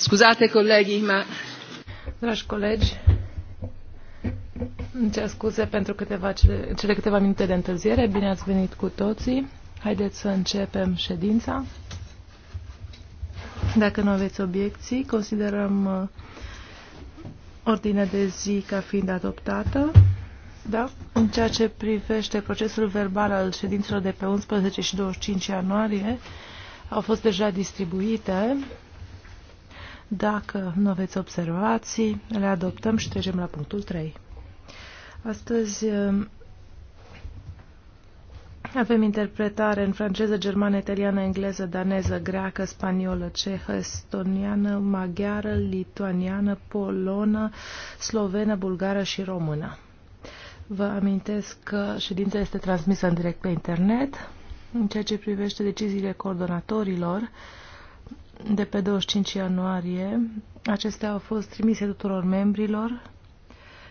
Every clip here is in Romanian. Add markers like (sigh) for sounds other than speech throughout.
Scuzate, colegii, ma... Dragi colegi, îmi cer scuze pentru câteva, cele, cele câteva minute de întârziere. Bine ați venit cu toții. Haideți să începem ședința. Dacă nu aveți obiecții, considerăm uh, ordinea de zi ca fiind adoptată. Da? În ceea ce privește procesul verbal al ședințelor de pe 11 și 25 ianuarie, au fost deja distribuite. Dacă nu aveți observații, le adoptăm și trecem la punctul 3. Astăzi um, avem interpretare în franceză, germană, italiană, engleză, daneză, greacă, spaniolă, cehă, estoniană, maghiară, lituaniană, polonă, slovenă, bulgară și română. Vă amintesc că ședința este transmisă în direct pe internet. În ceea ce privește deciziile coordonatorilor, uh, de pe 25 ianuarie. Acestea au fost trimise tuturor membrilor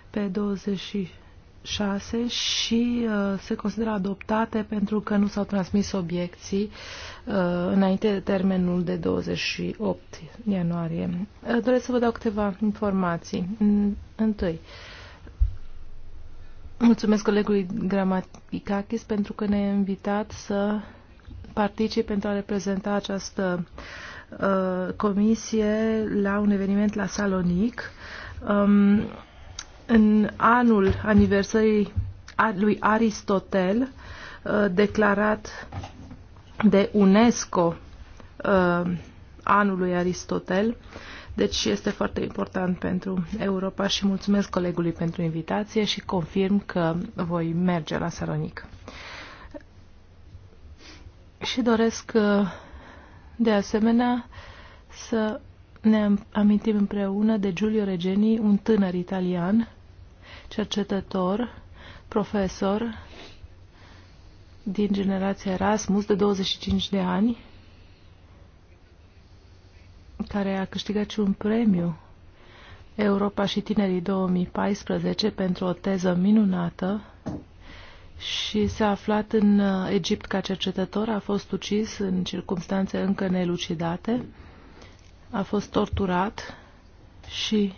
pe 26 și uh, se consideră adoptate pentru că nu s-au transmis obiecții uh, înainte de termenul de 28 ianuarie. Uh, doresc să vă dau câteva informații. Întâi, mulțumesc colegului Gramaticakis pentru că ne-a invitat să particip pentru a reprezenta această Uh, comisie la un eveniment la Salonic. Um, în anul aniversării lui Aristotel, uh, declarat de UNESCO uh, anului Aristotel, deci este foarte important pentru Europa și mulțumesc colegului pentru invitație și confirm că voi merge la Salonic. Și doresc de asemenea, să ne amintim împreună de Giulio Regeni, un tânăr italian, cercetător, profesor din generația Erasmus de 25 de ani, care a câștigat și un premiu Europa și tinerii 2014 pentru o teză minunată și s-a aflat în uh, Egipt ca cercetător, a fost ucis în circunstanțe încă nelucidate, a fost torturat și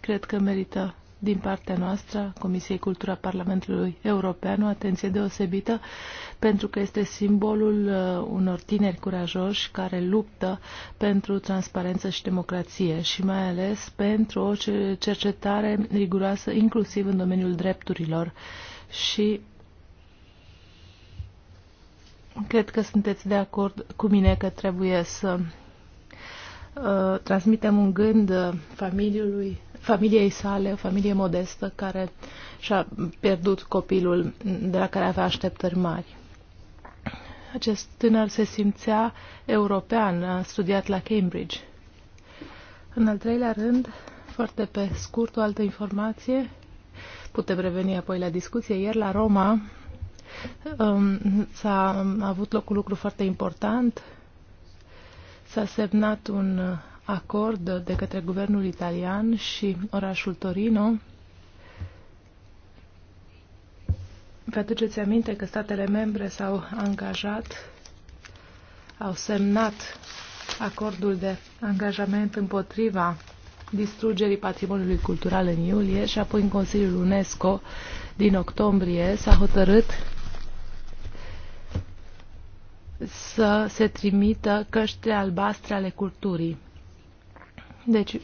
cred că merită din partea noastră, Comisiei Cultura Parlamentului European, o atenție deosebită pentru că este simbolul uh, unor tineri curajoși care luptă pentru transparență și democrație și mai ales pentru o cercetare riguroasă inclusiv în domeniul drepturilor și Cred că sunteți de acord cu mine că trebuie să uh, transmitem un gând uh, familiului, familiei sale, o familie modestă care și-a pierdut copilul de la care avea așteptări mari. Acest tânăr se simțea european, a studiat la Cambridge. În al treilea rând, foarte pe scurt, o altă informație, putem reveni apoi la discuție, ieri la Roma Um, s-a um, avut loc un lucru foarte important. S-a semnat un uh, acord de către guvernul italian și orașul Torino. Vă aduceți aminte că statele membre s-au angajat, au semnat acordul de angajament împotriva distrugerii patrimoniului cultural în iulie și apoi în Consiliul UNESCO din octombrie s-a hotărât să se trimită căștile albastre ale culturii. Deci, uh,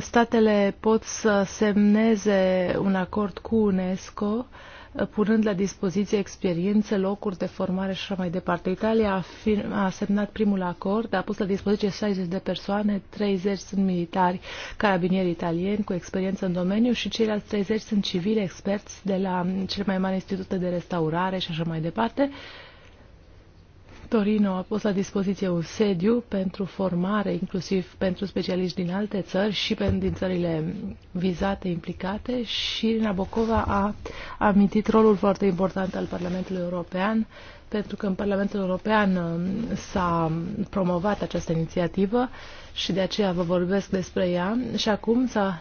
statele pot să semneze un acord cu UNESCO, uh, punând la dispoziție experiențe, locuri de formare și așa mai departe. Italia a, fir- a semnat primul acord, a pus la dispoziție 60 de persoane, 30 sunt militari, carabinieri italieni cu experiență în domeniu și ceilalți 30 sunt civili, experți de la cele mai mari institute de restaurare și așa mai departe. Uh, Torino a pus la dispoziție un sediu pentru formare, inclusiv pentru specialiști din alte țări și din țările vizate, implicate și Nabokova a amintit rolul foarte important al Parlamentului European pentru că în Parlamentul European um, s-a promovat această inițiativă și de aceea vă vorbesc despre ea și acum s-a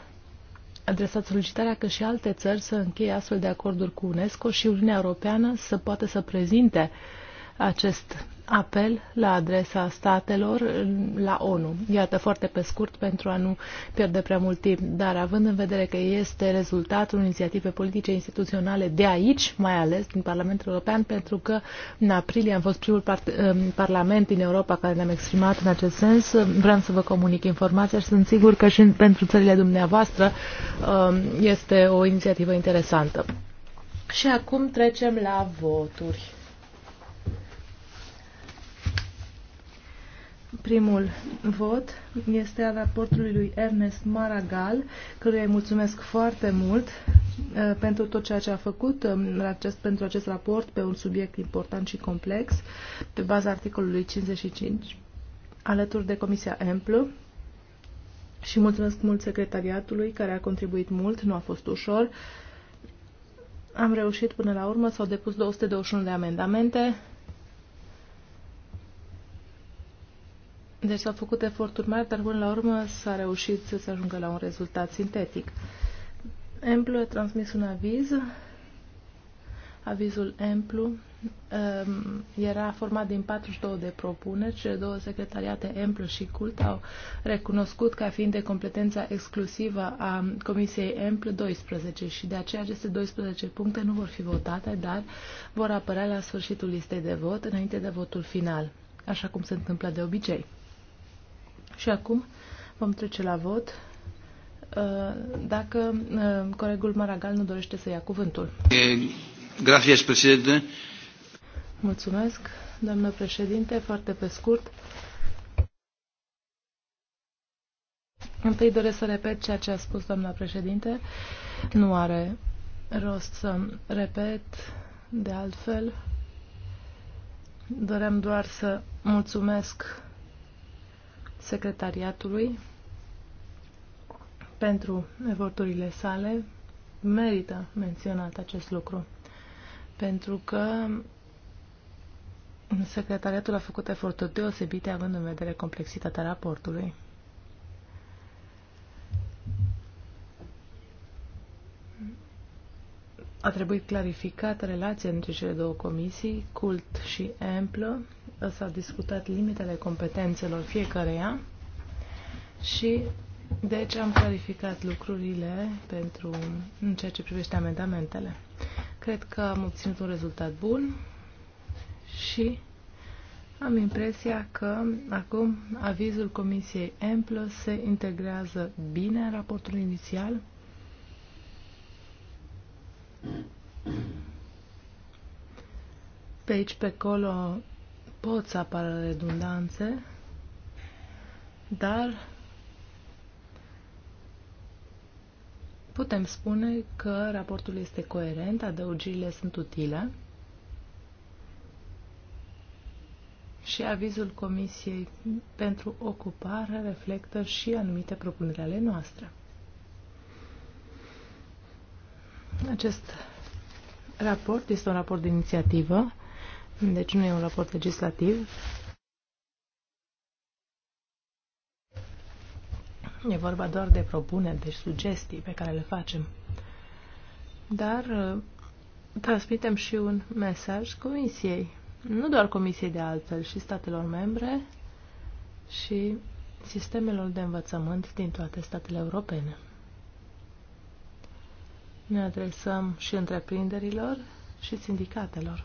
adresat solicitarea că și alte țări să încheie astfel de acorduri cu UNESCO și Uniunea Europeană să poată să prezinte uh, acest apel la adresa statelor la ONU. Iată, foarte pe scurt, pentru a nu pierde prea mult timp, dar având în vedere că este rezultatul inițiative politice instituționale de aici, mai ales din Parlamentul European, pentru că în aprilie am fost primul par eh, parlament din Europa care ne-am exprimat în acest sens, vreau să vă comunic informația și sunt sigur că și pentru țările dumneavoastră eh, este o inițiativă interesantă. Și acum trecem la voturi. Primul vot este al raportului lui Ernest Maragall, căruia îi mulțumesc foarte mult uh, pentru tot ceea ce a făcut um, acest, pentru acest raport pe un subiect important și complex, pe baza articolului 55, alături de Comisia Emplu. Și mulțumesc mult secretariatului care a contribuit mult, nu a fost ușor. Am reușit până la urmă, s-au depus 221 de amendamente, Deci s-au făcut eforturi mari, dar până la urmă s-a reușit să se ajungă la un rezultat sintetic. Emplu a transmis un aviz. Avizul Emplu um, era format din 42 de propuneri. Cele două secretariate, Emplu și Cult, au recunoscut ca fiind de competența exclusivă a Comisiei Emplu 12 și de aceea aceste 12 puncte nu vor fi votate, dar vor apărea la sfârșitul listei de vot, înainte de votul final, așa cum se întâmplă de obicei. Și acum vom trece la vot. Uh, dacă uh, colegul Maragal nu dorește să ia cuvântul. Gracias, președinte. Mulțumesc, doamnă președinte, foarte pe scurt. Întâi doresc să repet ceea ce a spus doamna președinte. Nu are rost să repet, de altfel. Doream doar să mulțumesc secretariatului pentru eforturile sale. Merită menționat acest lucru, pentru că secretariatul a făcut eforturi deosebite având în vedere complexitatea raportului. A trebuit clarificată relația între cele două comisii, cult și amplă, s a discutat limitele competențelor fiecăreia și deci am clarificat lucrurile pentru în ceea ce privește amendamentele. Cred că am obținut un rezultat bun și am impresia că acum avizul Comisiei Amplă se integrează bine în raportul inițial. Pe aici, pe acolo, pot să apară redundanțe, dar putem spune că raportul este coerent, adăugirile sunt utile și avizul Comisiei pentru Ocupare reflectă și anumite propuneri ale noastre. Acest raport este un raport de inițiativă deci nu e un raport legislativ. E vorba doar de propuneri, deci sugestii pe care le facem. Dar uh, transmitem și un mesaj Comisiei, nu doar Comisiei de altfel, și statelor membre și sistemelor de învățământ din toate statele europene. Ne adresăm și întreprinderilor și sindicatelor.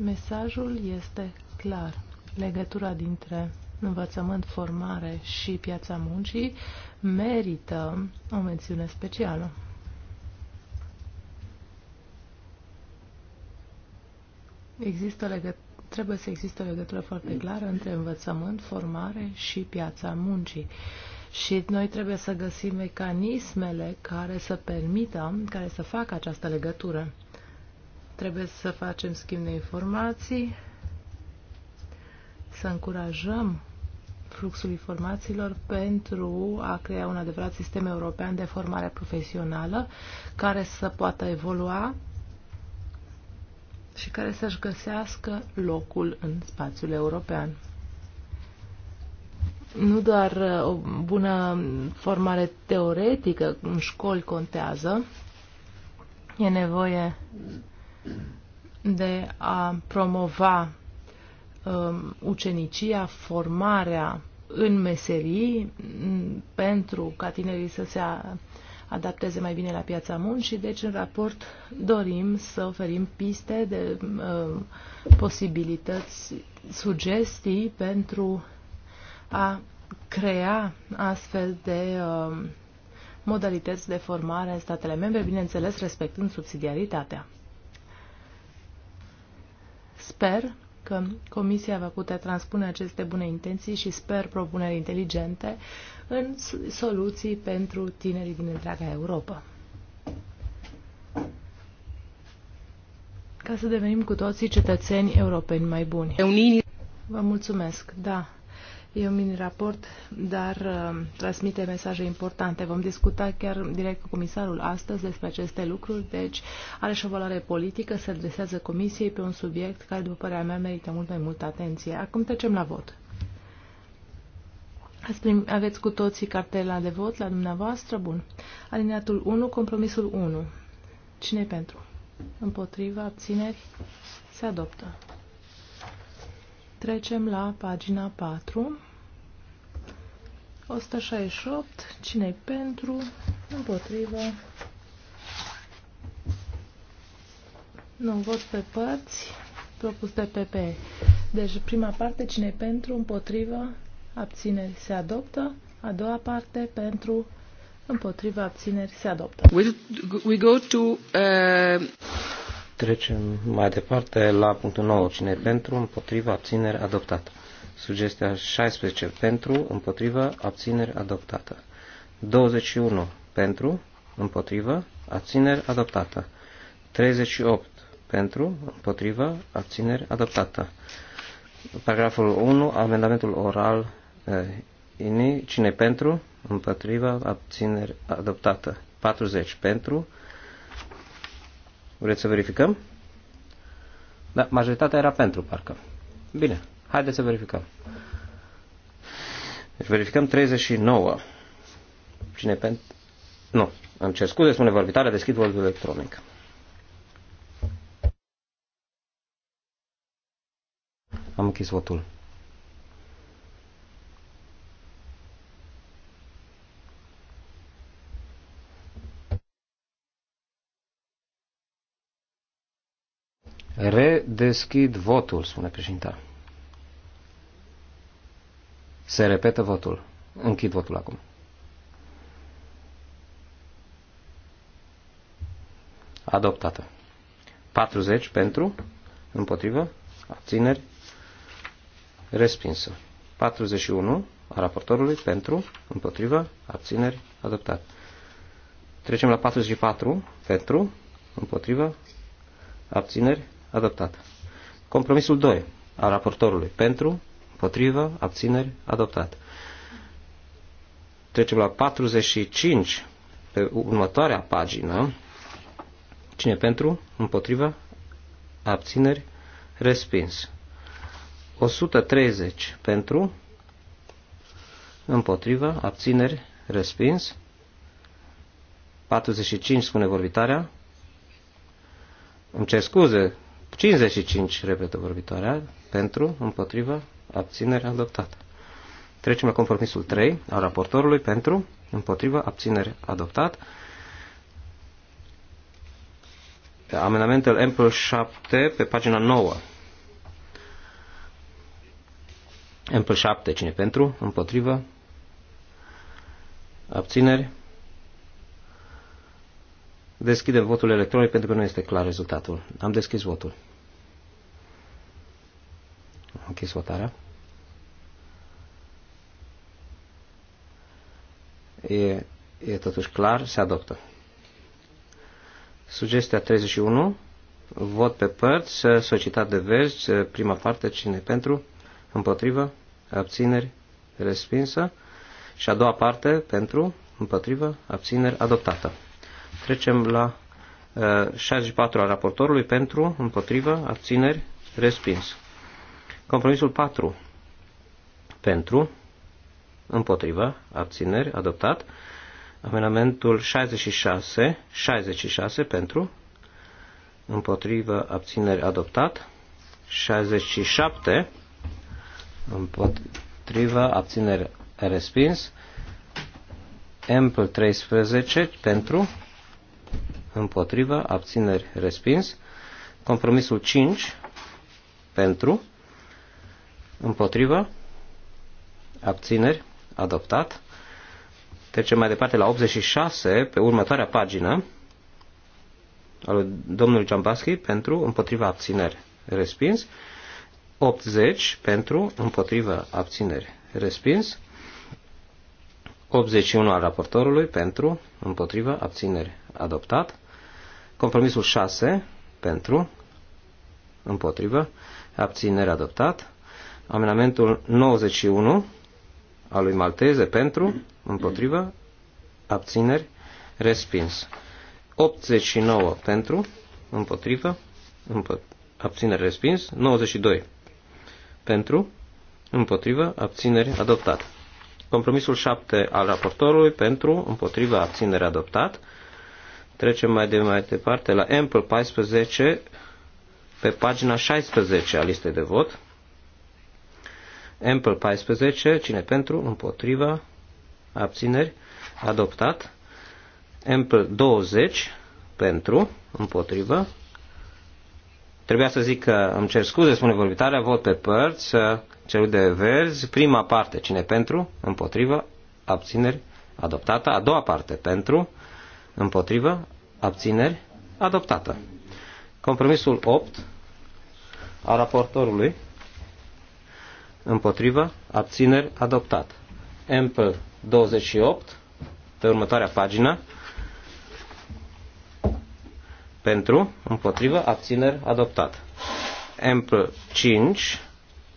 Mesajul este clar. Legătura dintre învățământ, formare și piața muncii merită o mențiune specială. Există legă... Trebuie să existe o legătură foarte clară între învățământ, formare și piața muncii. Și noi trebuie să găsim mecanismele care să permită, care să facă această legătură. Trebuie să facem schimb de informații, să încurajăm fluxul informațiilor pentru a crea un adevărat sistem european de formare profesională care să poată evolua și care să-și găsească locul în spațiul european. Nu doar uh, o bună formare teoretică în școli contează, e nevoie de a promova um, ucenicia, formarea în meserii pentru ca tinerii să se adapteze mai bine la piața muncii. Deci, în raport, dorim să oferim piste de um, posibilități, sugestii pentru a crea astfel de um, modalități de formare în statele membre, bineînțeles respectând subsidiaritatea. Sper că Comisia va putea transpune aceste bune intenții și sper propuneri inteligente în soluții pentru tinerii din întreaga Europa. Ca să devenim cu toții cetățeni europeni mai buni. Vă mulțumesc, da. E un mini-raport, dar uh, transmite mesaje importante. Vom discuta chiar direct cu comisarul astăzi despre aceste lucruri, deci are și o valoare politică, se adresează comisiei pe un subiect care, după părerea mea, merită mult mai multă atenție. Acum trecem la vot. aveți cu toții cartela de vot la dumneavoastră? Bun. Alineatul 1, compromisul 1. Cine pentru? Împotriva, abțineri, se adoptă. Trecem la pagina 4. 168. cine pentru? Împotrivă. Nu, vot pe părți propus de PP. Deci prima parte, cine pentru, împotrivă, abțineri se adoptă. A doua parte, pentru, împotrivă, abțineri se adoptă. We, we go to... Uh... Trecem mai departe la punctul 9. Cine pentru, împotriva, abțineri, adoptată. Sugestia 16. Pentru, împotriva, abțineri, adoptată. 21. Pentru, împotriva, abțineri, adoptată. 38. Pentru, împotriva, abțineri, adoptată. Paragraful 1. Amendamentul oral. Eh, Cine pentru, împotriva, abțineri, adoptată. 40. Pentru, Vreți să verificăm? Da, majoritatea era pentru, parcă. Bine, haideți să verificăm. Deci verificăm 39. Cine pentru? Nu, îmi cer scuze, spune vorbitare, deschid vorbul electronic. Am închis votul. Redeschid votul, spune președinta. Se repetă votul. Închid votul acum. Adoptată. 40 pentru, împotrivă, abțineri, respinsă. 41 a raportorului pentru, împotrivă, abțineri, adoptat. Trecem la 44 pentru, împotrivă, abțineri, adoptat. Compromisul 2 a raportorului pentru, împotrivă, abțineri, adoptat. Trecem la 45 pe următoarea pagină. Cine pentru, împotrivă, abțineri, respins. 130 pentru, împotrivă, abțineri, respins. 45 spune vorbitarea. Îmi cer scuze, 55, repetă vorbitoarea, pentru, împotriva, abținere adoptată. Trecem la compromisul 3 al raportorului pentru, împotriva, abținere adoptat. Amendamentul Ample 7 pe pagina 9. Ample 7, cine pentru, împotriva, abțineri, Deschidem votul electronic pentru că nu este clar rezultatul. Am deschis votul. Am închis votarea. E, e totuși clar, se adoptă. Sugestia 31, vot pe părți, societate de verzi, prima parte, cine pentru, împotrivă, abțineri, respinsă. Și a doua parte, pentru, împotrivă, abțineri, adoptată. Trecem la uh, 64 al raportorului pentru, împotrivă, abțineri, respins. Compromisul 4 pentru, împotrivă, abțineri, adoptat. Amendamentul 66, 66 pentru, împotrivă, abțineri, adoptat. 67 împotrivă, abțineri, respins. Ample 13 pentru, împotrivă, abțineri, respins. Compromisul 5, pentru, împotrivă, abțineri, adoptat. Trecem mai departe la 86, pe următoarea pagină, al lui domnul Giambaschi, pentru, împotriva, abțineri, respins. 80 pentru, împotriva, abțineri, respins. 81 al raportorului pentru, împotriva, abțineri, adoptat. Compromisul 6 pentru, împotrivă, abținere adoptat. Amendamentul 91 al lui Malteze pentru, împotrivă, abțineri, respins. 89 pentru, împotrivă, împotrivă abțineri, respins. 92 pentru, împotrivă, abțineri, adoptat. Compromisul 7 al raportorului pentru, împotrivă, abținere, adoptat. Trecem mai, de, mai departe la Ample 14 pe pagina 16 a listei de vot. Ample 14, cine pentru, împotriva, abțineri, adoptat. Ample 20, pentru, împotriva. Trebuia să zic că îmi cer scuze, spune vorbitarea, vot pe părți, celul de verzi, prima parte, cine pentru, împotriva, abțineri, adoptată. A doua parte, pentru, Împotrivă. Abțineri. Adoptată. Compromisul 8 a raportorului. Împotrivă. Abțineri. Adoptat. MP 28 pe următoarea pagină. Pentru. Împotrivă. Abțineri. Adoptat. MP 5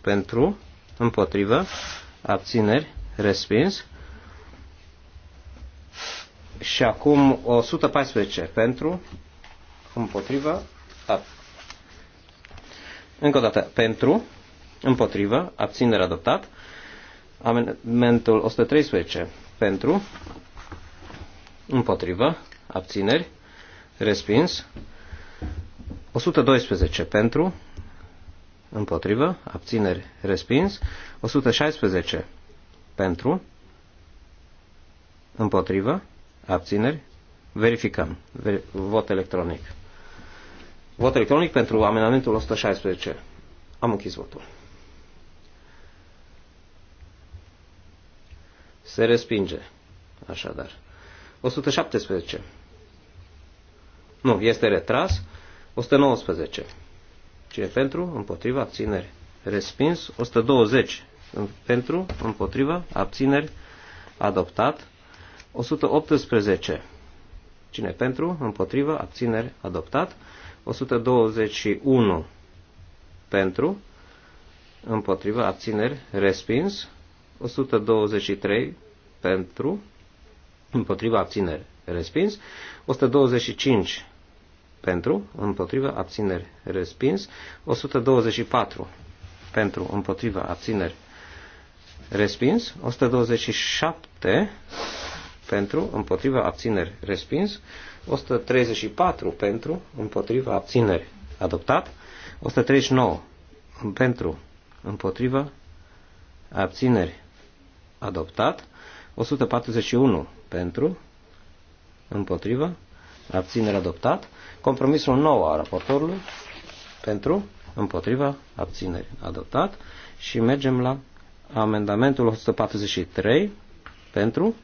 pentru. Împotrivă. Abțineri. Respins. Și acum 114 pentru, împotriva, ab. Încă o dată, pentru, împotriva, abținere adoptat. Amendamentul 113 pentru, împotriva, abțineri, respins. 112 pentru, împotrivă, abțineri, respins. 116 pentru, împotrivă, Abțineri? Verificăm. Ver vot electronic. Vot electronic pentru amendamentul 116. Am închis votul. Se respinge. Așadar. 117. Nu, este retras. 119. Cine pentru? Împotriva. Abțineri. Respins. 120. Pentru. Împotriva. Abțineri. Adoptat. 118. Cine pentru? Împotrivă? Abțineri? Adoptat. 121. Pentru? Împotrivă? Abțineri? Respins. 123. Pentru? Împotrivă? Abțineri? Respins. 125. Pentru? Împotrivă? Abțineri? Respins. 124. Pentru? Împotrivă? Abțineri? Respins. 127 pentru, împotriva abțineri respins, 134 pentru, împotriva abțineri adoptat, 139 pentru, împotriva abțineri adoptat, 141 pentru, împotriva, abțineri adoptat, compromisul nou a raportorului pentru, împotriva, abțineri adoptat și mergem la amendamentul 143 pentru,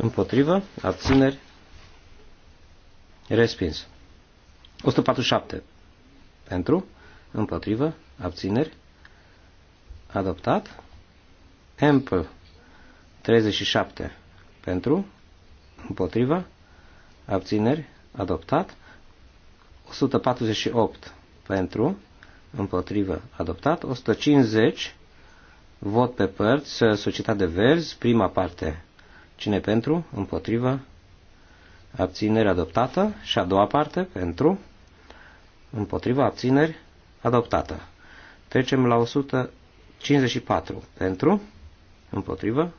Împotrivă. Abțineri. Respins. 147. Pentru. Împotrivă. Abțineri. Adoptat. Emp 37. Pentru. Împotrivă. Abțineri. Adoptat. 148. Pentru. Împotrivă. Adoptat. 150. Vot pe părți. Societate de Verzi. Prima parte Cine pentru? Împotrivă. Abținere adoptată. Și a doua parte, pentru. Împotrivă. Abțineri adoptată. Trecem la 154. Pentru. Împotrivă.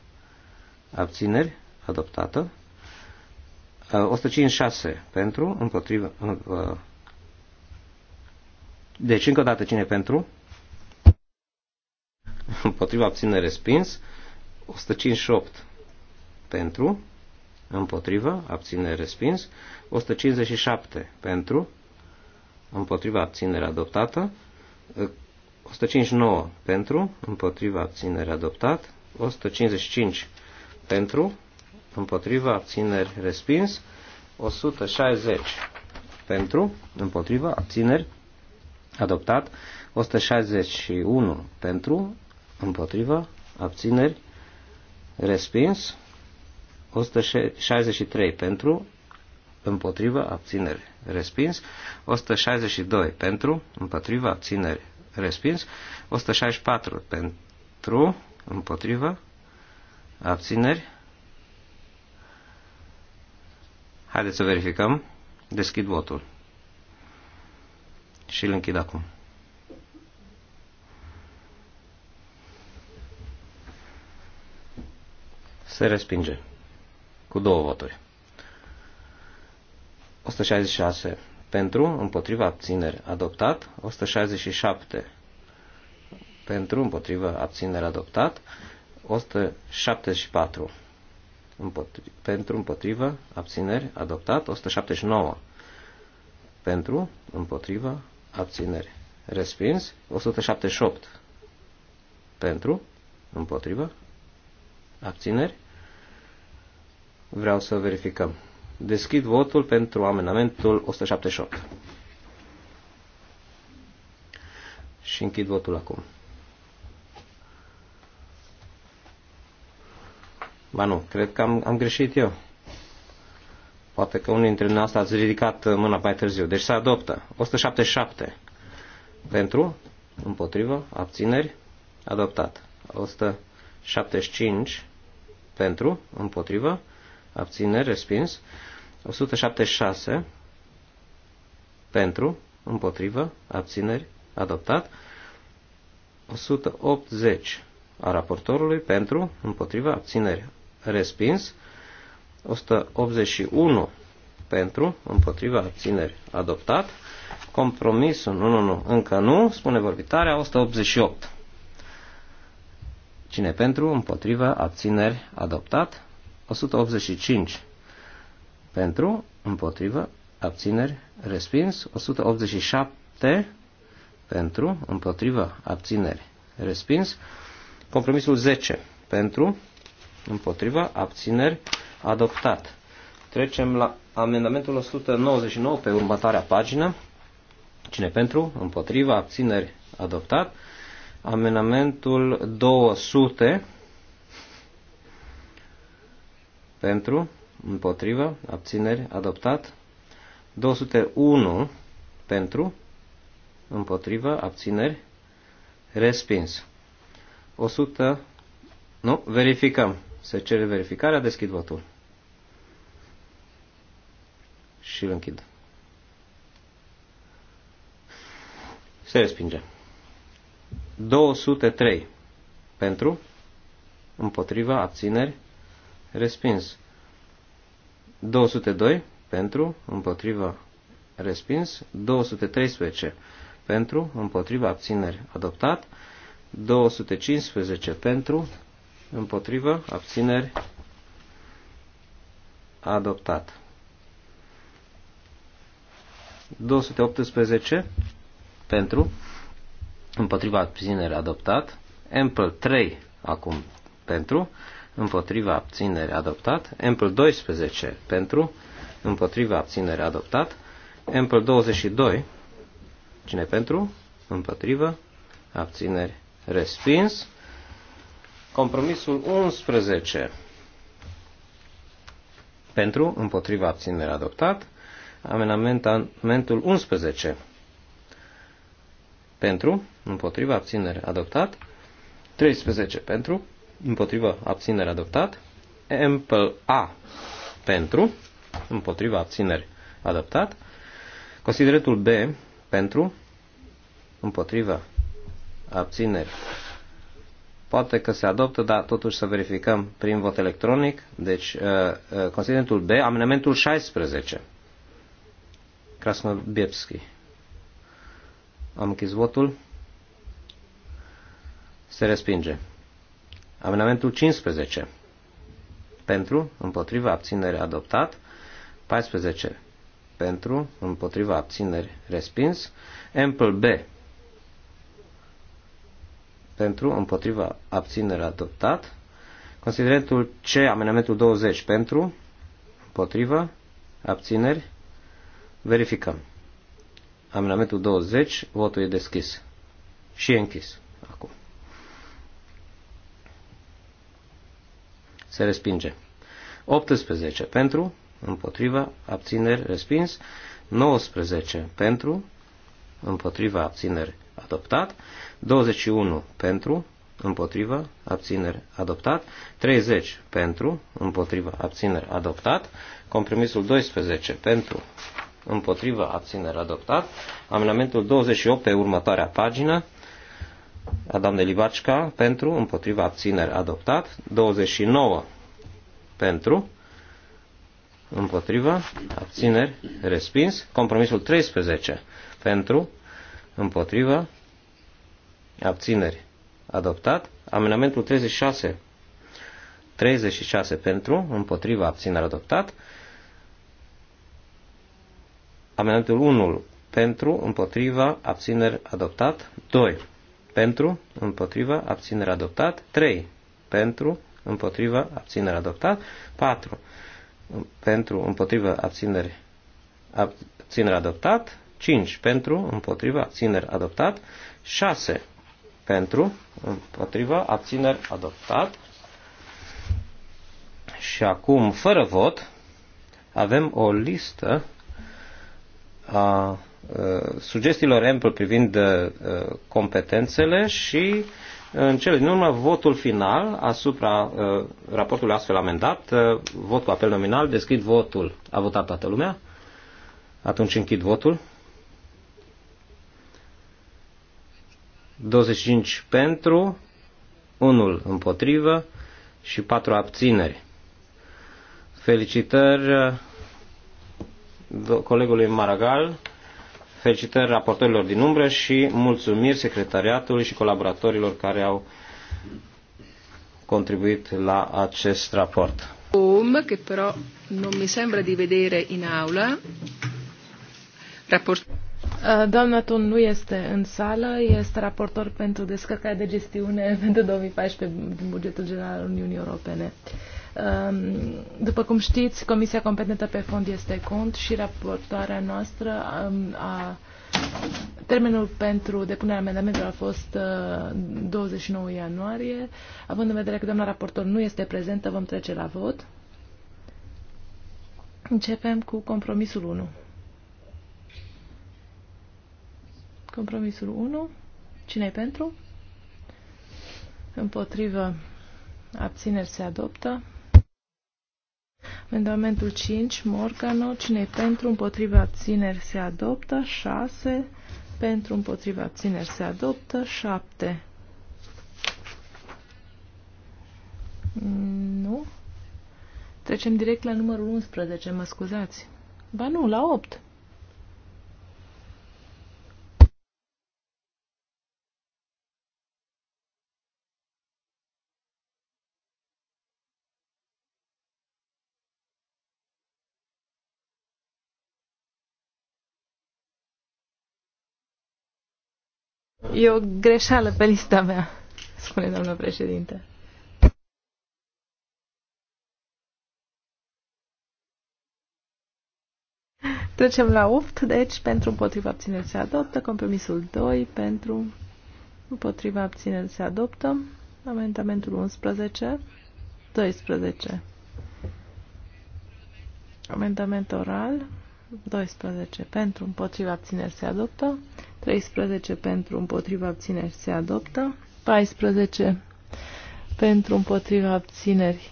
Abțineri adoptată. 156 uh, pentru, împotrivă. Uh, uh. Deci, încă o dată, cine pentru? Împotriva abține respins. 158 pentru, împotrivă, abținere respins, 157 pentru, împotriva abținere adoptată, 159 pentru, împotriva abținere adoptat, 155 pentru, împotriva abțineri respins, 160 pentru, împotriva abțineri adoptat, 161 pentru, împotriva abțineri respins, 163 pentru, împotriva abținere, respins. 162 pentru, împotriva abținere, respins. 164 pentru, împotriva abțineri. Haideți să verificăm. Deschid votul. Și îl închid acum. Se respinge cu două voturi. 166 pentru, împotriva abțineri adoptat, 167 pentru, împotriva abțineri adoptat, 174 împotri, pentru, împotriva abțineri adoptat, 179 pentru, împotriva abțineri respins, 178 pentru, împotriva abțineri Vreau să verificăm. Deschid votul pentru amendamentul 178. Și închid votul acum. Ba nu, cred că am, am greșit eu. Poate că unul dintre noi ați ridicat mâna mai târziu. Deci se adoptă. 177. Pentru, împotrivă, abțineri, adoptat. 175 pentru, împotrivă, abține, respins. 176 pentru, împotrivă, abțineri, adoptat. 180 a raportorului pentru, împotriva, abțineri, respins. 181 pentru, împotriva, abțineri, adoptat. Compromisul, nu, nu, nu, încă nu, spune vorbitarea, 188. Cine pentru, împotriva, abțineri, adoptat. 185 pentru, împotrivă, abțineri, respins. 187 pentru, împotrivă, abțineri, respins. Compromisul 10 pentru, împotrivă, abțineri, adoptat. Trecem la amendamentul 199 pe următoarea pagină. Cine pentru? Împotriva? Abțineri? Adoptat. Amendamentul 200 pentru, împotrivă, abțineri, adoptat. 201 pentru, împotrivă, abțineri, respins. 100, nu, verificăm. Se cere verificarea, deschid votul. Și îl închid. Se respinge. 203 pentru, împotriva, abțineri, respins. 202 pentru, împotriva, respins. 213 pentru, împotriva, abțineri, adoptat. 215 pentru, împotriva, abțineri, adoptat. 218 pentru, împotriva abținere adoptat, Ample 3 acum pentru, împotriva abținere adoptat, Ample 12 pentru, împotriva abținere adoptat, Ample 22, cine pentru, împotriva, abțineri respins, compromisul 11 pentru, împotriva abținere adoptat, amenamentul 11 pentru, împotriva abținere adoptat, 13 pentru, împotriva abținere adoptat, Ample A pentru, împotriva abțineri adoptat, consideretul B pentru, împotriva abțineri. Poate că se adoptă, dar totuși să verificăm prin vot electronic. Deci, uh, uh, considerentul B, amendamentul 16. Krasnobiepski. Am închis votul. Se respinge. Amendamentul 15. Pentru, împotriva, abținere, adoptat. 14. Pentru, împotriva, abțineri, respins. Ample B. Pentru, împotriva, abținere, adoptat. Considerentul C, amendamentul 20. Pentru, împotriva, abțineri, verificăm. Amendamentul 20, votul e deschis și e închis acum. se respinge. 18 pentru, împotriva, abțineri, respins. 19 pentru, împotriva, abțineri, adoptat. 21 pentru, împotriva, abțineri, adoptat. 30 pentru, împotriva, abțineri, adoptat. Compromisul 12 pentru, împotriva, abțineri, adoptat. Amendamentul 28 pe următoarea pagină a doamnei Livacica pentru, împotriva abțineri adoptat, 29 pentru, împotriva abțineri respins, compromisul 13 pentru, împotriva abțineri adoptat, amenamentul 36 36 pentru, împotriva abțineri adoptat, amenamentul 1 pentru, împotriva abțineri adoptat, 2 pentru, împotrivă, abținere adoptat. 3. Pentru, împotrivă, abținere adoptat. 4. Pentru, împotrivă, abținere, abținere adoptat. 5. Pentru, împotrivă, abținere adoptat. 6. Pentru, împotrivă, abținere adoptat. Și acum, fără vot, avem o listă a Uh, sugestiilor ample privind uh, competențele și uh, în cele din urmă votul final asupra raportului astfel amendat, vot cu apel nominal, deschid votul. A votat toată lumea? Atunci închid votul. 25 pentru, 1 împotrivă și 4 abțineri. Felicitări colegului Maragal felicitări raportorilor din umbră și mulțumiri secretariatului și colaboratorilor care au contribuit la acest raport. Um, che però non mi sembra di vedere in aula. Raport... Uh, doamna Tun nu este în sală, este raportor pentru descărcarea de gestiune (laughs) pentru 2014 din bugetul general al Uniunii Europene. Ehm, după cum știți, Comisia competentă pe fond este cont și raportoarea noastră ehm, a Termenul pentru depunerea amendamentelor a fost 29 ehm, ianuarie. Având în vedere că doamna raportor nu este prezentă, vom trece la vot. Începem cu compromisul 1. Compromisul 1. cine e pentru? Împotrivă. Abțineri se adoptă. Amendamentul 5, Morgano, cine pentru, împotriva, abțineri, se adoptă. 6, pentru, împotriva, abțineri, se adoptă. 7, nu. Trecem direct la numărul 11, mă scuzați. Ba nu, la 8. E o greșeală pe lista mea, (laughs) spune doamna președinte. Trecem la 8, deci pentru împotriva abțineri se adoptă, compromisul 2 pentru împotriva abțineri se adoptă, amendamentul 11, 12. Amendament oral 12 pentru împotriva abțineri se adoptă, 13 pentru împotriva abțineri se adoptă, 14 pentru împotriva abțineri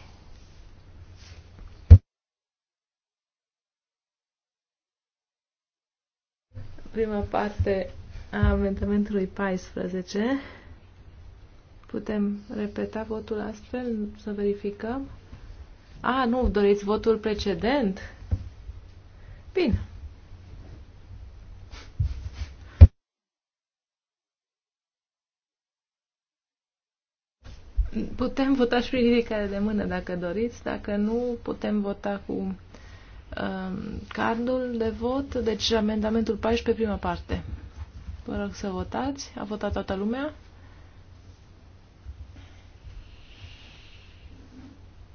prima parte a amendamentului 14 putem repeta votul astfel să verificăm a, nu, doriți votul precedent? Bine. Putem vota și prin ridicare de mână dacă doriți, dacă nu putem vota cu um, cardul de vot, deci amendamentul 14, pe prima parte. Vă rog să votați. A votat toată lumea?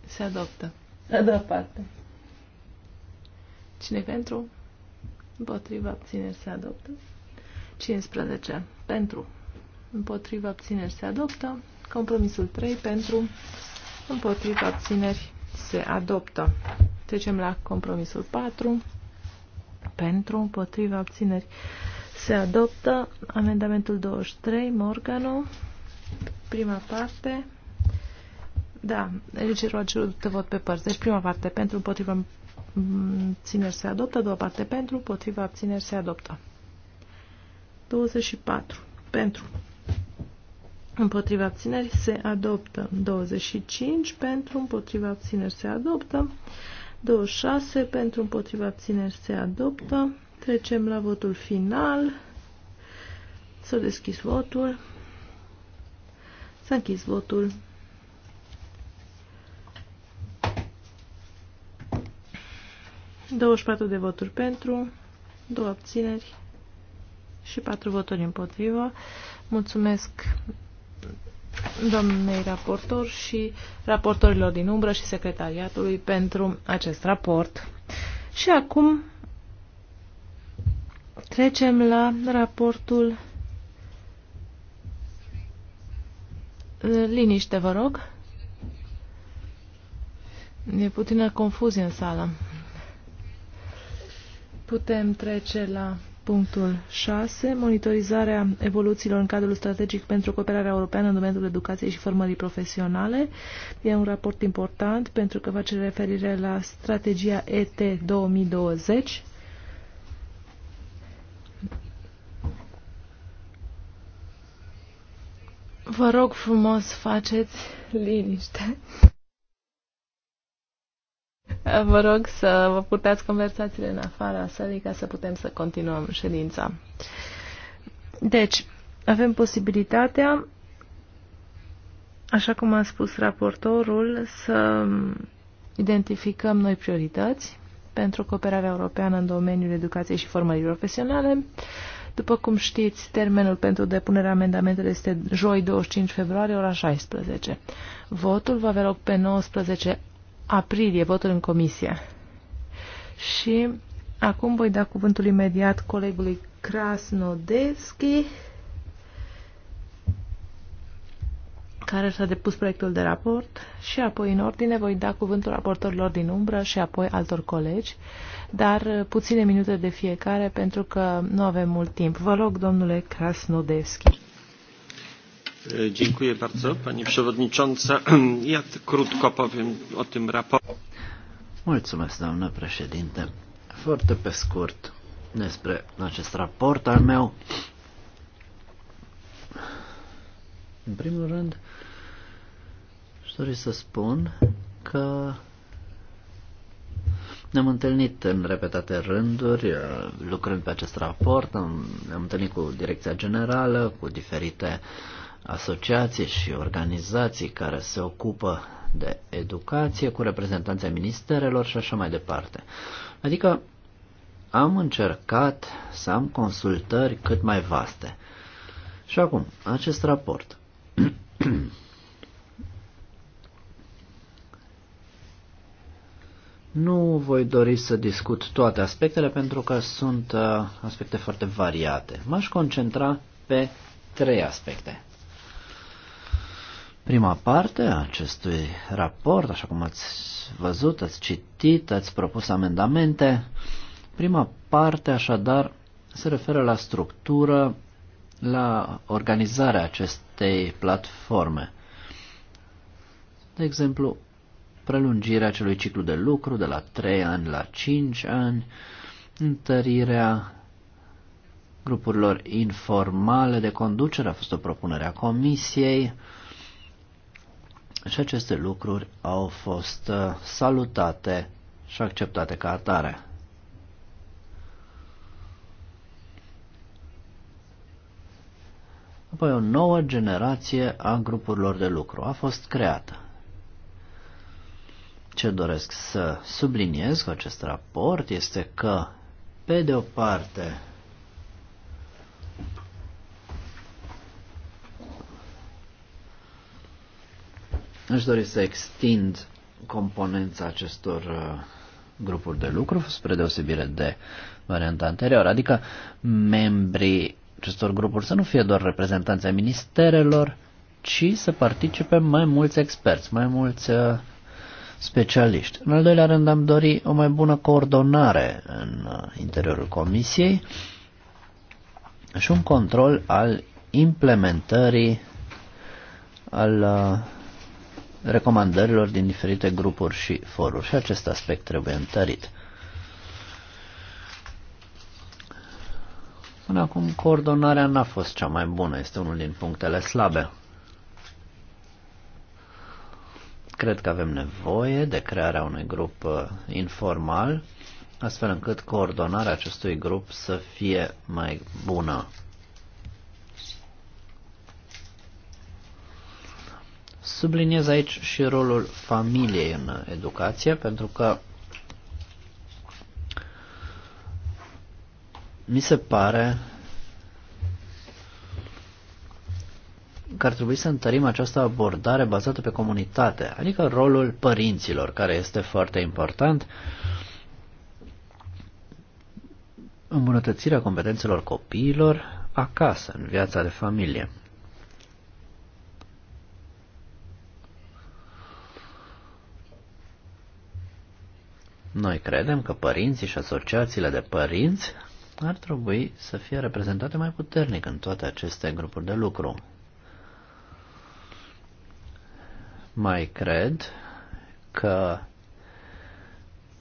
Se adoptă. A doua parte. Cine pentru? Împotriva abțineri se adoptă. 15. Pentru. Împotriva abțineri se adoptă. Compromisul 3. Pentru. Împotriva abțineri se adoptă. Trecem la compromisul 4. Pentru. Împotriva abțineri se adoptă. Amendamentul 23. Morgano. Prima parte. Da, eligerul acelui vot pe părți. Deci prima parte pentru împotriva Mm, abțineri se adoptă, două doua parte pentru, potriva abțineri se adoptă. 24. Pentru. Împotriva abțineri se adoptă. 25. Pentru. Împotriva abțineri se adoptă. 26. Pentru. Împotriva abțineri se adoptă. Trecem la votul final. S-a deschis votul. S-a închis votul. 24 de voturi pentru, 2 abțineri și 4 voturi împotrivă. Mulțumesc doamnei raportor și raportorilor din umbră și secretariatului pentru acest raport. Și acum trecem la raportul Liniște, vă rog. E puțină confuzie în sală. Putem trece la punctul 6. Monitorizarea evoluțiilor în cadrul strategic pentru cooperarea europeană în domeniul educației și formării profesionale. E un raport important pentru că face referire la strategia ET 2020. Vă rog frumos, faceți liniște. Vă rog să vă purtați conversațiile în afara sălii ca să putem să continuăm ședința. Deci, avem posibilitatea, așa cum a spus raportorul, să identificăm noi priorități pentru cooperarea europeană în domeniul educației și formării profesionale. După cum știți, termenul pentru depunerea amendamentelor este joi 25 februarie, ora 16. Votul va avea loc pe 19 aprilie, votul în comisie. Și acum voi da cuvântul imediat colegului Krasnodeschi, care și-a depus proiectul de raport și apoi în ordine voi da cuvântul raportorilor din umbră și apoi altor colegi, dar puține minute de fiecare pentru că nu avem mult timp. Vă rog, domnule Krasnodeschi. Dziękuję bardzo, (clears throat) Ja krótko powiem o tym raporcie. Mulțumesc, doamnă președinte. Foarte pe scurt despre acest raport al meu. În primul rând, aș dori să spun că ne-am întâlnit în repetate rânduri, lucrând pe acest raport, ne-am întâlnit cu Direcția Generală, cu diferite uh, asociații și organizații care se ocupă de educație, cu reprezentanții ministerelor și așa mai departe. Adică am încercat să am consultări cât mai vaste. Și acum, acest raport. (clears throat) nu voi dori să discut toate aspectele pentru că sunt uh, aspecte foarte variate. M-aș concentra pe trei aspecte prima parte a acestui raport, așa cum ați văzut, ați citit, ați propus amendamente. Prima parte, așadar, se referă la structură, la organizarea acestei platforme. De exemplu, prelungirea acelui ciclu de lucru de la 3 ani la 5 ani, întărirea grupurilor informale de conducere a fost o propunere a comisiei, și aceste lucruri au fost uh, salutate și acceptate ca atare. Apoi o nouă generație a grupurilor de lucru a fost creată. Ce doresc să subliniez cu acest raport este că, pe de o parte, Aș dori să extind componența acestor uh, grupuri de lucru, spre deosebire de varianta anterioară, adică membrii acestor grupuri să nu fie doar reprezentanții ai ministerelor, ci să participe mai mulți experți, mai mulți uh, specialiști. În al doilea rând am dori o mai bună coordonare în uh, interiorul comisiei și un control al implementării al recomandărilor din diferite grupuri și foruri și acest aspect trebuie întărit. Până acum, coordonarea n-a fost cea mai bună, este unul din punctele slabe. Cred că avem nevoie de crearea unui grup uh, informal, astfel încât coordonarea acestui grup să fie mai bună. Subliniez aici și rolul familiei în educație, pentru că mi se pare că ar trebui să întărim această abordare bazată pe comunitate, adică rolul părinților, care este foarte important. Îmbunătățirea competențelor copiilor acasă, în viața de familie. Noi credem că părinții și asociațiile de părinți ar trebui să fie reprezentate mai puternic în toate aceste grupuri de lucru. Mai cred că,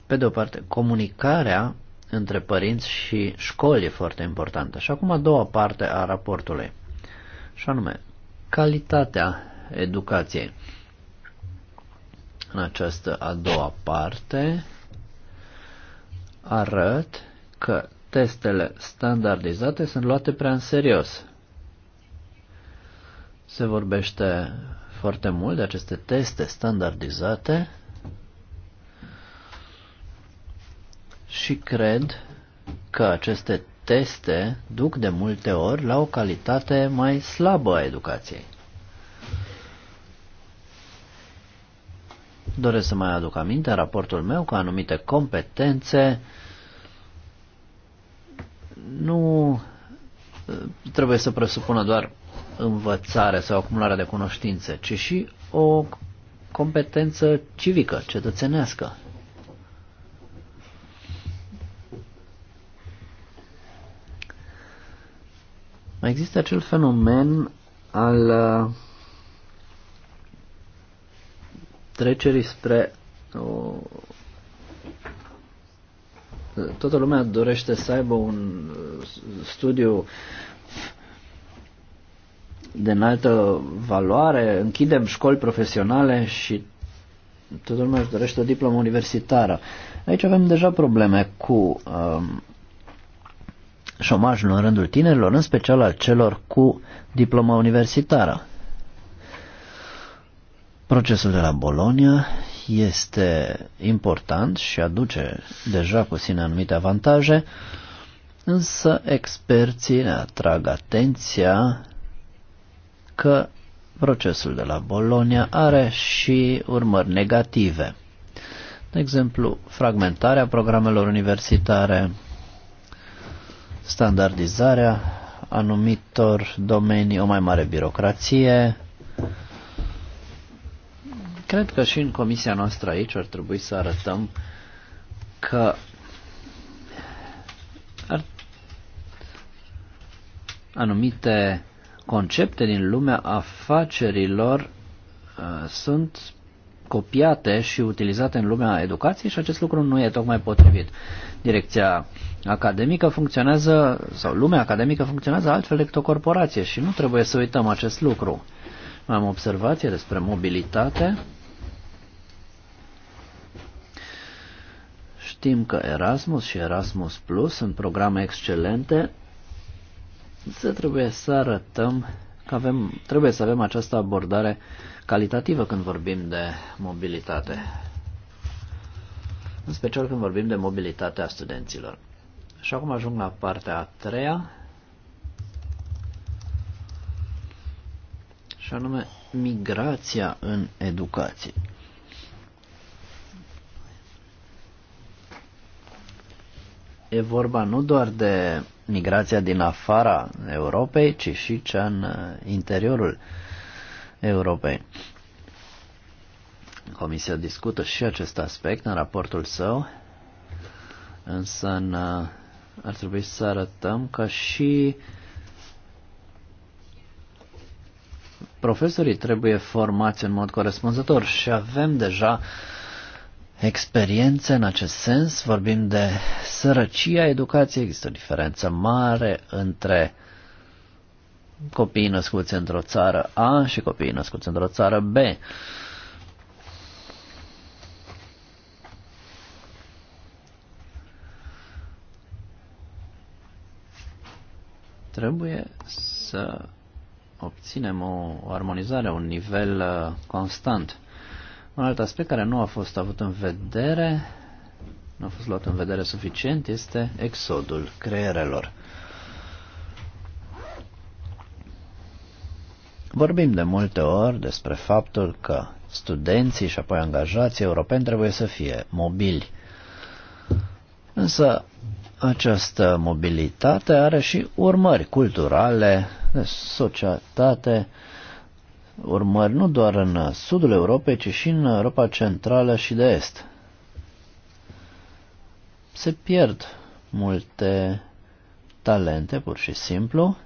pe de o parte, comunicarea între părinți și școli e foarte importantă. Și acum a doua parte a raportului, și anume, calitatea educației. În această a doua parte, arăt că testele standardizate sunt luate prea în serios. Se vorbește foarte mult de aceste teste standardizate și cred că aceste teste duc de multe ori la o calitate mai slabă a educației. Doresc să mai aduc aminte raportul meu că anumite competențe nu eh, trebuie să presupună doar învățare sau acumularea de cunoștințe, ci și o competență civică, cetățenească. Mai există acel fenomen al eh, trecerii spre o... Toată lumea dorește să aibă un uh, studiu de înaltă valoare, închidem școli profesionale și toată lumea își dorește o diplomă universitară. Aici avem deja probleme cu um, șomajul în rândul tinerilor, în special al celor cu diploma universitară. Procesul de la Bologna este important și aduce deja cu sine anumite avantaje, însă experții ne atrag atenția că procesul de la Bologna are și urmări negative. De exemplu, fragmentarea programelor universitare, standardizarea anumitor domenii, o mai mare birocrație, Cred că și în comisia noastră aici ar trebui să arătăm că ar anumite concepte din lumea afacerilor uh, sunt copiate și utilizate în lumea educației și acest lucru nu e tocmai potrivit. Direcția academică funcționează, sau lumea academică funcționează altfel decât o corporație și nu trebuie să uităm acest lucru. Am observație despre mobilitate. Știm că Erasmus și Erasmus Plus sunt programe excelente, însă trebuie să arătăm că avem, trebuie să avem această abordare calitativă când vorbim de mobilitate, în special când vorbim de mobilitatea studenților. Și acum ajung la partea a treia, și anume migrația în educație. e vorba nu doar de migrația din afara Europei, ci și cea în uh, interiorul Europei. Comisia discută și acest aspect în raportul său, însă în, uh, ar trebui să arătăm că și profesorii trebuie formați în mod corespunzător și avem deja uh, experiențe în acest sens. Vorbim de sărăcia educației, există o diferență mare între copiii născuți într-o țară A și copiii născuți într-o țară B. Trebuie să obținem o armonizare, un nivel uh, constant. Un alt aspect care nu a fost avut în vedere, nu a fost luat în vedere suficient, este exodul creierelor. Vorbim de multe ori despre faptul că studenții și apoi angajații europeni trebuie să fie mobili. Însă această mobilitate are și urmări culturale, de societate, urmări nu doar în sudul Europei, ci și în Europa Centrală și de Est. Se pierd multe talente, pur și simplu,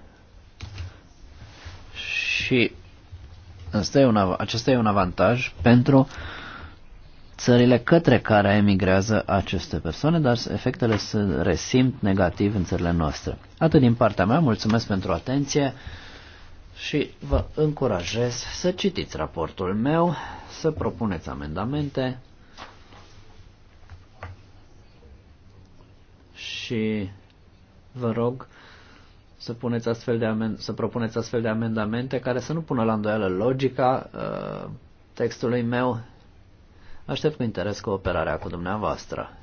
și asta e un, acesta e un avantaj pentru țările către care emigrează aceste persoane, dar efectele se resimt negativ în țările noastre. Atât din partea mea, mulțumesc pentru atenție și vă încurajez să citiți raportul meu, să propuneți amendamente și vă rog să, puneți astfel de amen- să propuneți astfel de amendamente care să nu pună la îndoială logica uh, textului meu. Aștept cu interes cooperarea cu dumneavoastră.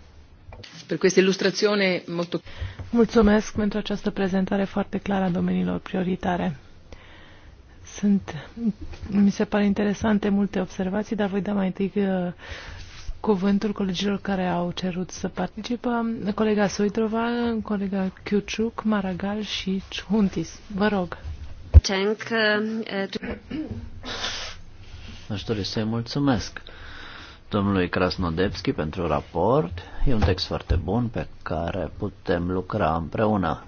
Per questa illustrazione molto... Mulțumesc pentru această prezentare foarte clară a domeniilor prioritare. Sunt, mi se pare interesante multe observații, dar voi da mai întâi uh, cuvântul colegilor care au cerut să participă. Colega Soitrova, colega Chiuciuc, Maragal și Chuntis. Vă rog. Uh, Aș dori să-i mulțumesc domnului Krasnodebski pentru raport. E un text foarte bun pe care putem lucra împreună.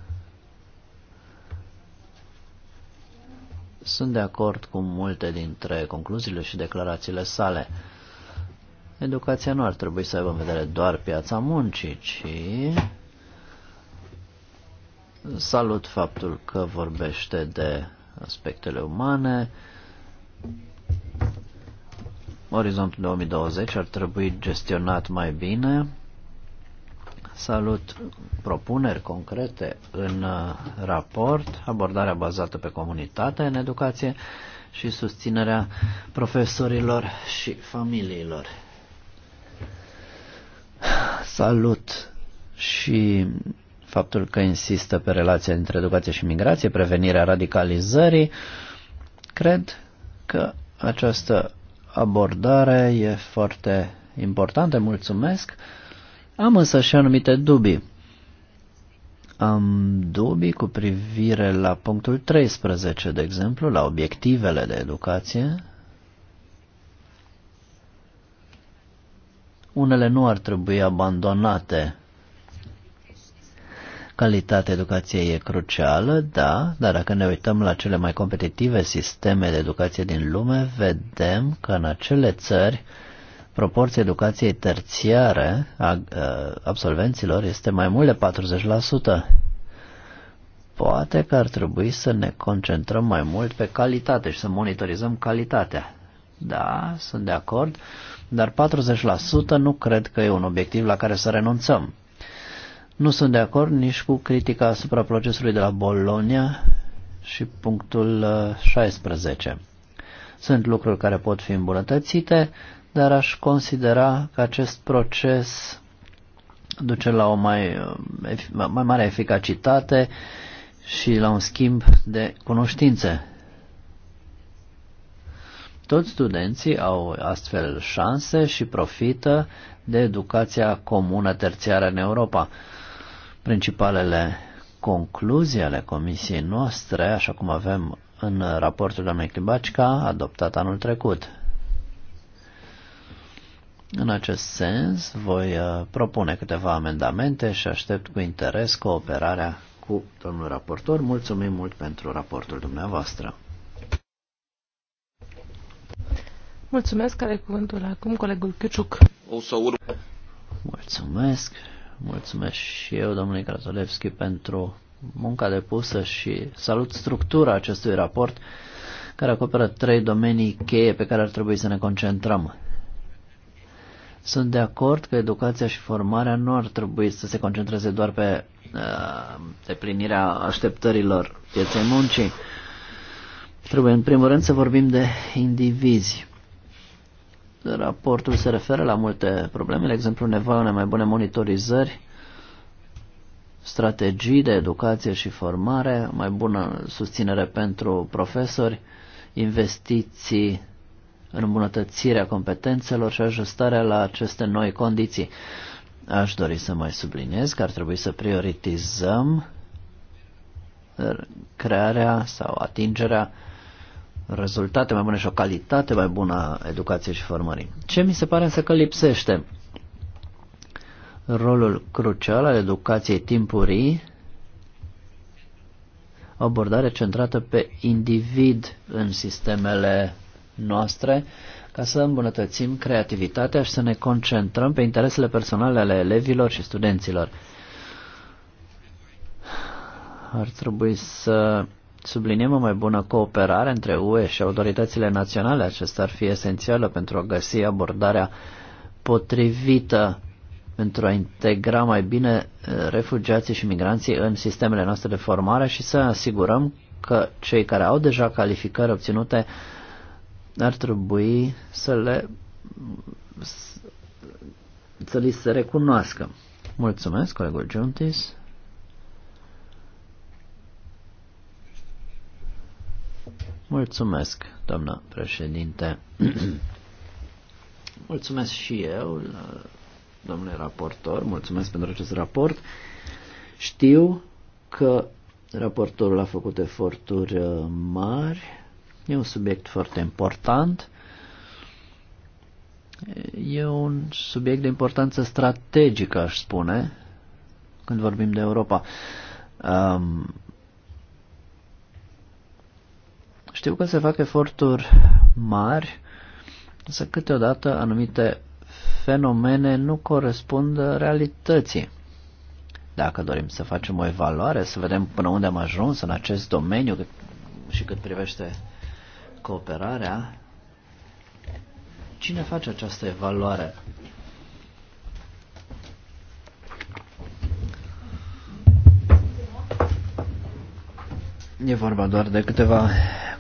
Sunt de acord cu multe dintre concluziile și declarațiile sale. Educația nu ar trebui să aibă în vedere doar piața muncii, ci salut faptul că vorbește de aspectele umane. Orizontul 2020 ar trebui gestionat mai bine Salut propuneri concrete în uh, raport, abordarea bazată pe comunitate în educație și susținerea profesorilor și familiilor. Salut și faptul că insistă pe relația dintre educație și migrație, prevenirea radicalizării. Cred că această abordare e foarte importantă. Mulțumesc! Am însă și anumite dubii. Am dubii cu privire la punctul 13, de exemplu, la obiectivele de educație. Unele nu ar trebui abandonate. Calitatea educației e crucială, da, dar dacă ne uităm la cele mai competitive sisteme de educație din lume, vedem că în acele țări proporția educației terțiare a absolvenților este mai mult de 40%. Poate că ar trebui să ne concentrăm mai mult pe calitate și să monitorizăm calitatea. Da, sunt de acord, dar 40% nu cred că e un obiectiv la care să renunțăm. Nu sunt de acord nici cu critica asupra procesului de la Bologna și punctul 16. Uh, sunt lucruri care pot fi îmbunătățite, dar aș considera că acest proces duce la o mai, uh, mai mare eficacitate și la un schimb de cunoștințe. Toți studenții au astfel șanse și profită de educația comună terțiară în Europa. Principalele concluzii ale comisiei noastre, așa cum avem în raportul doamnei Clibacica, adoptat anul trecut. În acest sens, voi uh, propune câteva amendamente și aștept cu interes cooperarea cu domnul raportor. Mulțumim mult pentru raportul dumneavoastră. Mulțumesc, care cuvântul acum colegul O să urmă. Mulțumesc, mulțumesc și eu, domnului Kratolevski, pentru munca depusă și salut structura acestui raport care acoperă trei domenii cheie pe care ar trebui să ne concentrăm sunt de acord că educația și formarea nu ar trebui să se concentreze doar pe uh, deplinirea așteptărilor pieței muncii. Trebuie în primul rând să vorbim de indivizi. Raportul se referă la multe probleme, de exemplu nevoia unei mai bune monitorizări, strategii de educație și formare, mai bună susținere pentru profesori, investiții îmbunătățirea competențelor și ajustarea la aceste noi condiții. Aș dori să mai subliniez că ar trebui să prioritizăm crearea sau atingerea rezultate mai bune și o calitate mai bună a educației și formării. Ce mi se pare însă că lipsește? Rolul crucial al educației timpurii, o abordare centrată pe individ în sistemele noastre ca să îmbunătățim creativitatea și să ne concentrăm pe interesele personale ale elevilor și studenților. Ar trebui să subliniem o mai bună cooperare între UE și autoritățile naționale. Acesta ar fi esențială pentru a găsi abordarea potrivită pentru a integra mai bine eh, refugiații și migranții în sistemele noastre de formare și să asigurăm că cei care au deja calificări obținute ar trebui să le să li se recunoască. Mulțumesc, colegul Juntis. Mulțumesc, doamna președinte. (clears throat) mulțumesc și eu, domnule raportor, mulțumesc pentru acest raport. Știu că raportorul a făcut eforturi uh, mari E un subiect foarte important. E un subiect de importanță strategică, aș spune, când vorbim de Europa. Um, știu că se fac eforturi mari, însă câteodată anumite fenomene nu corespund realității. Dacă dorim să facem o evaluare, să vedem până unde am ajuns în acest domeniu și cât privește cooperarea, cine face această evaluare? E vorba doar de câteva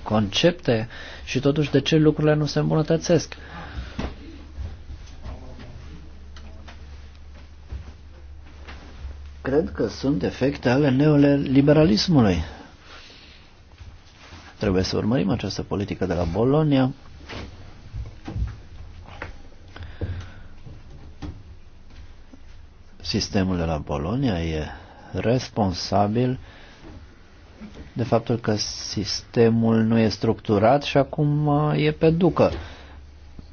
concepte și totuși de ce lucrurile nu se îmbunătățesc. Cred că sunt efecte ale neoliberalismului. Trebuie să urmărim această politică de la Bologna. Sistemul de la Bologna e responsabil de faptul că sistemul nu e structurat și acum uh, e pe ducă.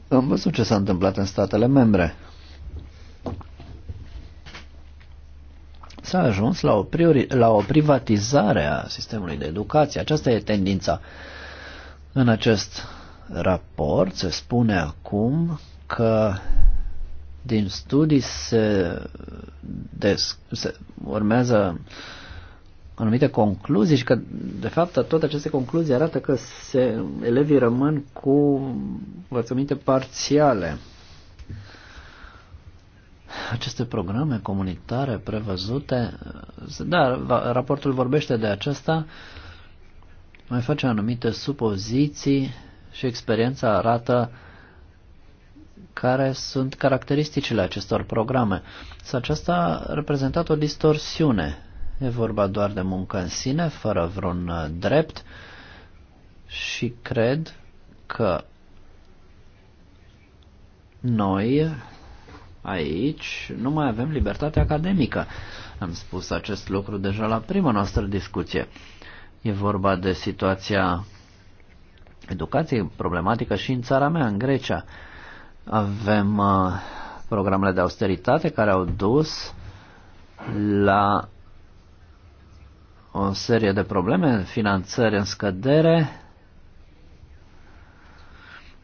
Am văzut ce s-a întâmplat în statele membre. s-a ajuns la o, priori, la o privatizare a sistemului de educație. Aceasta e tendința. În acest raport se spune acum că din studii se, des, se urmează anumite concluzii și că, de fapt, toate aceste concluzii arată că se, elevii rămân cu învățăminte parțiale aceste programe comunitare prevăzute, da, raportul vorbește de aceasta, mai face anumite supoziții și experiența arată care sunt caracteristicile acestor programe. Să aceasta a reprezentat o distorsiune. E vorba doar de muncă în sine, fără vreun uh, drept și cred că noi Aici nu mai avem libertate academică. Am spus acest lucru deja la prima noastră discuție. E vorba de situația educației, problematică și în țara mea, în Grecia. Avem uh, programele de austeritate care au dus la o serie de probleme, finanțări în scădere.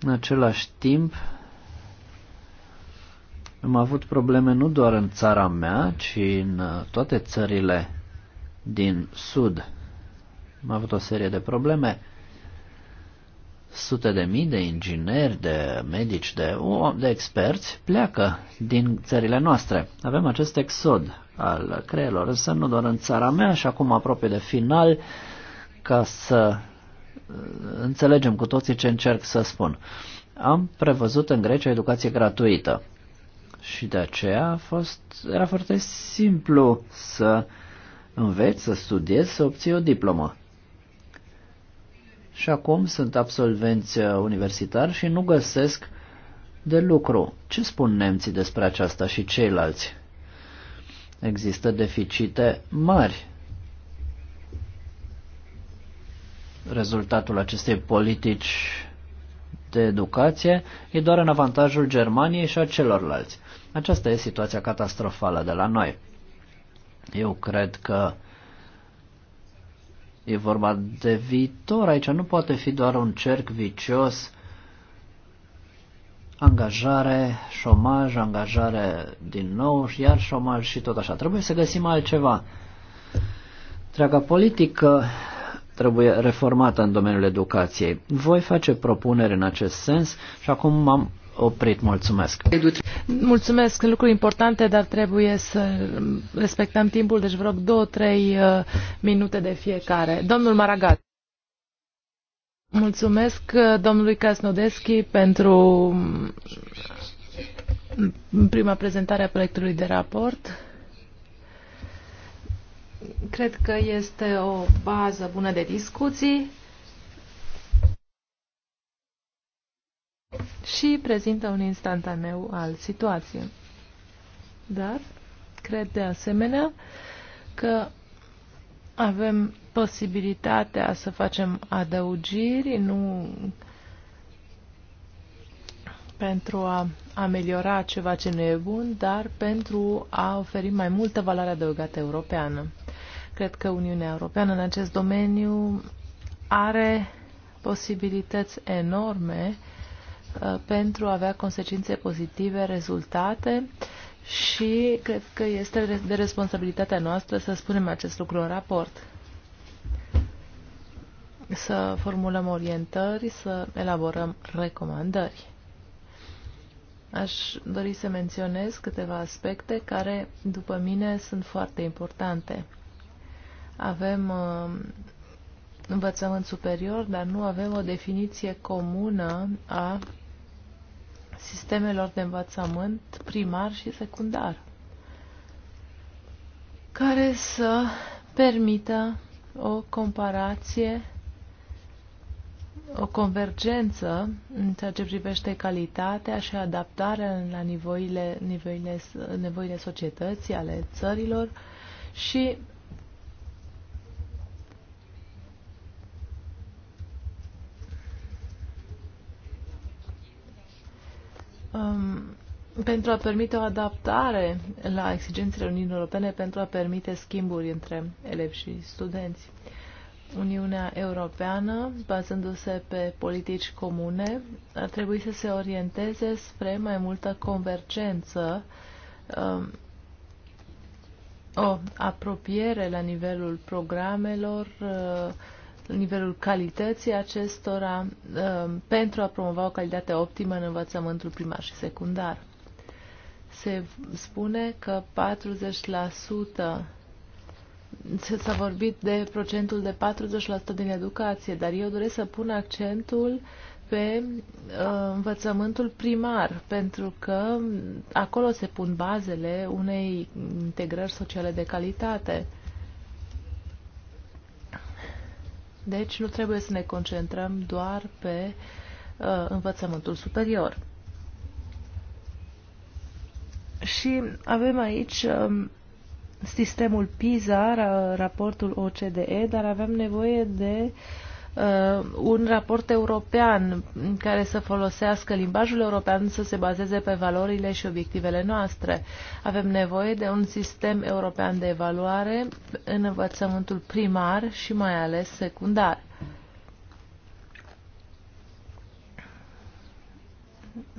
În același timp, am avut probleme nu doar în țara mea, ci în uh, toate țările din sud. Am avut o serie de probleme. Sute de mii de ingineri, de medici, de, de experți pleacă din țările noastre. Avem acest exod al creierilor, însă nu doar în țara mea și acum aproape de final, ca să uh, înțelegem cu toții ce încerc să spun. Am prevăzut în Grecia educație gratuită. Și de aceea a fost, era foarte simplu să înveți, să studiezi, să obții o diplomă. Și acum sunt absolvenți uh, universitari și nu găsesc de lucru. Ce spun nemții despre aceasta și ceilalți? Există deficite mari. Rezultatul acestei politici de educație e doar în avantajul Germaniei și a celorlalți. Aceasta e situația catastrofală de la noi. Eu cred că e vorba de viitor aici, nu poate fi doar un cerc vicios angajare, șomaj, angajare din nou și iar șomaj și tot așa. Trebuie să găsim altceva. Treaga politică trebuie reformată în domeniul educației. Voi face propuneri în acest sens și acum m-am oprit. Mulțumesc. Mulțumesc. Lucruri importante, dar trebuie să respectăm timpul, deci vreo două, trei uh, minute de fiecare. Domnul Maragat. Mulțumesc uh, domnului Casnodeschi pentru mm, prima prezentare a proiectului de raport. Cred că este o bază bună de discuții și prezintă un instantaneu al situației. Dar cred de asemenea că avem posibilitatea să facem adăugiri, nu pentru a ameliora ceva ce nu e bun, dar pentru a oferi mai multă valoare adăugată europeană. Cred că Uniunea Europeană în acest domeniu are posibilități enorme uh, pentru a avea consecințe pozitive, rezultate și cred că este de responsabilitatea noastră să spunem acest lucru în raport. Să formulăm orientări, să elaborăm recomandări. Aș dori să menționez câteva aspecte care, după mine, sunt foarte importante. Avem uh, învățământ superior, dar nu avem o definiție comună a sistemelor de învățământ primar și secundar, care să permită o comparație, o convergență în ceea ce privește calitatea și adaptarea la nivoile, nivoile, nevoile societății, ale țărilor și um, pentru a permite o adaptare la exigențele Uniunii Europene, pentru a permite schimburi între elevi și studenți. Uniunea Europeană, bazându-se pe politici comune, ar trebui să se orienteze spre mai multă convergență, um, o apropiere la nivelul programelor, uh, nivelul calității acestora um, pentru a promova o calitate optimă în învățământul primar și secundar. Se spune că 40% s-a vorbit de procentul de 40% din educație, dar eu doresc să pun accentul pe uh, învățământul primar, pentru că acolo se pun bazele unei integrări sociale de calitate. Deci nu trebuie să ne concentrăm doar pe uh, învățământul superior. Și avem aici uh, sistemul PISA, raportul OCDE, dar avem nevoie de uh, Uh, un raport european care să folosească limbajul european să se bazeze pe valorile și obiectivele noastre. Avem nevoie de un sistem european de evaluare în învățământul primar și mai ales secundar.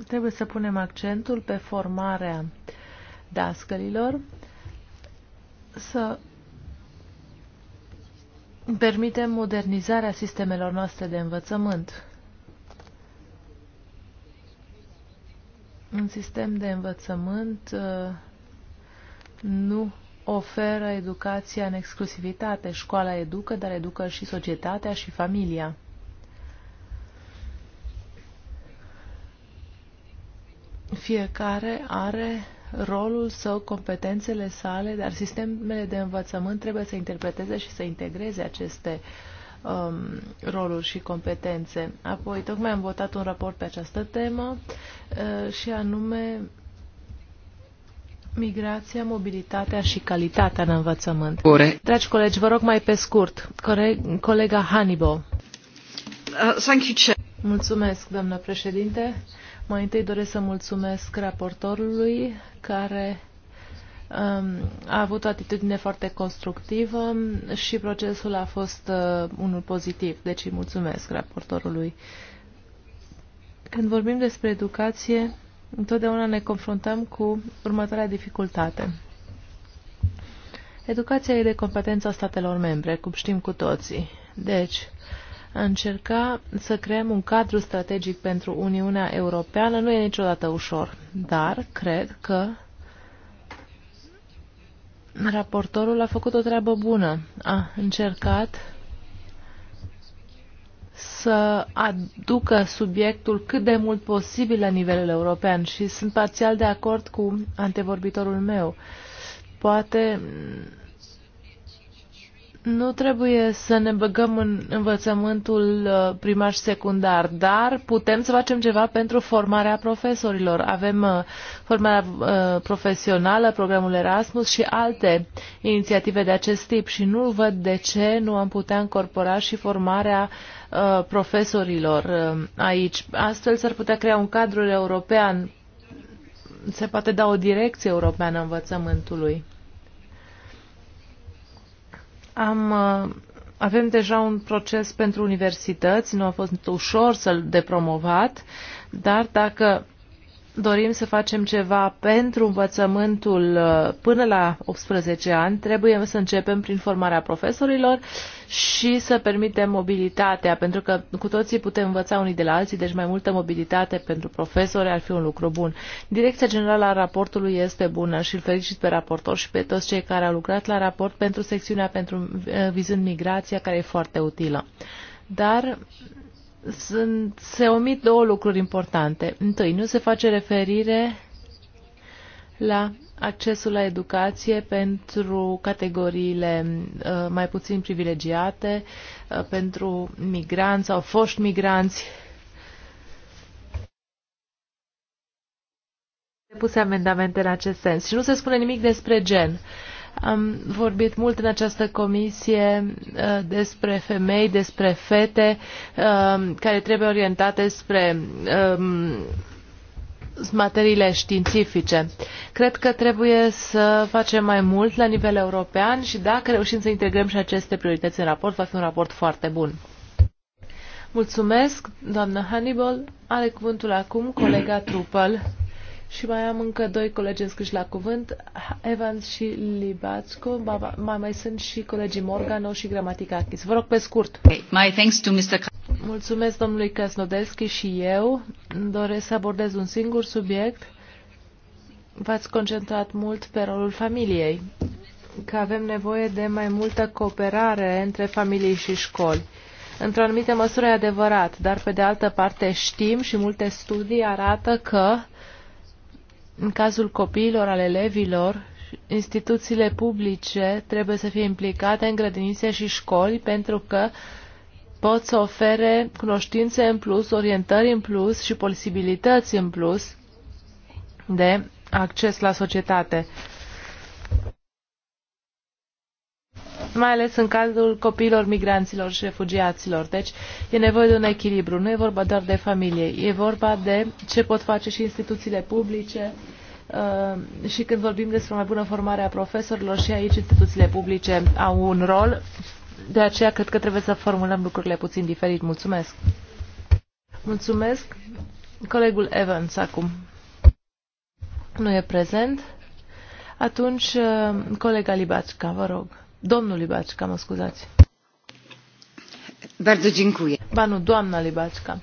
Trebuie să punem accentul pe formarea dascălilor, să permite modernizarea sistemelor noastre de învățământ. Un sistem de învățământ uh, nu oferă educația în exclusivitate. Școala educă, dar educă și societatea și familia. Fiecare are rolul său, competențele sale, dar sistemele de învățământ trebuie să interpreteze și să integreze aceste um, roluri și competențe. Apoi, tocmai am votat un raport pe această temă uh, și anume Migrația, mobilitatea și calitatea în învățământ. Ure. Dragi colegi, vă rog mai pe scurt. colega Hannibal. Uh, thank you, Mulțumesc, doamnă președinte. Mai întâi doresc să mulțumesc raportorului care um, a avut o atitudine foarte constructivă și procesul a fost uh, unul pozitiv, deci îi mulțumesc raportorului. Când vorbim despre educație, întotdeauna ne confruntăm cu următoarea dificultate. Educația e de competența statelor membre, cum știm cu toții. Deci, încerca să creăm un cadru strategic pentru Uniunea Europeană nu e niciodată ușor, dar cred că raportorul a făcut o treabă bună. A încercat să aducă subiectul cât de mult posibil la nivelul european și sunt parțial de acord cu antevorbitorul meu. Poate nu trebuie să ne băgăm în învățământul uh, primar și secundar, dar putem să facem ceva pentru formarea profesorilor. Avem uh, formarea uh, profesională, programul Erasmus și alte inițiative de acest tip și nu văd de ce nu am putea încorpora și formarea profesorilor aici. Astfel s-ar putea crea un cadru european, se poate da o direcție europeană învățământului. Am, uh, avem deja un proces pentru universități, nu a fost ușor să-l depromovat, dar dacă dorim să facem ceva pentru învățământul uh, până la 18 ani, trebuie să începem prin formarea profesorilor și să permitem mobilitatea, pentru că cu toții putem învăța unii de la alții, deci mai multă mobilitate pentru profesori ar fi un lucru bun. Direcția generală a raportului este bună și îl felicit pe raportor și pe toți cei care au lucrat la raport pentru secțiunea pentru uh, vizând migrația, care e foarte utilă. Dar sunt, se omit două lucruri importante. Întâi, nu se face referire la accesul la educație pentru categoriile uh, mai puțin privilegiate, uh, pentru migranți sau foști migranți. Puse amendamente în acest sens și nu se spune nimic despre gen. Uh, am vorbit mult în această comisie uh, despre femei, despre fete um, care trebuie orientate spre um, materiile științifice. Cred că trebuie să facem mai mult la nivel european și dacă reușim să integrăm și aceste priorități în raport, va fi un raport foarte bun. Mulțumesc, doamnă Hannibal. Are cuvântul acum colega Trupel și mai am încă doi colegi înscriși la cuvânt, Evans și Libatsko, mai, mai sunt și colegii Morgano și Achis. Vă rog pe scurt. My thanks to Mr. Mulțumesc domnului Kasnodeschi și eu. Doresc să abordez un singur subiect. V-ați concentrat mult pe rolul familiei, că avem nevoie de mai multă cooperare între familii și școli. Într-o anumită măsură e adevărat, dar pe de altă parte știm și multe studii arată că uh, în cazul copiilor, al elevilor, instituțiile publice trebuie să fie implicate în grădinițe și școli pentru că pot să ofere cunoștințe în plus, orientări în plus și posibilități în plus de acces la societate mai ales în cazul copiilor migranților și refugiaților. Deci e nevoie de un echilibru. Nu e vorba doar de familie, e vorba de ce pot face și instituțiile publice uh, și când vorbim despre mai bună formare a profesorilor și aici instituțiile publice au un rol. De aceea cred că trebuie să formulăm lucrurile puțin diferit. Mulțumesc! Mulțumesc! Colegul Evans acum nu e prezent. Atunci, uh, colega Libacica, vă rog. Domnul Libacica, mă scuzați. Bardzo dziękuję. Ba nu, doamna Libacica.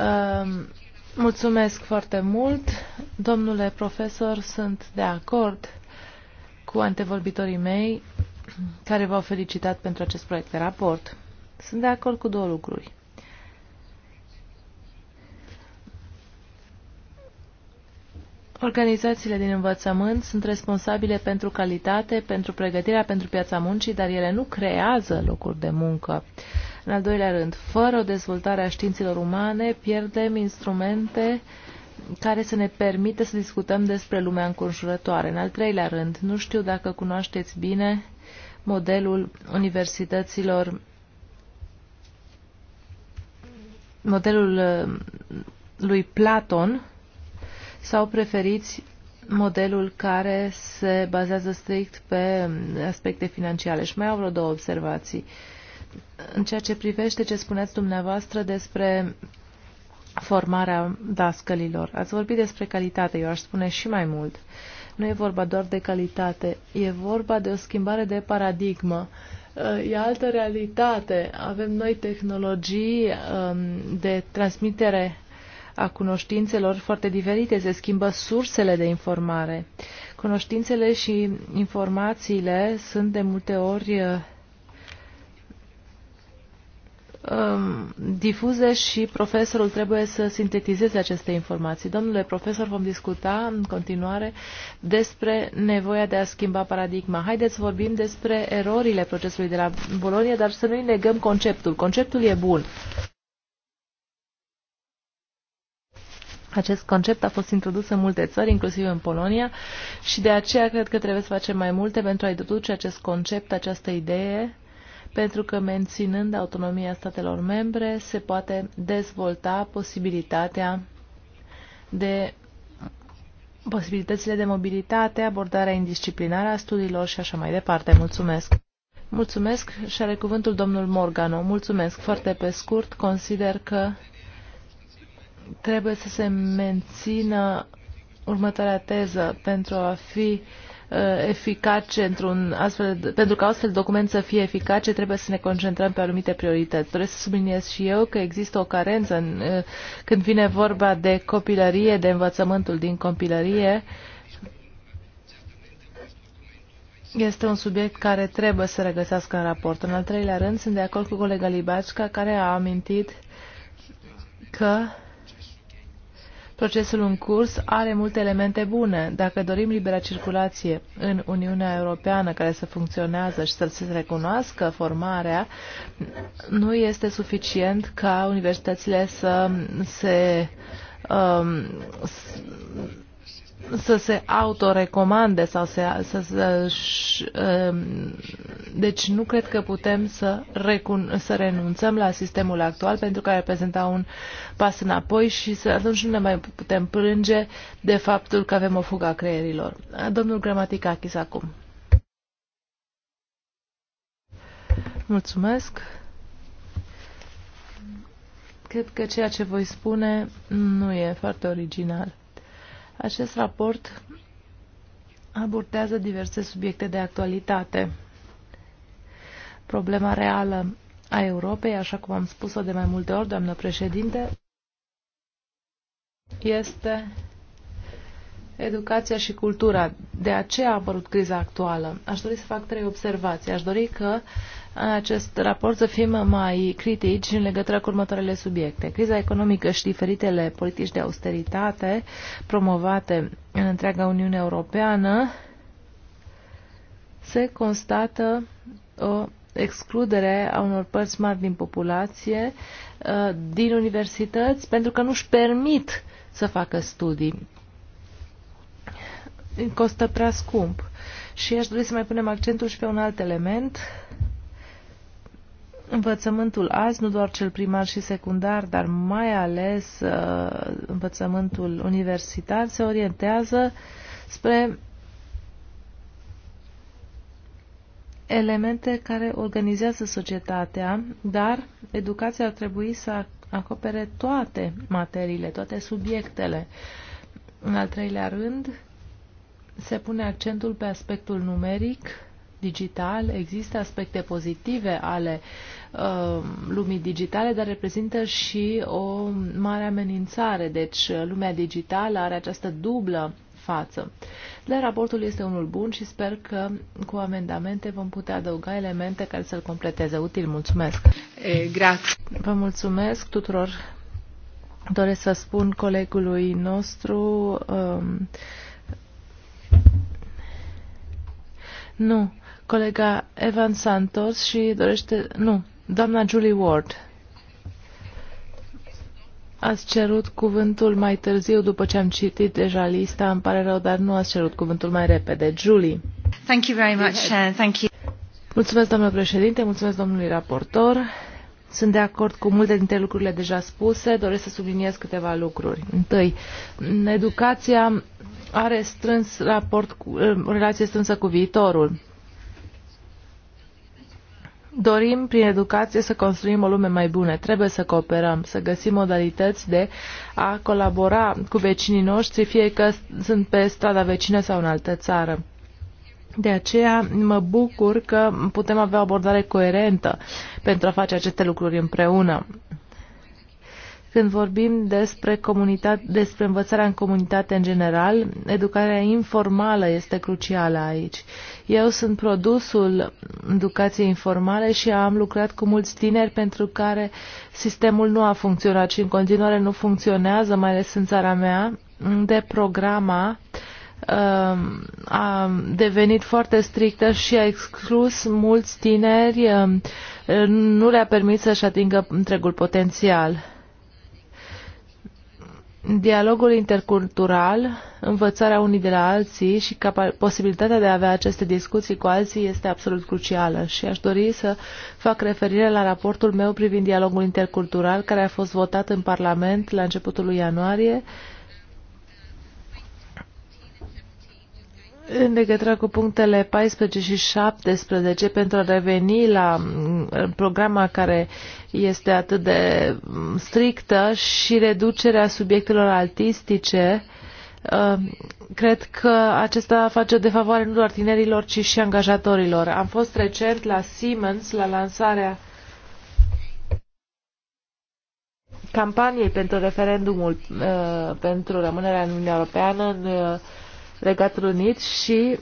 Um, mulțumesc foarte mult. Domnule profesor, sunt de acord cu antevorbitorii mei care v-au felicitat pentru acest proiect de raport. Sunt de acord cu două lucruri. Organizațiile din învățământ sunt responsabile pentru calitate, pentru pregătirea pentru piața muncii, dar ele nu creează locuri de muncă. În al doilea rând, fără o dezvoltare a științelor umane, pierdem instrumente care să ne permită să discutăm despre lumea înconjurătoare. În al treilea rând, nu știu dacă cunoașteți bine modelul universităților, modelul uh, lui Platon, sau preferiți modelul care se bazează strict pe aspecte financiare? Și mai au vreo două observații. În ceea ce privește ce spuneați dumneavoastră despre formarea dascălilor. Ați vorbit despre calitate, eu aș spune și mai mult. Nu e vorba doar de calitate, e vorba de o schimbare de paradigmă. Uh, e altă realitate. Avem noi tehnologii um, de transmitere a cunoștințelor foarte diferite, se schimbă sursele de informare. Cunoștințele și informațiile sunt de multe ori uh, um, difuze și profesorul trebuie să sintetizeze aceste informații. Domnule profesor, vom discuta în continuare despre nevoia de a schimba paradigma. Haideți să vorbim despre erorile procesului de la Bolonia, dar să nu-i negăm conceptul. Conceptul e bun. Acest concept a fost introdus în multe țări, inclusiv în Polonia, și de aceea cred că trebuie să facem mai multe pentru a introduce acest concept, această idee, pentru că menținând autonomia statelor membre se poate dezvolta posibilitatea de posibilitățile de mobilitate, abordarea indisciplinară a studiilor și așa mai departe. Mulțumesc! Mulțumesc și are cuvântul domnul Morgano. Mulțumesc foarte pe scurt. Consider că trebuie să se mențină următoarea teză pentru a fi uh, eficace într-un astfel, pentru ca astfel document să fie eficace, trebuie să ne concentrăm pe anumite priorități. Doresc să subliniez și eu că există o carență în, uh, când vine vorba de copilărie, de învățământul din copilărie. Este un subiect care trebuie să regăsească în raport. În al treilea rând, sunt de acord cu colega Libașca, care a amintit că Procesul în curs are multe elemente bune. Dacă dorim libera circulație în Uniunea Europeană care să funcționează și să se recunoască formarea, nu este suficient ca universitățile să se um, să se autorecomande sau să, să, să și, um, deci nu cred că putem să, recun, să renunțăm la sistemul actual pentru că reprezenta un pas înapoi și să, atunci nu ne mai putem plânge de faptul că avem o fugă a creierilor. Domnul Gramaticakis acum. Mulțumesc. Cred că ceea ce voi spune nu e foarte original. Acest raport abordează diverse subiecte de actualitate. Problema reală a Europei, așa cum am spus-o de mai multe ori, doamnă președinte, este educația și cultura. De aceea a apărut criza actuală. Aș dori să fac trei observații. Aș dori că uh, acest raport să fim mai critici în legătură cu următoarele subiecte. Criza economică și diferitele politici de austeritate promovate în întreaga Uniune Europeană se constată o excludere a unor părți mari din populație uh, din universități pentru că nu-și permit să facă studii. Costă prea scump. Și aș dori să mai punem accentul și pe un alt element învățământul azi, nu doar cel primar și secundar, dar mai ales uh, învățământul universitar, se orientează spre elemente care organizează societatea, dar educația ar trebui să acopere toate materiile, toate subiectele. În al treilea rând, se pune accentul pe aspectul numeric, digital, există aspecte pozitive ale Uh, lumii digitale, dar reprezintă și o mare amenințare. Deci uh, lumea digitală are această dublă față. Dar raportul este unul bun și sper că cu amendamente vom putea adăuga elemente care să-l completeze util. Mulțumesc! E, Vă mulțumesc tuturor! Doresc să spun colegului nostru um, nu, colega Evan Santos și dorește, nu, Doamna Julie Ward, ați cerut cuvântul mai târziu după ce am citit deja lista. Îmi pare rău, dar nu ați cerut cuvântul mai repede. Julie. Thank you very much. Uh, thank you. Mulțumesc, domnule președinte, mulțumesc domnului raportor. Sunt de acord cu multe dintre lucrurile deja spuse, doresc să subliniez câteva lucruri. Întâi, educația are strâns raport cu, uh, relație strânsă cu viitorul. Dorim prin educație să construim o lume mai bună. Trebuie să cooperăm, să găsim modalități de a colabora cu vecinii noștri, fie că sunt pe strada vecină sau în altă țară. De aceea mă bucur că putem avea o abordare coerentă pentru a face aceste lucruri împreună. Când vorbim despre, despre învățarea în comunitate în general, educarea informală este crucială aici. Eu sunt produsul educației informale și am lucrat cu mulți tineri pentru care sistemul nu a funcționat și în continuare nu funcționează, mai ales în țara mea, unde programa um, a devenit foarte strictă și a exclus mulți tineri, um, nu le-a permis să-și atingă întregul potențial. Dialogul intercultural, învățarea unii de la alții și posibilitatea de a avea aceste discuții cu alții este absolut crucială și aș dori să fac referire la raportul meu privind dialogul intercultural care a fost votat în Parlament la începutul lui ianuarie În legătură cu punctele 14 și 17, pentru a reveni la mm, programa care este atât de mm, strictă și reducerea subiectelor artistice, uh, cred că acesta face de favoare nu doar tinerilor, ci și angajatorilor. Am fost recent la Siemens, la lansarea campaniei pentru referendumul uh, pentru rămânerea în Uniunea Europeană în uh, Regatul Unit și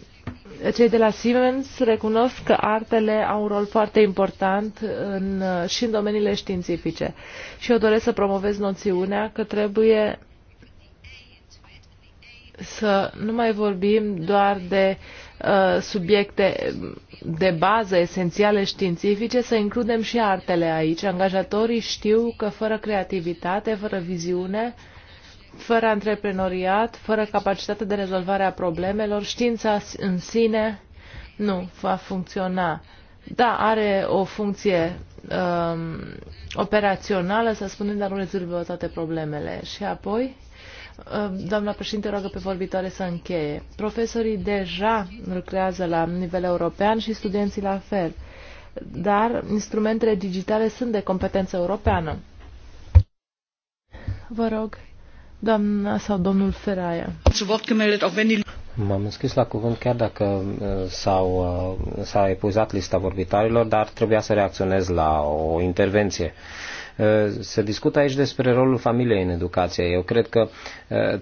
cei de la Siemens recunosc că artele au un rol foarte important în, și în domeniile științifice. Și eu doresc să promovez noțiunea că trebuie să nu mai vorbim doar de uh, subiecte de bază esențiale științifice, să includem și artele aici. Angajatorii știu că fără creativitate, fără viziune, uh, fără antreprenoriat, fără capacitate de rezolvare a problemelor, știința în sine nu va funcționa. Da, are o funcție um, operațională, să spunem, dar nu rezolvă toate problemele. Și apoi, um, doamna președinte roagă pe vorbitoare să încheie. Profesorii deja lucrează la nivel european și studenții la fel, dar instrumentele digitale sunt de competență europeană. Vă rog Doamna sau domnul Feraia. M-am înscris la cuvânt chiar dacă uh, s-au, uh, s-a epuizat lista vorbitorilor, dar trebuia să reacționez la o intervenție. Uh, se discută aici despre rolul familiei în educație. Eu cred că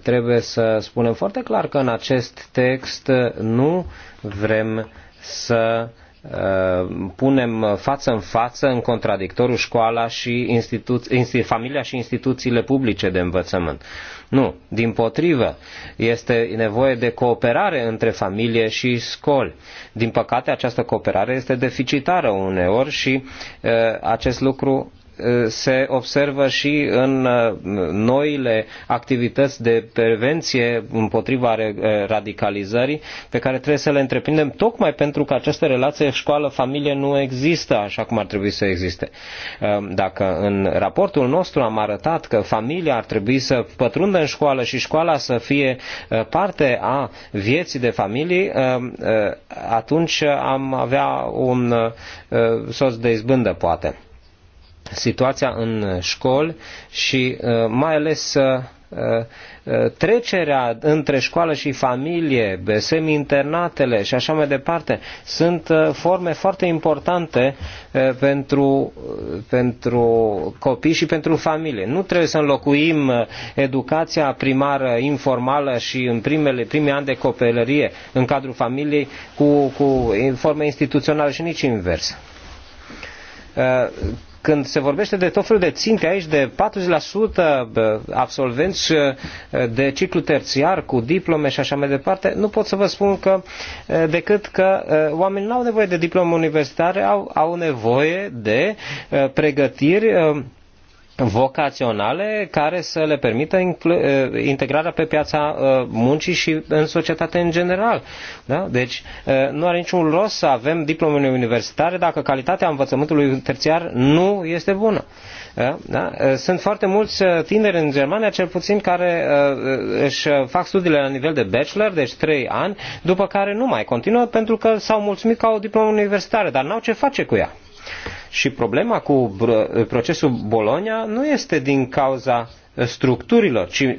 trebuie să spunem foarte clar că în acest text nu vrem să uh, Uh, punem față în față, în contradictoriu, școala și familia și instituțiile publice de învățământ. Nu, din potrivă, este nevoie de cooperare între familie și școli. Din păcate, această cooperare este deficitară uneori și uh, acest lucru Eh, se observă și în eh, noile activități de prevenție împotriva eh, radicalizării pe care trebuie să le întreprindem tocmai pentru că această relație școală-familie nu există așa cum ar trebui să existe. Dacă în raportul nostru am arătat că familia ar trebui să pătrundă în școală și școala să fie parte a vieții de familie, atunci am avea un sos de izbândă, poate situația în școli și uh, mai ales uh, uh, trecerea între școală și familie, semi-internatele și așa mai departe, sunt forme foarte importante pentru, pentru copii și pentru familie. Nu trebuie să înlocuim educația primară informală și în primele, primii ani de copilărie în cadrul familiei cu, cu forme instituționale și nici invers când se vorbește de tot felul de ținte aici de 40% absolvenți uh, de ciclu terțiar cu diplome și așa mai departe, nu pot să vă spun că uh, decât că uh, oamenii nu au nevoie de diplome universitare, au, au nevoie de pregătiri vocaționale care să le permită eh, integrarea pe piața eh, muncii și în societate în general. Da? Deci eh, nu are niciun rost să avem diplomele universitare dacă calitatea învățământului terțiar nu este bună. Da? Sunt foarte mulți tineri în Germania, cel puțin, care își fac studiile la nivel de bachelor, deci 3 ani, după care nu mai continuă pentru că s-au mulțumit ca o diplomă universitară, dar n-au ce face cu ea. Și problema cu procesul Bologna nu este din cauza uh, structurilor, ci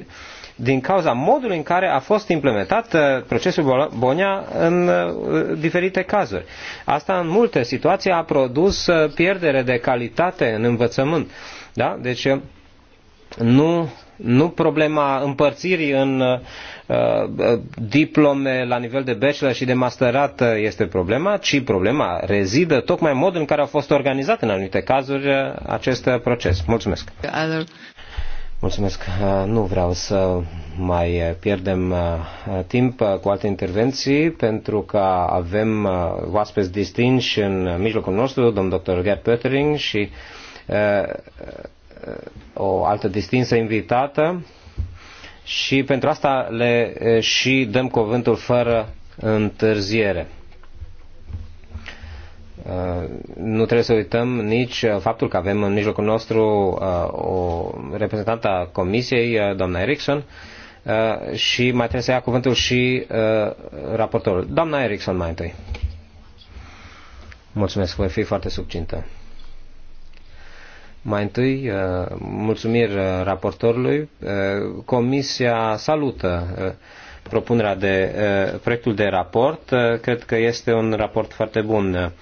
din cauza modului în care a fost implementat uh, procesul Bologna în uh, diferite cazuri. Asta în multe situații a produs pierdere de calitate în învățământ. Da? Deci nu nu problema împărțirii în uh, uh, diplome la nivel de bachelor și de masterat uh, este problema, ci problema rezidă tocmai în modul în care a fost organizat în anumite cazuri acest proces. Mulțumesc! Mulțumesc. Nu vreau să mai pierdem timp cu alte intervenții, pentru că avem oaspeți distinși în mijlocul nostru, domnul dr. Gerd Pöttering și o altă distinsă invitată și pentru asta le și dăm cuvântul fără întârziere. Nu trebuie să uităm nici faptul că avem în mijlocul nostru o reprezentantă a Comisiei, doamna Erickson, și mai trebuie să ia cuvântul și raportorul. Doamna Erickson mai întâi. Mulțumesc, voi fi foarte subcintă. Mai întâi, uh, mulțumiri uh, raportorului. Uh, comisia salută propunerea de proiectul de raport. Cred că este un raport foarte bun.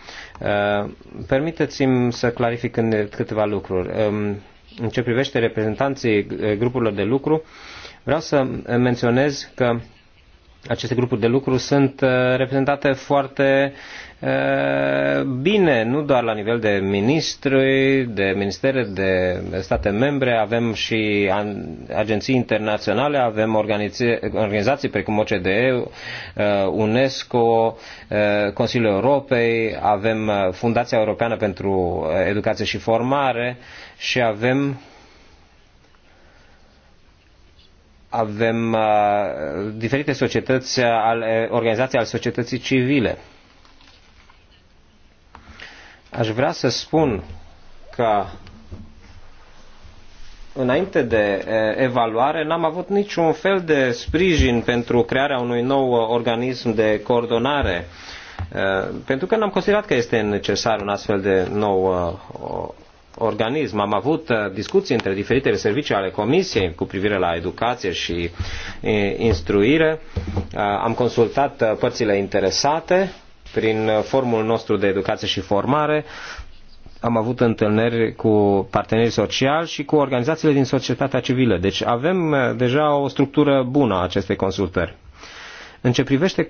Permiteți-mi să clarific câteva lucruri. Um, în ce privește reprezentanții grupurilor de lucru, vreau să menționez că aceste grupuri de lucru sunt reprezentate foarte Eh, bine, nu doar la nivel de ministri, de ministere, de state membre, avem și agenții internaționale, avem organizații, organizații precum OCDE, eh, UNESCO, eh, Consiliul Europei, avem Fundația Europeană pentru Educație și Formare și avem avem uh, diferite societăți, al, organizații al societății civile. Aș vrea să spun că înainte de evaluare n-am avut niciun fel de sprijin pentru crearea unui nou organism de coordonare, pentru că n-am considerat că este necesar un astfel de nou organism. Am avut discuții între diferitele servicii ale Comisiei cu privire la educație și instruire. Am consultat părțile interesate prin formul nostru de educație și formare, am avut întâlniri cu partenerii sociali și cu organizațiile din societatea civilă. Deci avem eh, deja o structură bună a acestei consultări. În ce privește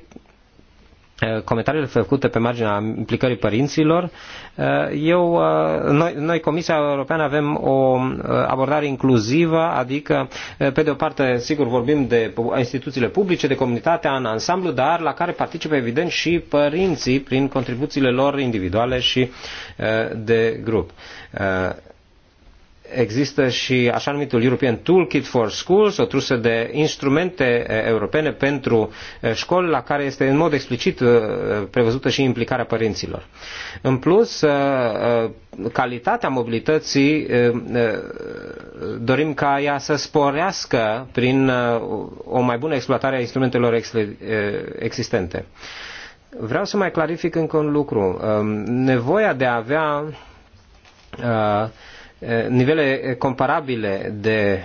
Eh, comentariile făcute pe marginea implicării părinților, eh, eu, eh, noi, noi, Comisia Europeană, avem o abordare inclusivă, adică, pe de o parte, sigur, vorbim de instituțiile publice, de comunitatea în ansamblu, dar la care participă, evident, și părinții prin contribuțiile lor individuale și de grup există și așa numitul European Toolkit for Schools, o trusă de instrumente europene pentru școli, la care este în mod explicit prevăzută și implicarea părinților. În plus, calitatea mobilității dorim ca ea să sporească prin o mai bună exploatare a instrumentelor existente. Vreau să mai clarific încă un lucru. Nevoia de a avea nivele comparabile de,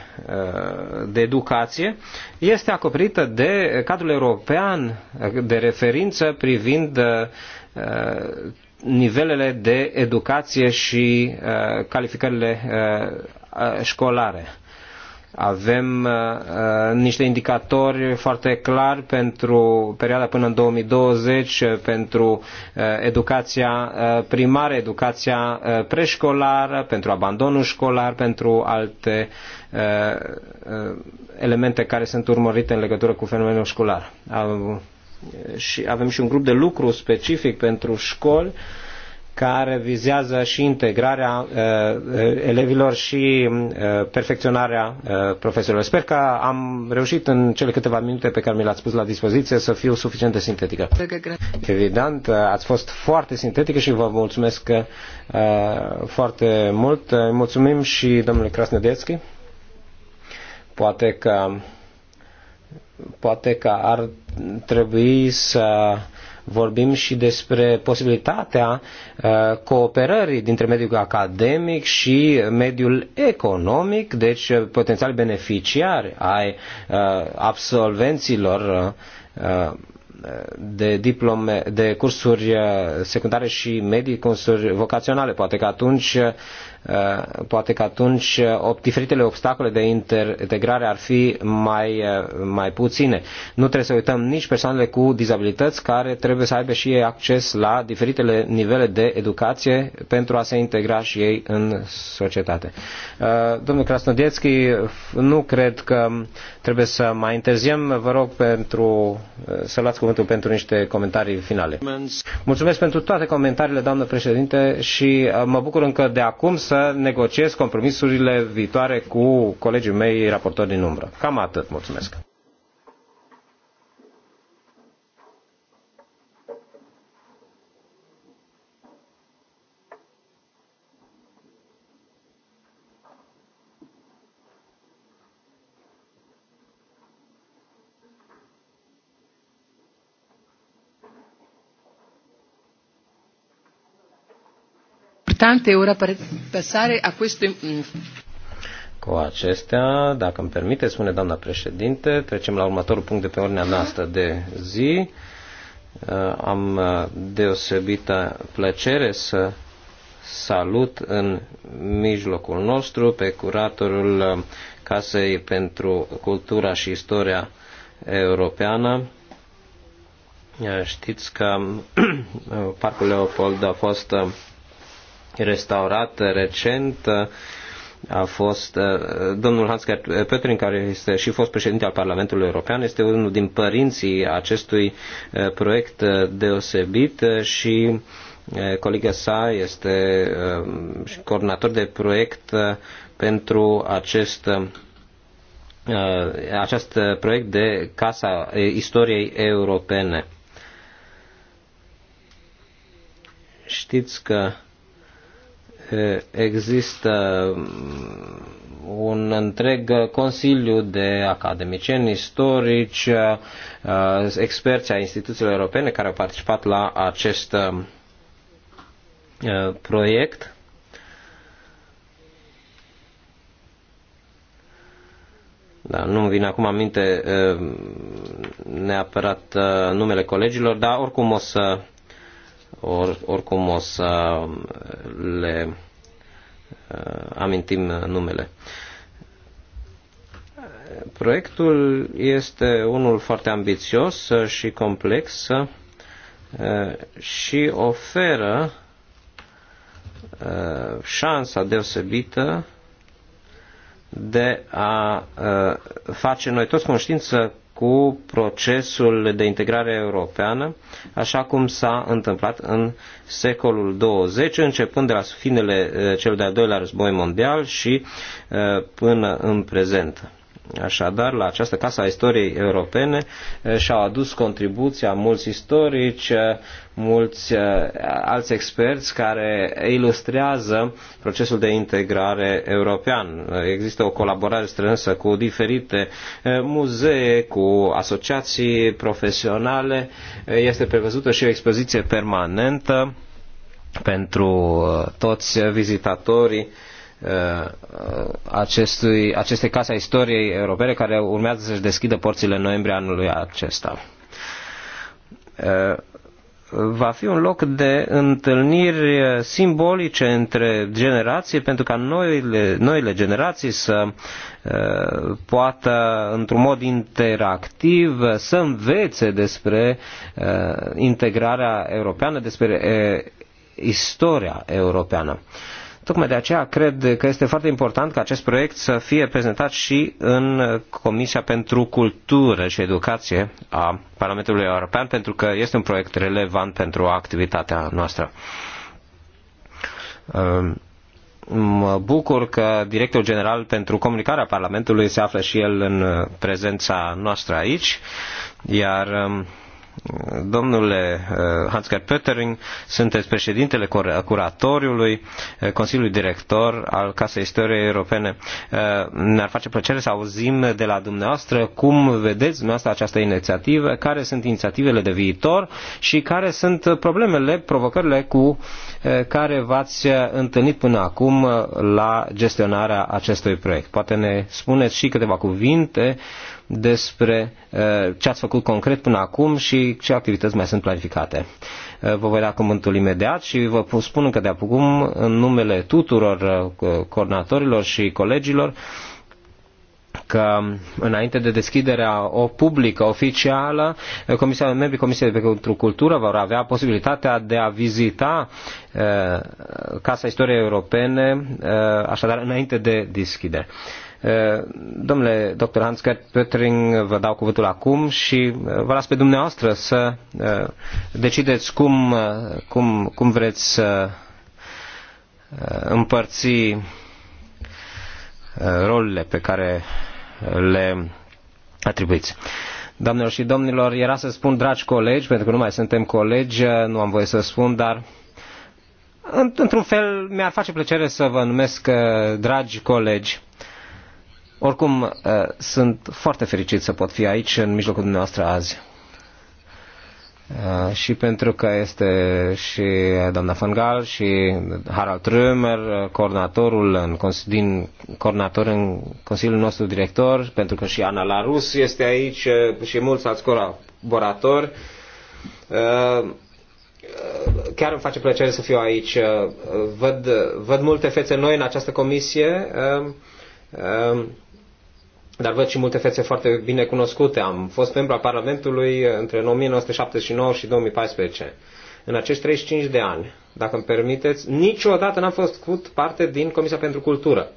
de educație, este acoperită de cadrul european de referință privind nivelele de educație și calificările școlare. Avem uh, uh, niște indicatori foarte clari pentru perioada până în 2020, uh, pentru uh, educația uh, primară, educația uh, preșcolară, pentru abandonul școlar, pentru alte uh, uh, elemente care sunt urmărite în legătură cu fenomenul școlar. Uh, și avem și un grup de lucru specific pentru școli uh, care vizează și integrarea uh, uh, elevilor și uh, perfecționarea profesorilor. Sper că am reușit în cele câteva minute pe care mi le-ați pus la dispoziție să fiu suficient de sintetică. Evident, ați fost foarte sintetică și vă mulțumesc foarte mult. Mulțumim și domnului Krasnedeschi. Poate că poate că ar trebui să vorbim și despre posibilitatea uh, cooperării dintre mediul academic și mediul economic, deci uh, potențial beneficiari ai uh, absolvenților de diplome, de cursuri secundare și medii, cursuri vocaționale. Poate că atunci Eh, poate că atunci eh, diferitele obstacole de integrare ar fi mai, eh, mai puține. Nu trebuie să uităm nici persoanele cu dizabilități care trebuie să aibă și ei acces la diferitele nivele de educație pentru a se integra și ei în societate. Domnul Krasnodiecki, nu cred că trebuie să mai întârziem. Vă rog pentru, eh, să luați cuvântul pentru niște comentarii finale. Mulțumesc pentru toate comentariile, doamnă președinte, și eh, mă bucur încă de acum să negociez compromisurile viitoare cu colegii mei raportori din umbră. Cam atât. Mulțumesc. importante ora per passare a questo cu acestea, dacă îmi permite, spune doamna președinte, trecem la următorul punct de pe ordinea noastră de zi. Uh, am uh, deosebită plăcere să salut în mijlocul nostru pe curatorul uh, Casei pentru Cultura și Istoria Europeană. Știți că (clears throat) Parcul Leopold a fost restaurat recent. Uh, a fost uh, domnul hans Petrin, care este și fost președinte al Parlamentului European, este unul din părinții acestui uh, proiect deosebit și colega sa este coordonator de proiect pentru acest acest proiect de Casa Istoriei Europene. Știți că există mm, un întreg consiliu de academicieni istorici, uh, experți ai instituțiilor europene care au participat la acest uh, proiect. Da, nu-mi vine acum aminte uh, neapărat numele colegilor, dar oricum o să Or, oricum o să le uh, amintim numele. Proiectul este unul foarte ambițios și complex uh, și oferă uh, șansa deosebită de a face noi toți conștiință cu procesul de integrare europeană, așa cum s-a întâmplat în secolul 20, începând de la finele eh, cel de-al doilea război mondial și eh, până în prezent. Așadar, la această casă a Istoriei Europene eh, și-au adus contribuția mulți istorici, eh, mulți eh, alți experți care ilustrează procesul de integrare european. Există o colaborare strânsă cu diferite muzee, cu asociații profesionale. Este prevăzută și o expoziție permanentă pentru toți vizitatorii Uh, acestui, aceste case a istoriei europene care urmează să-și deschidă porțile în noiembrie anului acesta. Uh, va fi un loc de întâlniri simbolice între generații pentru ca noile, noile generații să uh, poată într-un mod interactiv să învețe despre integrarea europeană, despre istoria europeană. Uh, Tocmai de aceea cred că este foarte important ca acest proiect să fie prezentat și în Comisia pentru Cultură și Educație a Parlamentului European, pentru că este un proiect relevant pentru activitatea noastră. Ehm, mă bucur că directorul general pentru comunicarea Parlamentului se află și el în prezența noastră aici, iar ehm, Domnule eh, Hansker Pöttering, sunteți președintele curatoriului eh, Consiliului Director al Casei Istoriei Europene. Eh, ne-ar face plăcere să auzim de la dumneavoastră cum vedeți dumneavoastră această inițiativă, care sunt inițiativele de viitor și care sunt problemele, provocările cu care v-ați întâlnit până acum la gestionarea acestui proiect. Poate ne spuneți și câteva cuvinte despre uh, ce ați făcut concret până acum și ce activități mai sunt planificate. Uh, vă voi da cuvântul imediat și vă spun încă de acum, în numele tuturor uh, coordonatorilor și colegilor, că înainte de deschiderea o publică oficială, comisia, membrii Comisiei pentru Cultură vor avea posibilitatea de a vizita Casa Istoriei Europene, așadar înainte de deschidere. Eh, domnule dr. Hans Gert Pöttering, vă dau cuvântul acum și eh, vă las pe dumneavoastră să eh, decideți cum, cum, cum vreți să împărți rolurile pe care le atribuiți. Doamnelor și domnilor, era să spun dragi colegi, pentru că nu mai suntem colegi, nu am voie să spun, dar într-un fel mi-ar face plăcere să vă numesc dragi colegi oricum, uh, sunt foarte fericit să pot fi aici, în mijlocul dumneavoastră azi. Uh, și pentru că este și doamna Fangal și Harald Römer, uh, coordonatorul în, din, coordonator în Consiliul nostru director, pentru că și Ana Larus este aici și mulți alți colaboratori. Chiar îmi face plăcere să fiu aici. Văd, văd multe fețe noi în această comisie dar văd și multe fețe foarte bine cunoscute. Am fost membru al Parlamentului între 1979 și 2014. În acești 35 de ani, dacă îmi permiteți, niciodată n-am fost făcut parte din Comisia pentru Cultură.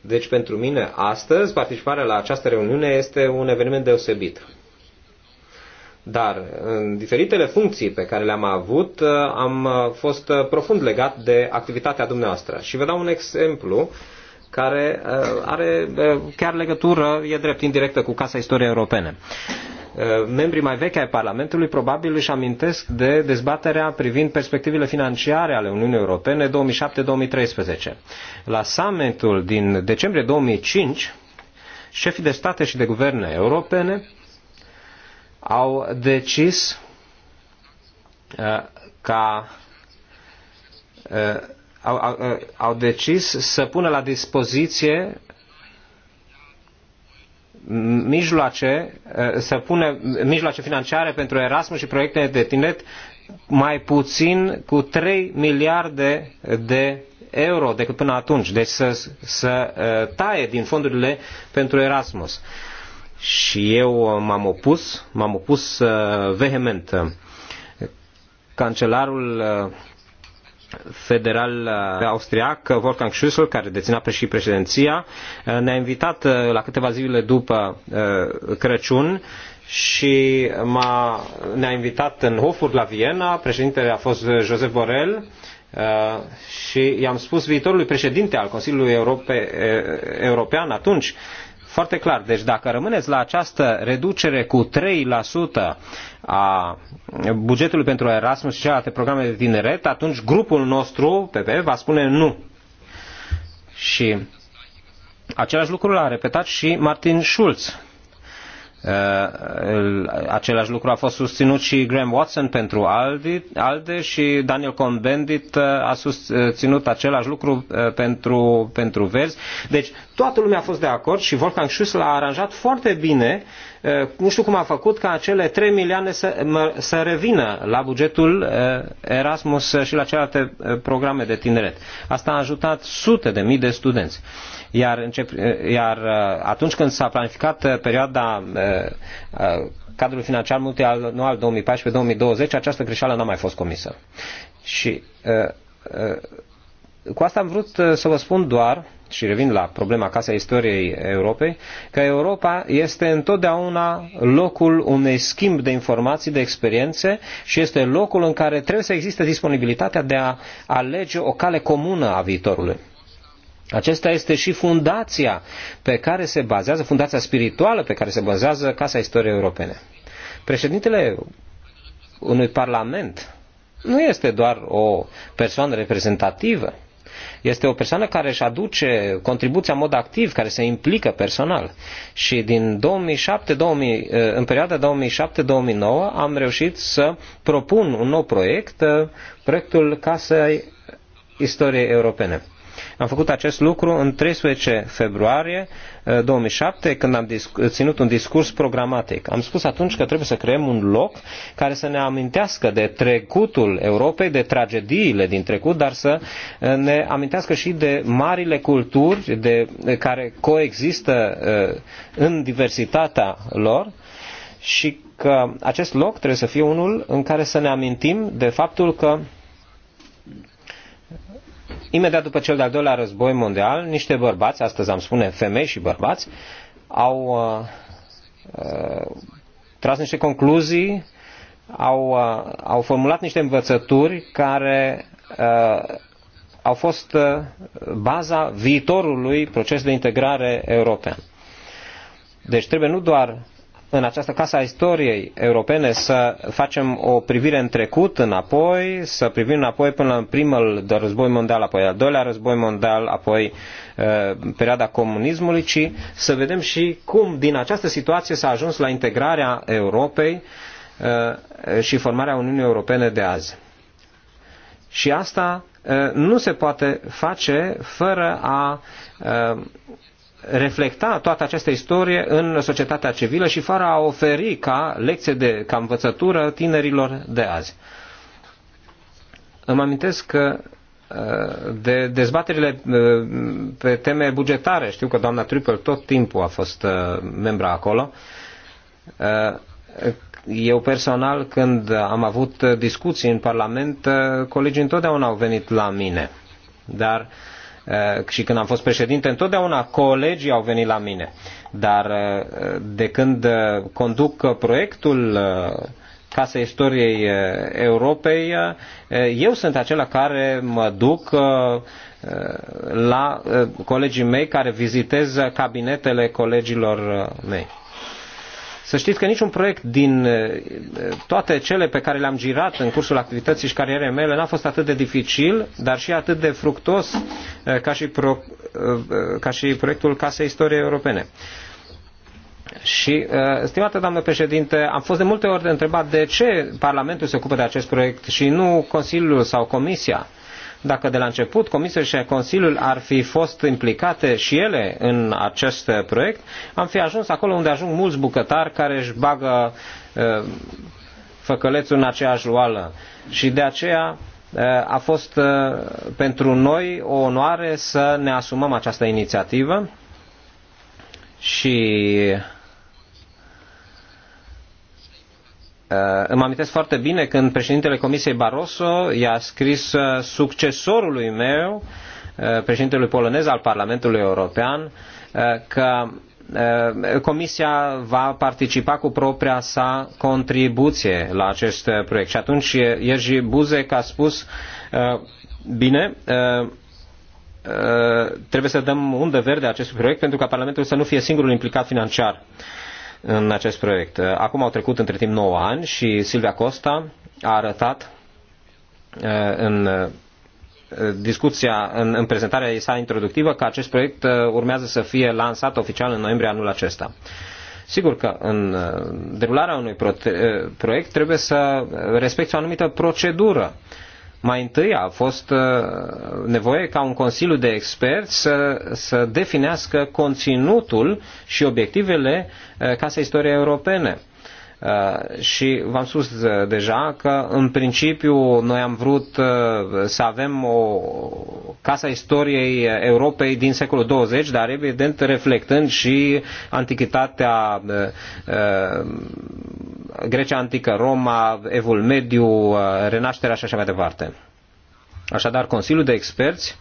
Deci pentru mine astăzi participarea la această reuniune este un eveniment deosebit. Dar în diferitele funcții pe care le-am avut, am fost profund legat de activitatea dumneavoastră. Și vă dau un exemplu care uh, are uh, chiar legătură, e drept, indirectă cu Casa Istoriei Europene. Uh, membrii mai vechi ai Parlamentului probabil își amintesc de dezbaterea privind perspectivele financiare ale Uniunii Europene 2007-2013. La summitul din decembrie 2005, șefii de state și de guverne europene au decis ca au, au, uh, au decis să pună la dispoziție mijloace, uh, să pune mijloace financiare pentru Erasmus și proiecte de tineret mai puțin cu 3 miliarde de euro decât până atunci. Deci să, să uh, taie din fondurile pentru Erasmus. Și eu m-am opus, m-am opus vehement. Cancelarul federal uh, austriac, Wolfgang Schüssel, care deținea și președinția, uh, ne-a invitat uh, la câteva zile după Crăciun și m-a, ne-a invitat în Hofburg la Viena, președintele a fost Josef Borrell, și i-am spus viitorului președinte al Consiliului Europe, European atunci, foarte clar, deci dacă rămâneți la această reducere cu 3%, a bugetului pentru Erasmus și alte programe de tineret, atunci grupul nostru, PP, va spune nu. Și același lucru l-a repetat și Martin Schulz. Uh, același lucru a fost susținut și Graham Watson pentru ALDE, ALDE și Daniel Cohn-Bendit uh, a susținut același lucru uh, pentru, pentru Verzi. Deci toată lumea a fost de acord și Wolfgang Schüssel a aranjat foarte bine Uh, nu știu cum a făcut ca acele 3 milioane să, mă, să revină la bugetul uh, Erasmus și la celelalte uh, programe de tineret. Asta a ajutat sute de mii de studenți. Iar, încep, iar atunci când s-a planificat perioada cadrului financiar multianual 2014-2020, această greșeală n-a mai fost comisă. Și cu asta am vrut să vă spun doar și revin la problema Casa Istoriei Europei, că Europa este întotdeauna locul unei schimb de informații, de experiențe și este locul în care trebuie să existe disponibilitatea de a alege o cale comună a viitorului. Acesta este și fundația pe care se bazează, fundația spirituală pe care se bazează Casa Istoriei Europene. Președintele unui parlament nu este doar o persoană reprezentativă, este o persoană care își aduce contribuția în mod activ, care se implică personal. Și din 2007, 2000, în perioada 2007-2009 am reușit să propun un nou proiect, uh, proiectul Casei Istoriei Europene. Am făcut acest lucru în 13 februarie 2007, uh, când am ținut un discurs programatic. Am spus atunci că trebuie să creăm un loc care să ne amintească de trecutul Europei, de tragediile din trecut, dar să uh, ne amintească și de marile culturi de, uh, care coexistă în diversitatea lor și că acest loc trebuie să fie unul în care să ne amintim de faptul că imediat după cel de-al doilea război mondial, niște bărbați, astăzi am spune femei și bărbați, au uh, uh, tras niște concluzii, au, uh, au formulat niște învățături care uh, au fost uh, baza viitorului proces de integrare european. Deci trebuie nu doar în această casă a istoriei europene să facem o privire în trecut, înapoi, să privim înapoi până la primul de război mondial, apoi al doilea război mondial, apoi uh, perioada comunismului, ci să vedem și cum din această situație s-a ajuns la integrarea Europei uh, și formarea Uniunii Europene de azi. Și asta uh, nu se poate face fără a reflecta toată această istorie în societatea civilă și fără a oferi ca lecție de, ca învățătură tinerilor de azi. Îmi amintesc că uh, de dezbaterile uh, pe teme bugetare, știu că doamna Triple tot timpul a fost uh, membra acolo, eu personal, când am avut discuții în Parlament, colegii întotdeauna au venit la mine. Dar uh, Eh, și când am fost președinte, întotdeauna colegii au venit la mine. Dar eh, de când eh, conduc proiectul Casa Istoriei Europei, eu sunt acela care mă duc la colegii mei care vizitez cabinetele colegilor mei. Să știți că niciun proiect din toate cele pe care le-am girat în cursul activității și carierei mele n-a fost atât de dificil, dar și atât de fructos ca și, pro, ca și proiectul Casei Istoriei Europene. Și, stimată doamnă președinte, am fost de multe ori întrebat de ce Parlamentul se ocupă de acest proiect și nu Consiliul sau Comisia. Dacă de la început Comisia și Consiliul ar fi fost implicate și ele în acest proiect, am fi ajuns acolo unde ajung mulți bucătari care își bagă eh, făcălețul în aceeași oală. Și de aceea eh, a fost eh, pentru noi o onoare să ne asumăm această inițiativă și Uh, îmi amintesc foarte bine când președintele Comisiei Barroso i-a scris uh, succesorului meu, uh, președintelui polonez al Parlamentului European, că Comisia va participa cu propria sa contribuție la acest proiect. Și atunci Ierji Buzek a spus, bine, trebuie să dăm undă verde acestui proiect pentru ca Parlamentul să nu fie singurul implicat financiar. Uh, în acest proiect. Acum au trecut între timp 9 ani și Silvia Costa a arătat uh, în uh, discuția, în, în prezentarea ei sa introductivă, că acest proiect uh, urmează să fie lansat oficial în noiembrie anul acesta. Sigur că în derularea unui proiect trebuie să respecti o anumită procedură mai întâi a fost uh, nevoie ca un consiliu de experți să, să definească conținutul și obiectivele uh, Casei Istoriei Europene. Uh, și v-am spus uh, deja că în principiu noi am vrut uh, să avem o casa istoriei Europei din secolul 20, dar evident reflectând și antichitatea Grecia antică, Roma, Evul Mediu, Renașterea și așa mai departe. Așadar, Consiliul de Experți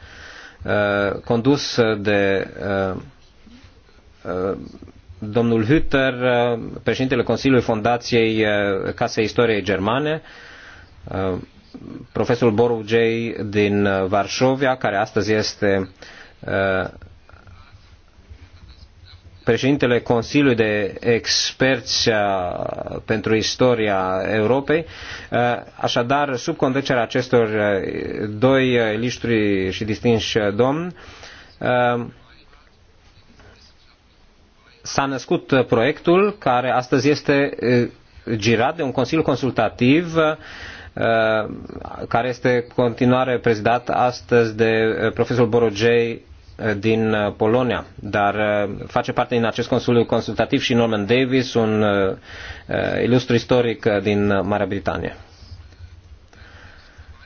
condus de domnul Hütter, uh, președintele Consiliului Fondației uh, Casei Istoriei Germane, uh, profesorul Borugei din Varșovia, care astăzi este președintele Consiliului de Experți pentru Istoria Europei. Așadar, sub conducerea acestor doi liștri și distinși domni, s-a născut uh, proiectul care astăzi este uh, girat de un Consiliu Consultativ uh, care este continuare prezidat astăzi de profesorul Borogei din Polonia, dar face parte din acest consiliu consultativ și Norman Davis, un ilustru istoric din Marea Britanie.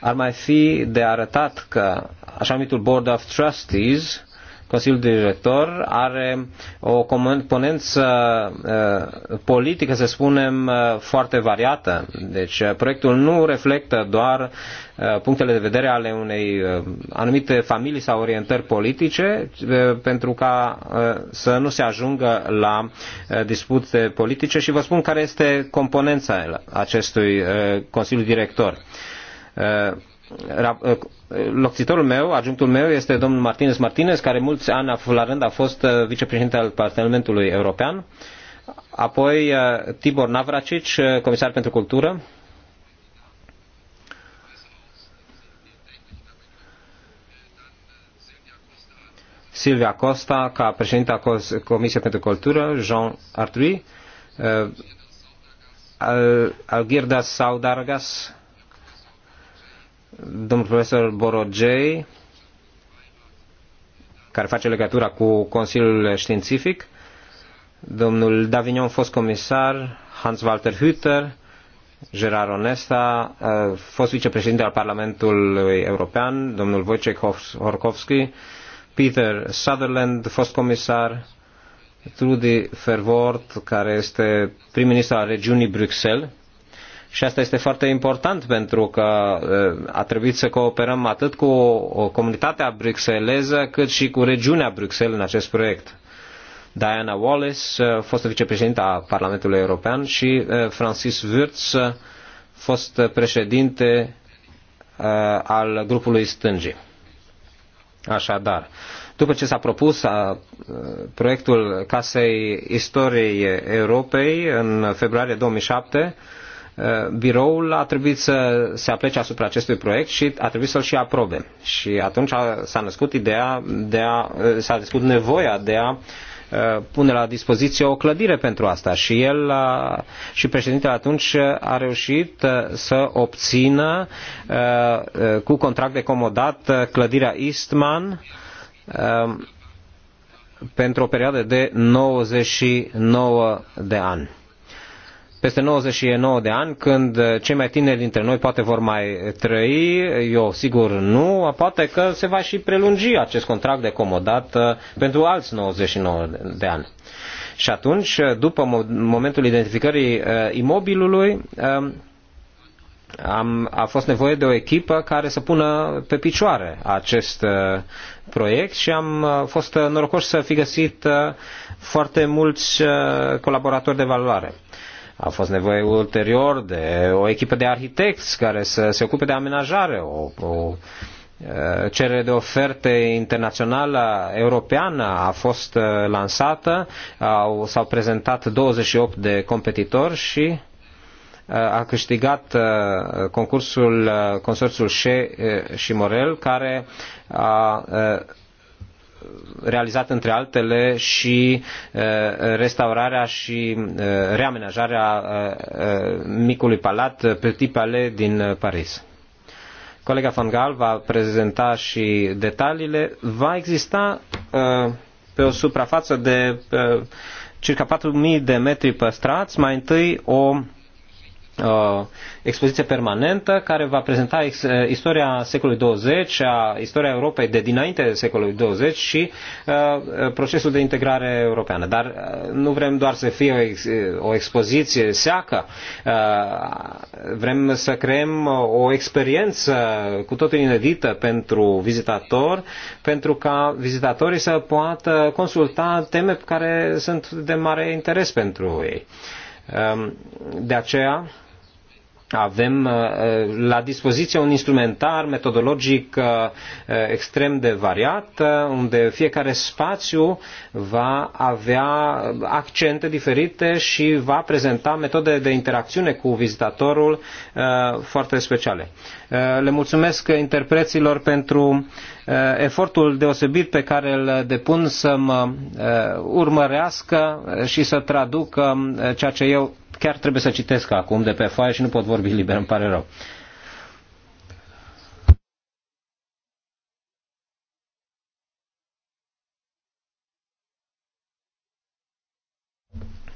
Ar mai fi de arătat că așa numitul Board of Trustees Consiliul Director are o componență uh, politică, să spunem, uh, foarte variată. Deci uh, proiectul nu reflectă doar punctele de vedere ale unei anumite familii sau orientări politice pentru ca să nu se ajungă la dispute politice și vă spun care este componența acestui Consiliu Director Eh, locțitorul meu, adjunctul meu este domnul Martinez Martinez, care mulți ani la rând a fost eh, vicepreședinte al Parlamentului European, apoi eh, Tibor Navracic, comisar pentru cultură, Silvia Costa ca președinta Comisiei pentru Cultură, Jean Artui, Algirdas Saudargas, domnul profesor Borogei, care face legătura cu Consiliul Științific, domnul Davignon, fost comisar, Hans-Walter Hütter, Gerard Onesta, fost vicepreședinte al Parlamentului European, domnul Wojciech Horkovski, Peter Sutherland, fost comisar, Trudy Fervort, care este prim-ministru al regiunii Bruxelles, și asta este foarte important pentru că a trebuit să cooperăm atât cu comunitatea bruxeleză cât și cu regiunea Bruxelles în acest proiect. Diana Wallace, fostă vicepreședinte a Parlamentului European și Francis Würz, fost președinte al grupului stângii. Așadar, după ce s-a propus a, proiectul Casei Istoriei Europei în februarie 2007, Eh, biroul a trebuit să se aplece asupra acestui proiect și a trebuit să-l și aprobe. Și atunci s-a născut ideea de a, eh, s-a născut nevoia de a eh, pune la dispoziție o clădire pentru asta și el a, și președintele atunci a reușit să obțină cu contract de comodat clădirea Eastman pentru o perioadă de 99 de ani peste 99 de ani, când cei mai tineri dintre noi poate vor mai trăi, eu sigur nu, poate că se va și prelungi acest contract de comodat uh, pentru alți 99 de ani. Și atunci, uh, după momentul identificării uh, imobilului, um, am, a fost nevoie de o echipă care să pună pe picioare acest uh, proiect și am uh, fost norocoși să fi găsit uh, foarte mulți uh, colaboratori de valoare. A fost nevoie ulterior de o echipă de arhitecți care să se ocupe de amenajare, o, o cerere de oferte internațională europeană a fost lansată, au, s-au prezentat 28 de competitori și a câștigat concursul consorțiul Shea și Morel, care a realizat între altele și restaurarea și reamenajarea micului palat Petit Palais din Paris. Colega Van Gaal va prezenta și detaliile. Va exista pe o suprafață de circa 4.000 de metri păstrați mai întâi o Uh, expoziție permanentă care va prezenta uh, istoria secolului 20, a istoria Europei de dinainte de secolului 20 și uh, procesul de integrare europeană. Dar nu vrem doar să fie o, expoziție seacă, vrem să creăm o experiență cu totul inedită pentru vizitator, pentru ca vizitatorii să poată consulta teme care sunt de mare interes pentru ei. Um, de aceea avem uh, uh, la dispoziție un instrumentar metodologic uh, extrem de variat, unde fiecare spațiu va avea accente diferite și va prezenta metode de interacțiune cu vizitatorul foarte speciale. Le mulțumesc interpreților pentru efortul deosebit pe care îl depun să mă urmărească și să traducă ceea ce eu Chiar trebuie să citesc acum de pe foaie și nu pot vorbi liber, îmi pare rău.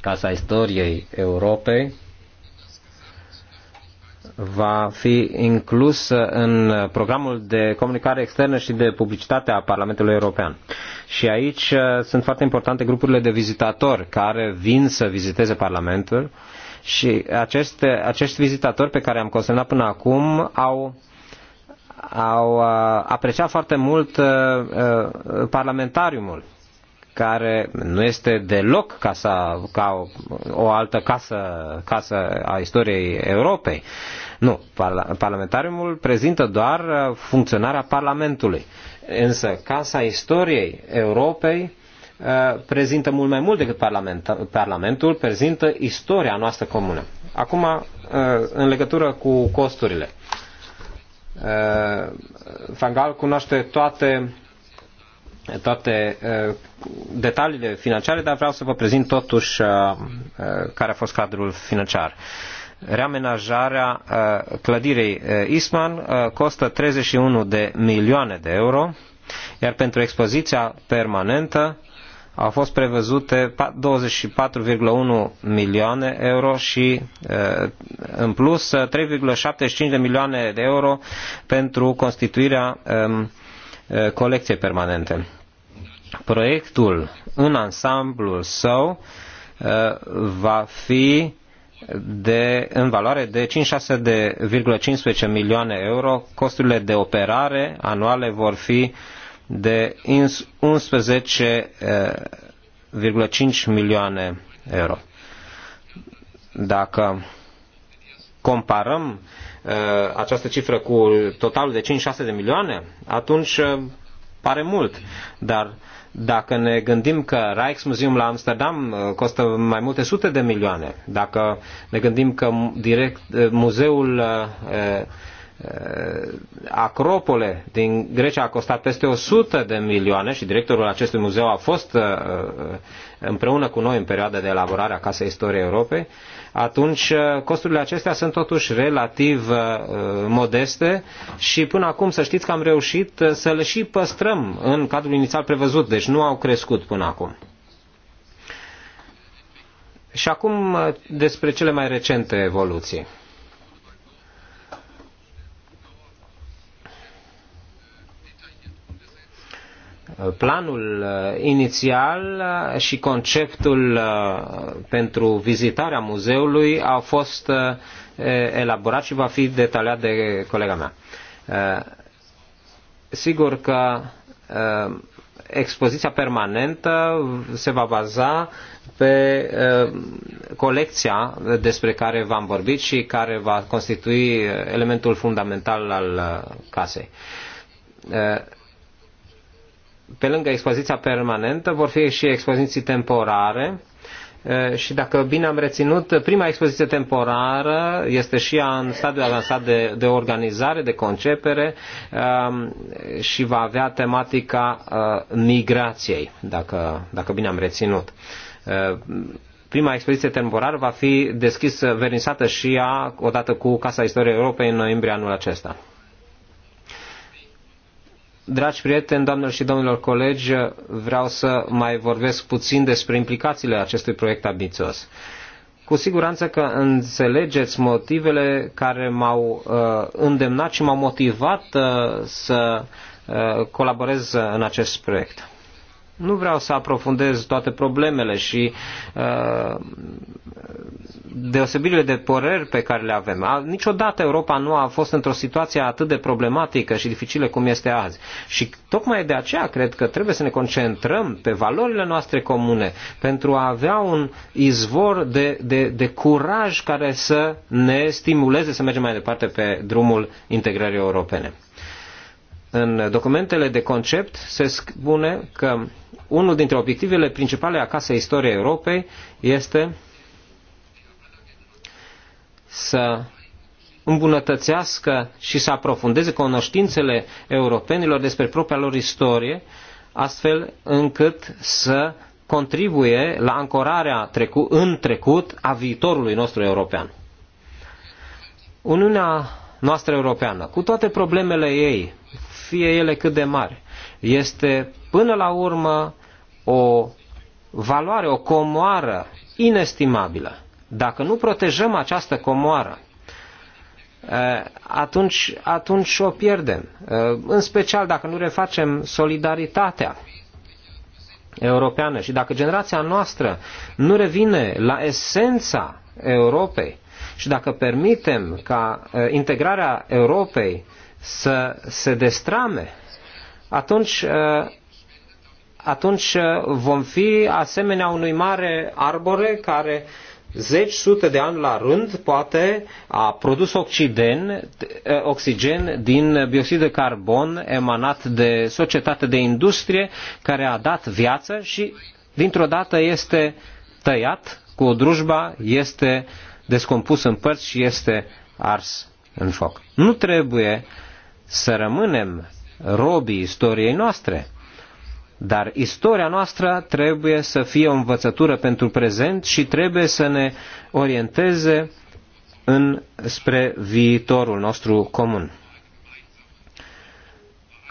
Casa Istoriei Europei va fi inclus în programul de comunicare externă și de publicitate a Parlamentului European. Și aici uh, sunt foarte importante grupurile de vizitatori care vin să viziteze Parlamentul și aceste, acești vizitatori pe care am consemnat până acum au au uh, apreciat foarte mult uh, parlamentariumul care nu este deloc casa, ca o altă casă, casă a istoriei Europei. Nu, parlamentariumul prezintă doar uh, funcționarea Parlamentului. Însă Casa Istoriei Europei uh, prezintă mult mai mult decât parlament, Parlamentul, prezintă istoria noastră comună. Acum, uh, în legătură cu costurile. Fangal cunoaște toate toate detaliile financiare, dar vreau să vă prezint totuși care a fost cadrul financiar. Reamenajarea clădirei Isman costă 31 de milioane de euro, iar pentru expoziția permanentă au fost prevăzute 24,1 milioane euro și în plus 3,75 de milioane de euro pentru constituirea colecției permanente proiectul în ansamblul său uh, va fi de, în valoare de 56,15 milioane euro. Costurile de operare anuale vor fi de 11,5 uh, milioane euro. Dacă comparăm uh, această cifră cu totalul de 5-6 de milioane, atunci uh, pare mult, dar uh, dacă ne gândim că Rijksmuseum la Amsterdam uh, costă mai multe sute de milioane, dacă ne gândim că direct uh, muzeul uh, Acropole din Grecia a costat peste 100 de milioane și directorul acestui muzeu a fost împreună cu noi în perioada de elaborare a Casei Istoriei Europei, atunci uh, costurile acestea sunt totuși relativ uh, modeste și până acum să știți că am reușit uh, să le și păstrăm în cadrul inițial prevăzut, deci nu au crescut până acum. Și acum despre cele mai recente evoluții. Planul uh, inițial uh, și conceptul uh, pentru vizitarea muzeului a fost elaborat și va fi detaliat de colega mea. Sigur că expoziția permanentă se va baza pe colecția despre care v-am vorbit și care va constitui elementul fundamental al casei pe lângă expoziția permanentă, vor fi și expoziții temporare. Și dacă bine am reținut, prima expoziție temporară este și ea în stadiul avansat de, de organizare, de concepere și va avea tematica migrației, dacă, dacă bine am reținut. Prima expoziție temporară va fi deschisă, vernisată și ea odată cu Casa Istoriei Europei în noiembrie anul acesta. Dragi prieteni, doamnelor și domnilor colegi, vreau să mai vorbesc puțin despre implicațiile acestui proiect ambițios. Cu siguranță că înțelegeți motivele care m-au uh, îndemnat și m-au motivat uh, să uh, colaborez în acest proiect. Nu vreau să aprofundez toate problemele și uh, deosebirile de păreri pe care le avem. niciodată Europa nu a fost într-o situație atât de problematică și dificilă cum este azi. Și tocmai de aceea cred că trebuie să ne concentrăm pe valorile noastre comune pentru a avea un izvor de, de, de curaj care să ne stimuleze să mergem mai departe pe drumul integrării europene. În documentele de concept se spune că unul dintre obiectivele principale a Casei Istoriei Europei este să îmbunătățească și să aprofundeze cunoștințele europenilor despre propria lor istorie, astfel încât să contribuie la ancorarea trecu- în trecut a viitorului nostru european. Uniunea noastră europeană, cu toate problemele ei, fie ele cât de mari. Este până la urmă o valoare, o comoară inestimabilă. Dacă nu protejăm această comoară, atunci, atunci o pierdem. În special dacă nu refacem solidaritatea europeană și dacă generația noastră nu revine la esența Europei și dacă permitem ca integrarea Europei să se destrame, atunci, uh, atunci uh, vom fi asemenea unui mare arbore care zeci sute de ani la rând poate a produs oxigen, uh, oxigen din bioxid de carbon emanat de societate de industrie care a dat viață și dintr-o dată este tăiat cu o drujba, este descompus în părți și este ars în foc. Nu trebuie uh, să rămânem robii istoriei noastre. Dar istoria noastră trebuie să fie o învățătură pentru prezent și trebuie să ne orienteze în, spre viitorul nostru comun.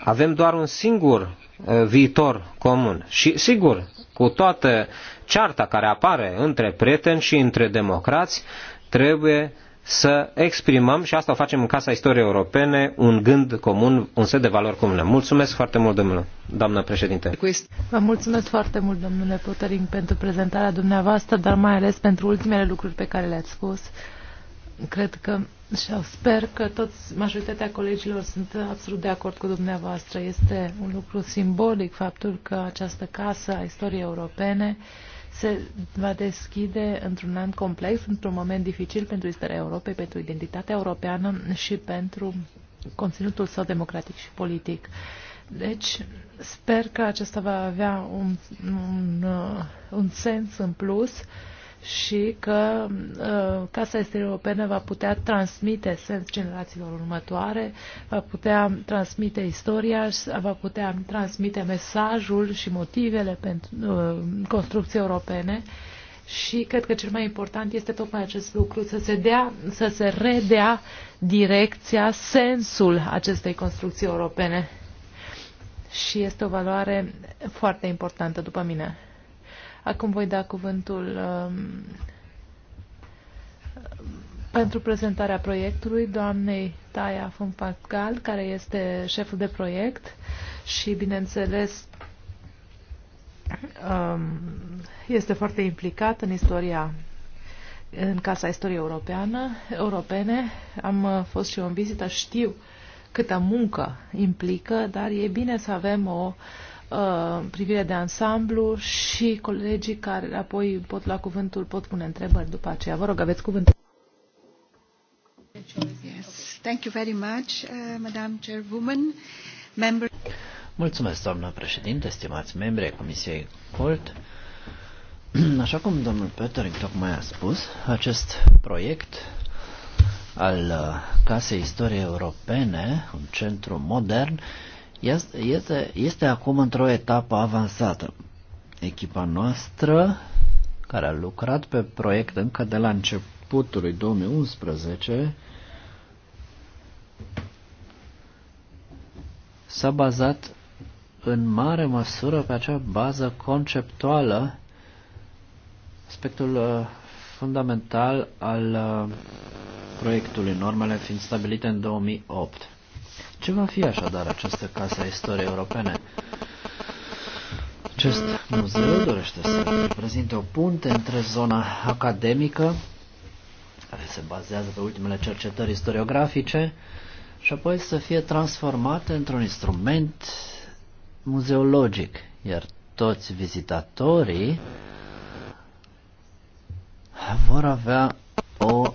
Avem doar un singur uh, viitor comun și, sigur, cu toată cearta care apare între prieteni și între democrați, trebuie să exprimăm, și asta o facem în Casa Istoriei Europene, un gând comun, un set de valori comune. Mulțumesc foarte mult, domnule, doamnă președinte. Vă mulțumesc foarte mult, domnule Potering, pentru prezentarea dumneavoastră, dar mai ales pentru ultimele lucruri pe care le-ați spus. Cred că și sper că toți, majoritatea colegilor sunt absolut de acord cu dumneavoastră. Este un lucru simbolic faptul că această casă a istoriei europene uh, se va deschide într-un an complex, într-un moment dificil pentru istoria Europei, pentru identitatea europeană și pentru conținutul său democratic și politic. Deci, sper că acesta va avea un, un, un sens în plus și că uh, Casa Este Europeană va putea transmite sens generațiilor următoare, va putea transmite istoria, va putea transmite mesajul și motivele pentru uh, construcții europene și cred că cel mai important este tocmai acest lucru, să se, dea, să se redea direcția, sensul acestei construcții europene. Și este o valoare foarte importantă după mine. Acum voi da cuvântul um, pentru prezentarea proiectului doamnei Taia Fumpatgal, care este șeful de proiect și, bineînțeles, um, este foarte implicat în istoria în Casa Istoriei Europeană, Europene. Am uh, fost și eu în vizită, știu câtă muncă implică, dar e bine să avem o uh, Uh, privire de ansamblu și colegii care apoi pot lua cuvântul, pot pune întrebări după aceea. Vă rog, aveți cuvântul. Yes. Thank you very much, uh, Madam Chairwoman. Member... Mulțumesc, doamnă președinte, stimați membri ai Comisiei CULT. (clears throat) Așa cum domnul Petering tocmai a spus, acest proiect al uh, Casei Istoriei Europene, un centru modern, este, este acum într-o etapă avansată. Echipa noastră, care a lucrat pe proiect încă de la începutul lui 2011, s-a bazat în mare măsură pe acea bază conceptuală, aspectul uh, fundamental al uh, proiectului, normele fiind stabilite în 2008. Ce va fi așadar această casă a istoriei europene? Acest muzeu dorește să reprezinte o punte între zona academică, care se bazează pe ultimele cercetări istoriografice, și apoi să fie transformată într-un instrument muzeologic, iar toți vizitatorii vor avea o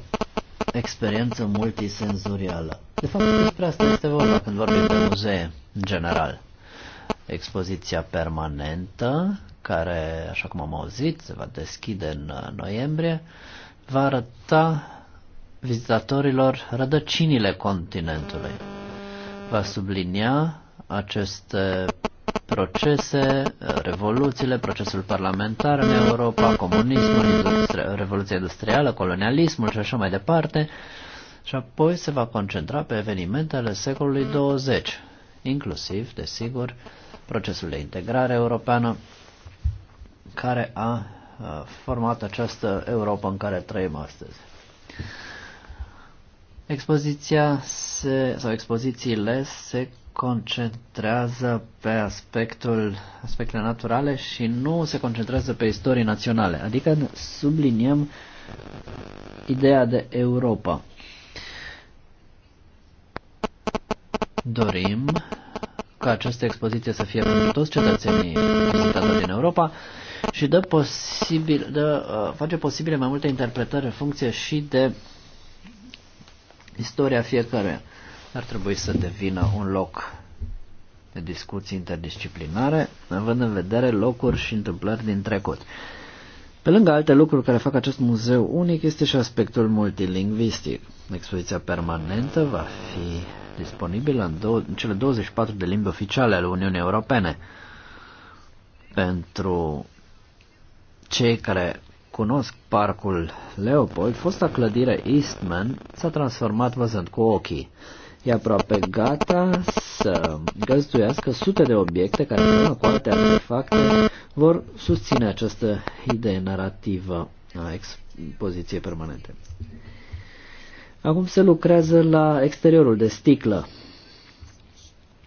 experiență multisenzorială. De fapt, despre asta este vorba când vorbim de muzee, în general. Expoziția permanentă, care, așa cum am auzit, se va deschide în uh, noiembrie, va arăta vizitatorilor rădăcinile continentului. Va sublinia aceste procese, uh, revoluțiile, procesul parlamentar în Europa, comunismul, industri- revoluția industrială, colonialismul și așa mai departe, uh, și apoi se va concentra pe evenimentele secolului 20, inclusiv, desigur, procesul de integrare europeană care a format această Europa în care trăim astăzi. Expoziția se, sau expozițiile se concentrează pe aspectul, aspectele naturale și nu se concentrează pe istorii naționale. Adică subliniem ideea de Europa. Dorim ca această expoziție să fie pentru toți cetățenii vizitatori din Europa și dă posibil, dă, uh, face posibile mai multe interpretări în funcție și de istoria fiecare. Ar trebui să devină un loc de discuții interdisciplinare, având în vedere locuri și întâmplări din trecut. Pe lângă alte lucruri care fac acest muzeu unic este și aspectul multilingvistic. Expoziția permanentă va fi disponibilă în, în cele 24 de limbi oficiale ale Uniunii Europene. Pentru cei care cunosc parcul Leopold, fosta clădire Eastman s-a transformat văzând cu ochii. E aproape gata să găzduiască sute de obiecte care, împreună cu alte artefacte, vor susține această idee narrativă a expoziției permanente. Acum se lucrează la exteriorul de sticlă,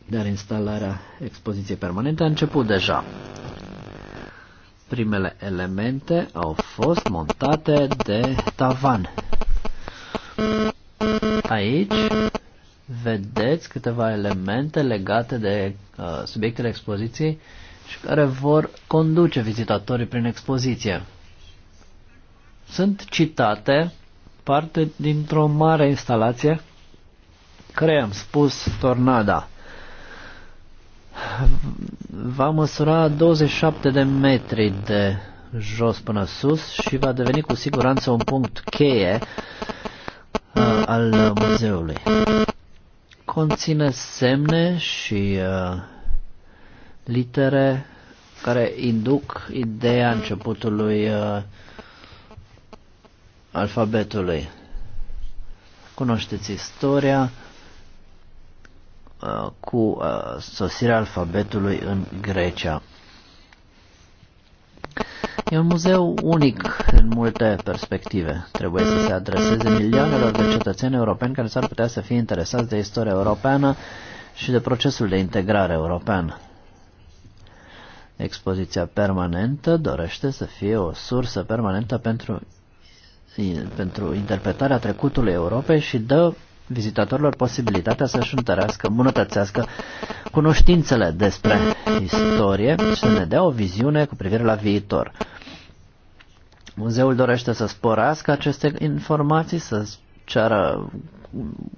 dar instalarea expoziției permanente a început deja. Primele elemente au fost montate de tavan. Aici vedeți câteva elemente legate de uh, subiectele expoziției și care vor conduce vizitatorii prin expoziție. Sunt citate parte dintr-o mare instalație care am spus Tornada. Va măsura 27 de metri de jos până sus și va deveni cu siguranță un punct cheie uh, al muzeului. Conține semne și uh, litere care induc ideea începutului uh, alfabetului. Cunoașteți istoria uh, cu uh, sosirea alfabetului în Grecia. E un muzeu unic în multe perspective. Trebuie să se adreseze milioanelor de cetățeni europeni care s-ar putea să fie interesați de istoria europeană și de procesul de integrare european. Expoziția permanentă dorește să fie o sursă permanentă pentru pentru interpretarea trecutului Europei și dă vizitatorilor posibilitatea să-și întărească, îmbunătățească cunoștințele despre istorie și să ne dea o viziune cu privire la viitor. Muzeul dorește să sporească aceste informații, să ceară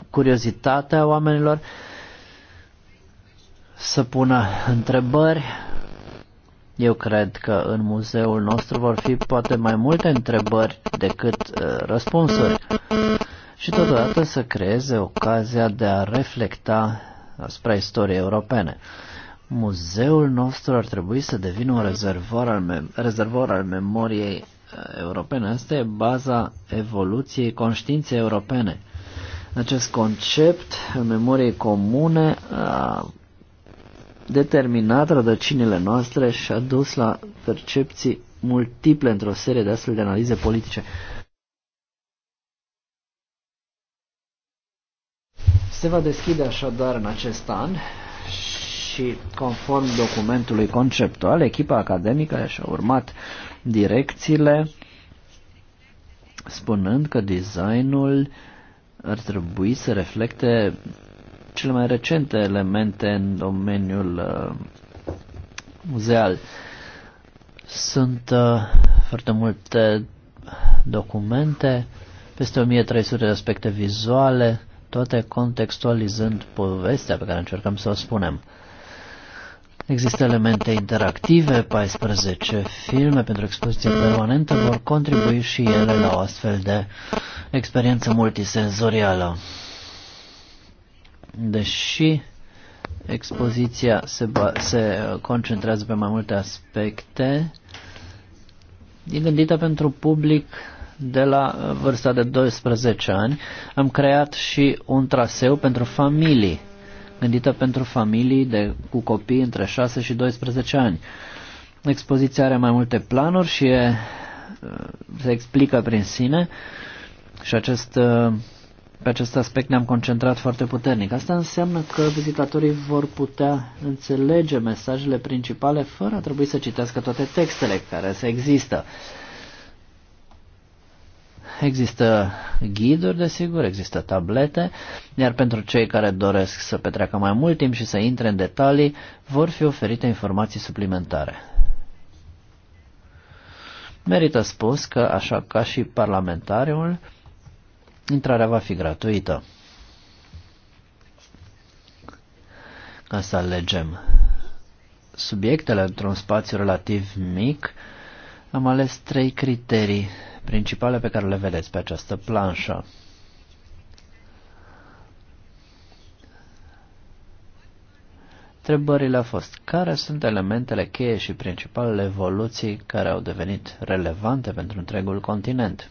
curiozitatea oamenilor, să pună întrebări eu cred că în muzeul nostru vor fi poate mai multe întrebări decât uh, răspunsuri și totodată să creeze ocazia de a reflecta asupra istoriei europene. Muzeul nostru ar trebui să devină un rezervor al, mem- rezervor al memoriei uh, europene. Asta e baza evoluției conștiinței europene. Acest concept memoriei comune a determinat rădăcinile noastre și a dus la percepții multiple într-o serie de astfel de analize politice. Se va deschide așadar în acest an și conform documentului conceptual, echipa academică și-a urmat direcțiile spunând că designul ar trebui să reflecte cele mai recente elemente în domeniul uh, muzeal. Sunt uh, foarte multe documente, peste 1300 de aspecte vizuale, toate contextualizând povestea pe care încercăm să o spunem. Există elemente interactive, 14 filme pentru expoziție permanentă vor contribui și ele la o astfel de experiență multisenzorială deși expoziția se, se uh, concentrează pe mai multe aspecte, e gândită pentru public de la uh, vârsta de 12 ani. Am creat și un traseu pentru familii, gândită pentru familii de, cu copii între 6 și 12 ani. Expoziția are mai multe planuri și e, uh, se explică prin sine și acest pe acest aspect ne-am concentrat foarte puternic. Asta înseamnă că vizitatorii vor putea înțelege mesajele principale fără a trebui să citească toate textele care se există. Există ghiduri, desigur, există tablete, iar pentru cei care doresc să petreacă mai mult timp și să intre în detalii, vor fi oferite informații suplimentare. Merită spus că, așa ca și parlamentariul, Intrarea va fi gratuită. Ca să alegem subiectele într-un spațiu relativ mic, am ales trei criterii principale pe care le vedeți pe această planșă. Întrebările au fost care sunt elementele cheie și principalele evoluții care au devenit relevante pentru întregul continent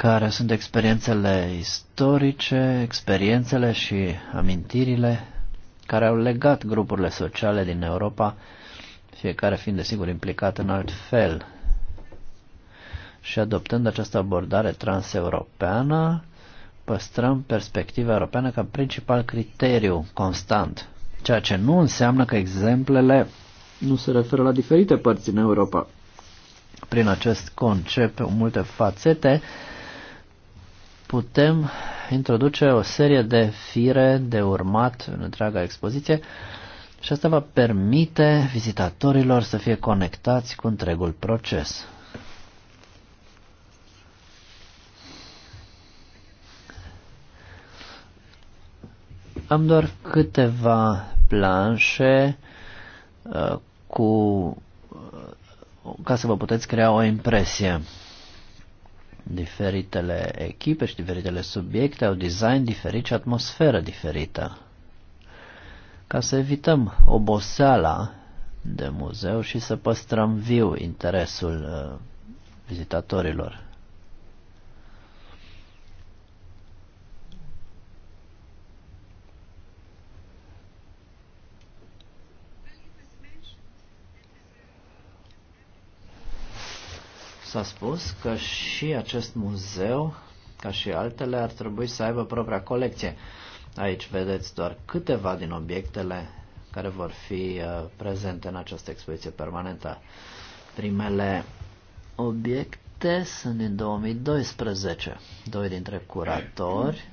care sunt experiențele istorice, experiențele și amintirile care au legat grupurile sociale din Europa, fiecare fiind desigur implicat în alt fel. Și adoptând această abordare transeuropeană, păstrăm perspectiva europeană ca principal criteriu constant, ceea ce nu înseamnă că exemplele nu se referă la diferite părți din Europa. Prin acest concept, multe fațete, putem introduce o serie de fire de urmat în întreaga expoziție și asta va permite vizitatorilor să fie conectați cu întregul proces. Am doar câteva planșe uh, cu uh, ca să vă puteți crea o impresie. Diferitele echipe și diferitele subiecte au design diferit și atmosferă diferită. Ca să evităm oboseala de muzeu și să păstrăm viu interesul uh, vizitatorilor. S-a spus că și acest muzeu, ca și altele, ar trebui să aibă propria colecție. Aici vedeți doar câteva din obiectele care vor fi uh, prezente în această expoziție permanentă. Primele obiecte sunt din 2012. Doi dintre curatori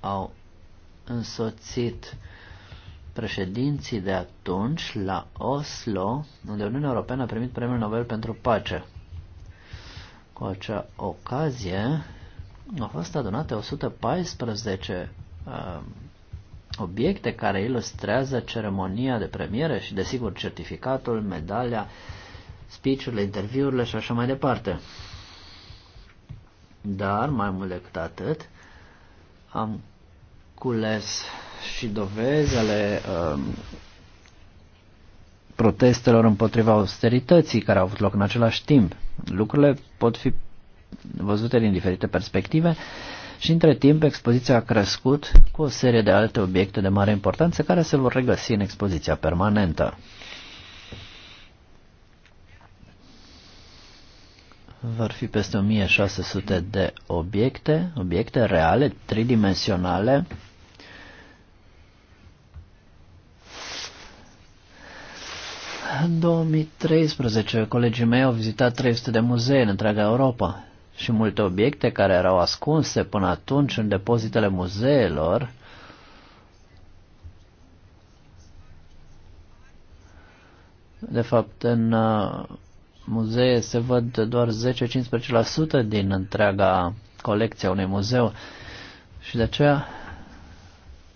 au însoțit președinții de atunci la Oslo, unde Uniunea Europeană a primit Premiul Nobel pentru Pace. Cu acea ocazie au fost adunate 114 uh, obiecte care ilustrează ceremonia de premiere și, desigur, certificatul, medalia, speech-urile, interviurile și așa mai departe. Dar, mai mult decât atât, am cules și dovezele uh, protestelor împotriva austerității care au avut loc în același timp. Lucrurile pot fi văzute din diferite perspective și între timp expoziția a crescut cu o serie de alte obiecte de mare importanță care se vor regăsi în expoziția permanentă. Vor fi peste 1600 de obiecte, obiecte reale, tridimensionale, În 2013, colegii mei au vizitat 300 de muzee în întreaga Europa și multe obiecte care erau ascunse până atunci în depozitele muzeelor De fapt, în uh, muzee se văd doar 10-15% din întreaga colecție a unui muzeu și de aceea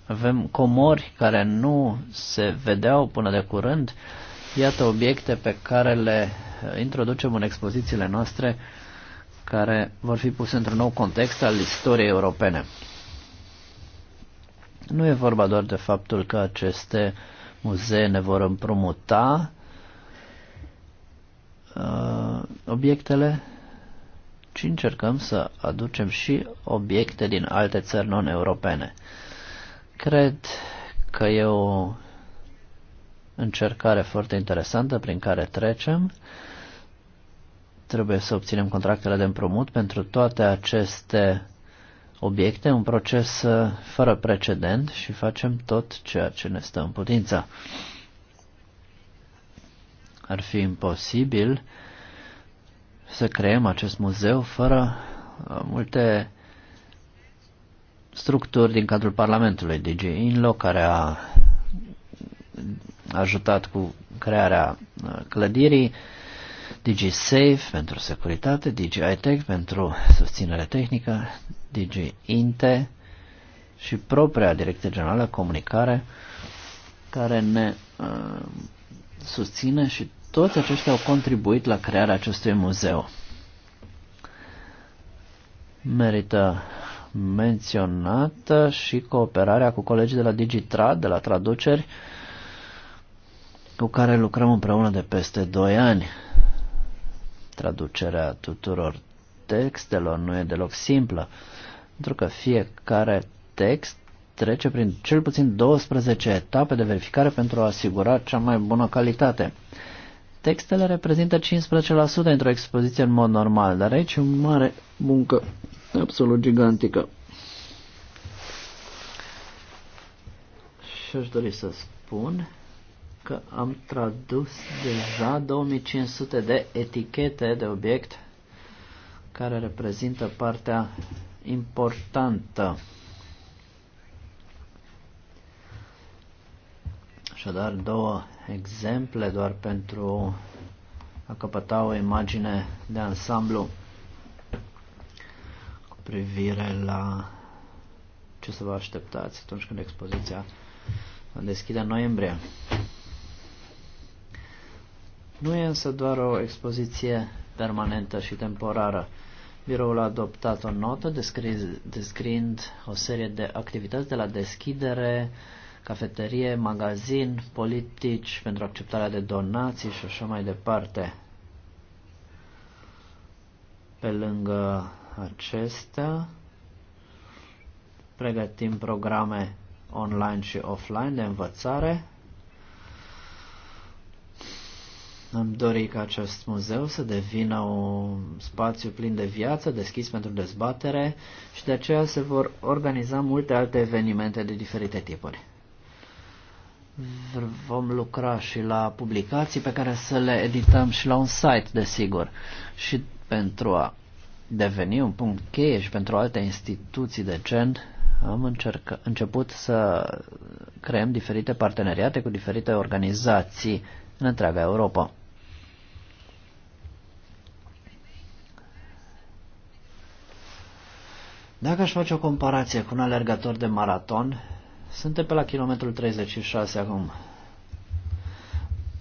avem comori care nu se vedeau până de curând Iată obiecte pe care le eh, introducem în expozițiile noastre care vor fi puse într-un nou context al istoriei europene. Nu e vorba doar de faptul că aceste muzee ne vor împrumuta uh, obiectele, ci încercăm să aducem și obiecte din alte țări non-europene. Cred că e o încercare foarte interesantă prin care trecem. Trebuie să obținem contractele de împrumut pentru toate aceste obiecte, un proces uh, fără precedent și facem tot ceea ce ne stă în putință. Ar fi imposibil să creăm acest muzeu fără uh, multe structuri din cadrul Parlamentului, DG Inlo, care a ajutat cu crearea uh, clădirii, DigiSafe pentru securitate, DigiITech pentru susținere tehnică, DigiInte și propria Direcție Generală Comunicare care ne uh, susține și toți aceștia au contribuit la crearea acestui muzeu. Merită menționată și cooperarea cu colegii de la Digitrad, de la traduceri, uh, cu care lucrăm împreună de peste 2 ani. Traducerea tuturor textelor nu e deloc simplă, pentru că fiecare text trece prin cel puțin 12 etape de verificare pentru a asigura cea mai bună calitate. Textele reprezintă 15% într-o expoziție în mod normal, dar aici e o mare muncă absolut gigantică. Și aș dori să spun că am tradus deja 2500 de etichete de obiect care reprezintă partea importantă. Așadar, două exemple doar pentru a căpăta o imagine de ansamblu cu privire la ce să vă așteptați atunci când expoziția va deschide în noiembrie. Nu e însă doar o expoziție permanentă și temporară. Biroul a adoptat o notă descriind o serie de activități de la deschidere, cafeterie, magazin, politici pentru acceptarea de donații și așa mai departe. Pe lângă acestea, pregătim programe online și offline de învățare Am dorit ca acest muzeu să devină un spațiu plin de viață, deschis pentru dezbatere și de aceea se vor organiza multe alte evenimente de diferite tipuri. Vom lucra și la publicații pe care să le edităm și la un site, desigur. Și pentru a deveni un punct cheie și pentru alte instituții de gen, am încerca, început să creăm diferite parteneriate cu diferite organizații în întreaga Europa. Dacă aș face o comparație cu un alergător de maraton, suntem pe la kilometrul 36 acum.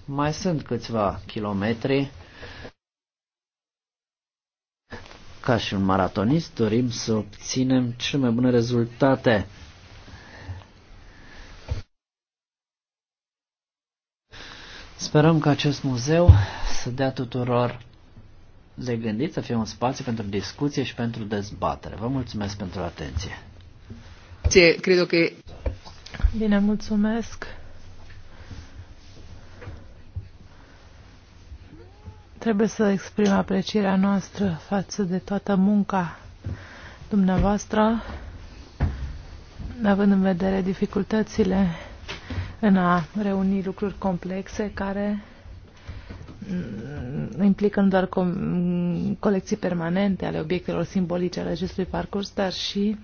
Mai sunt câțiva kilometri. Ca și un maratonist dorim să obținem cele mai bune rezultate. Sperăm că acest muzeu să dea tuturor de gândit să fie un spațiu pentru discuție și pentru dezbatere. Vă mulțumesc pentru atenție. Ce, cred că... Bine, mulțumesc. Trebuie să exprim aprecierea noastră față de toată munca dumneavoastră, având în vedere dificultățile în a reuni lucruri complexe care Mm, implică nu doar colecții permanente ale obiectelor simbolice ale acestui parcurs, dar și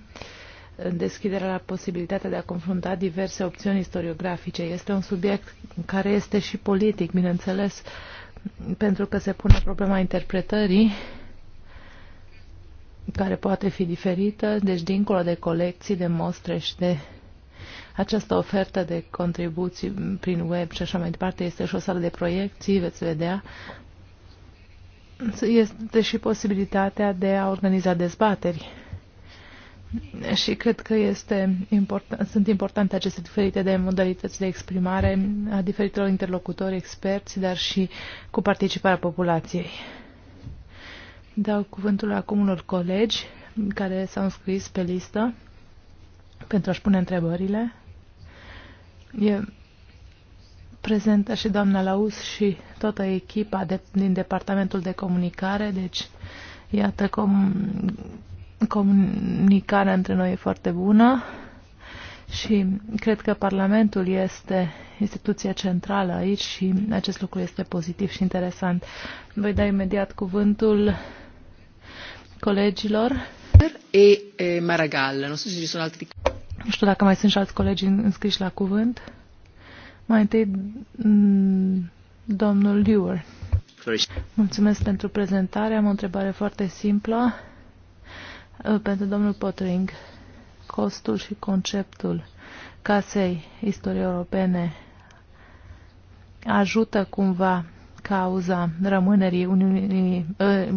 uh, deschiderea la posibilitatea de a confrunta diverse opțiuni istoriografice. Este un subiect care este și politic, bineînțeles, pentru că se pune problema interpretării care poate fi diferită, deci dincolo de colecții, de mostre și de această ofertă de contribuții prin web și așa mai departe este și o sală de proiecții, veți vedea. Este și posibilitatea de a organiza dezbateri. Și cred că este important, sunt importante aceste diferite de modalități de exprimare a diferitelor interlocutori, experți, dar și cu participarea populației. Dau cuvântul acum unor colegi care s-au înscris pe listă pentru a-și pune întrebările. E prezentă și doamna Laus și toată echipa de, din Departamentul de Comunicare, deci iată com, comunicarea între noi e foarte bună și cred că Parlamentul este instituția centrală aici și acest lucru este pozitiv și interesant. Voi da imediat cuvântul colegilor. E, e Maragall, nu știu ce sunt altri. Nu știu dacă mai sunt și alți colegi înscriși la cuvânt. Mai întâi, mm, domnul Lewer. Mulțumesc pentru prezentare. Am o întrebare foarte simplă uh, pentru domnul Potring. Costul și conceptul casei istoriei europene ajută cumva cauza rămânerii Uniunii, uh,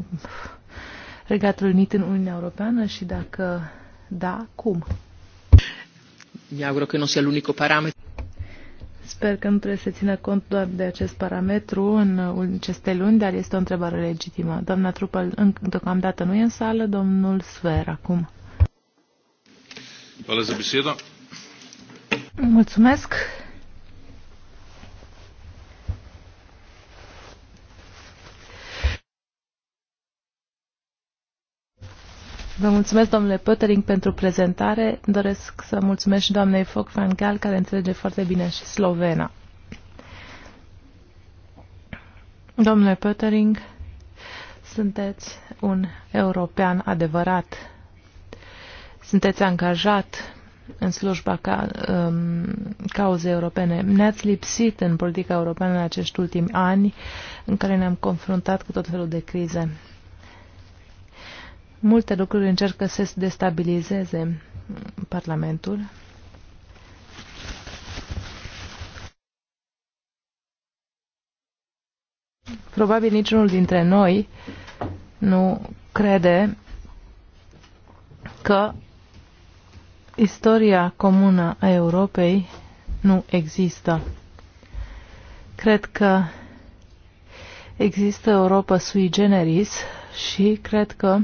Regatul Unit în Uniunea Europeană și dacă da, cum? mi auguro că nu sia l'unico parametro. Sper că nu trebuie să țină cont doar de acest parametru în aceste luni, dar este o întrebare legitimă. Doamna Trupă, deocamdată nu e în sală, domnul Sfer acum. Mulțumesc. Vă mulțumesc, domnule Pöttering, pentru prezentare. Doresc să mulțumesc și doamnei Foc van Gaal, care înțelege foarte bine și slovena. Domnule Pöttering, sunteți un european adevărat. Sunteți angajat în slujba ca, um, cauzei europene. Ne-ați lipsit în politica europeană în acești ultimi ani în care ne-am confruntat cu tot felul de crize. Multe lucruri încercă să se destabilizeze Parlamentul. Probabil niciunul dintre noi nu crede că istoria comună a Europei nu există. Cred că există Europa sui generis și cred că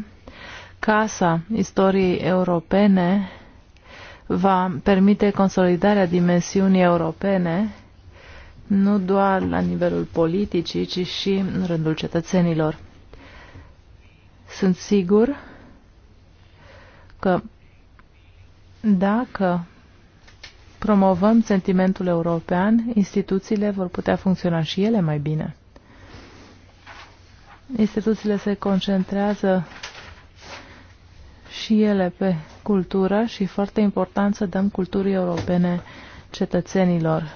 Casa istoriei europene va permite consolidarea dimensiunii europene nu doar la nivelul politicii, ci și în rândul cetățenilor. Sunt sigur că dacă promovăm sentimentul european, instituțiile vor putea funcționa și ele mai bine. Instituțiile se concentrează și ele pe cultură și foarte important să dăm culturii europene cetățenilor.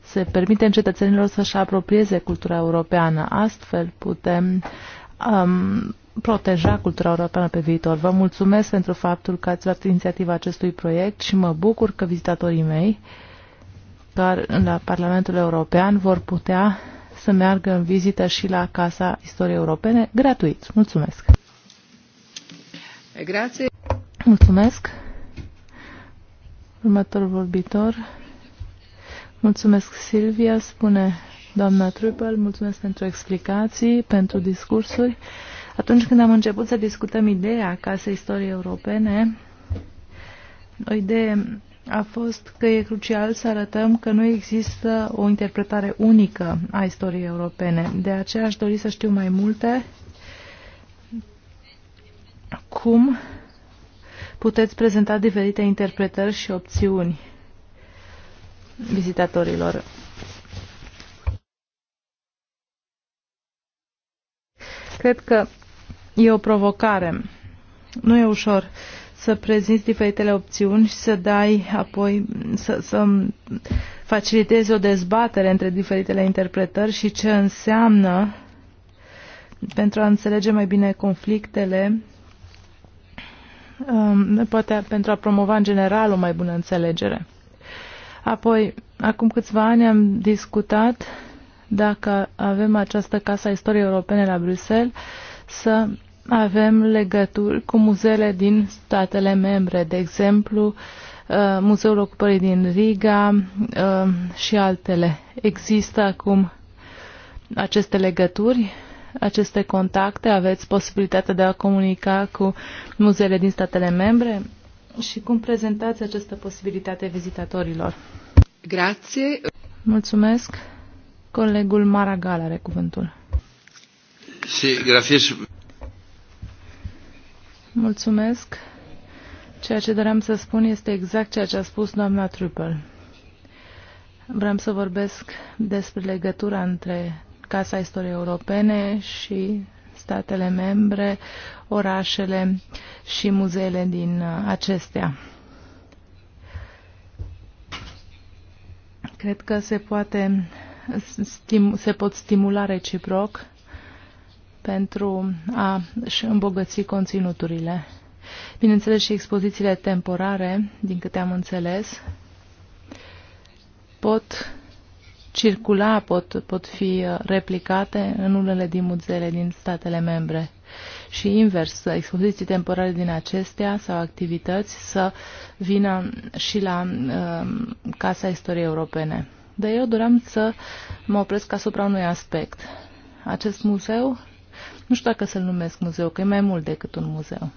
Se permite cetățenilor să-și apropieze cultura europeană. Astfel putem um, proteja cultura europeană pe viitor. Vă mulțumesc pentru faptul că ați luat inițiativa acestui proiect și mă bucur că vizitatorii mei dar la Parlamentul European vor putea să meargă în vizită și la Casa Istoriei Europene gratuit. Mulțumesc! Mulțumesc. Următorul vorbitor. Mulțumesc, Silvia, spune doamna Trupel, mulțumesc pentru explicații, pentru discursuri. Atunci când am început să discutăm ideea Casei Istoriei Europene, o idee a fost că e crucial să arătăm că nu există o interpretare unică a istoriei europene. De aceea aș dori să știu mai multe cum puteți prezenta diferite interpretări și opțiuni vizitatorilor. Cred că e o provocare. Nu e ușor să prezinți diferitele opțiuni și să dai apoi, să, să facilitezi o dezbatere între diferitele interpretări și ce înseamnă pentru a înțelege mai bine conflictele Um, poate pentru a promova în general o mai bună înțelegere. Apoi, acum câțiva ani am discutat dacă avem această Casa Istoriei Europene la Bruxelles, să avem legături cu muzeele din statele membre, de exemplu, uh, Muzeul Ocupării din Riga uh, și altele. Există acum aceste legături aceste contacte? Aveți posibilitatea de a comunica cu muzeele din statele membre? Și cum prezentați această posibilitate vizitatorilor? Grație. Mulțumesc. Colegul Maragal are cuvântul. Sí, gracias. Mulțumesc. Ceea ce doream să spun este exact ceea ce a spus doamna Truppel. Vreau să vorbesc despre legătura între Casa Istoriei Europene și statele membre, orașele și muzeele din uh, acestea. Cred că se, poate, se pot stimula reciproc pentru a și îmbogăți conținuturile. Bineînțeles și expozițiile temporare, din câte am înțeles, pot circula, pot, pot fi uh, replicate în unele din muzeele din statele membre. Și invers, expoziții temporare din acestea sau activități să vină și la uh, Casa Istoriei Europene. Dar eu doream să mă opresc asupra unui aspect. Acest muzeu, nu știu dacă să-l numesc muzeu, că e mai mult decât un muzeu.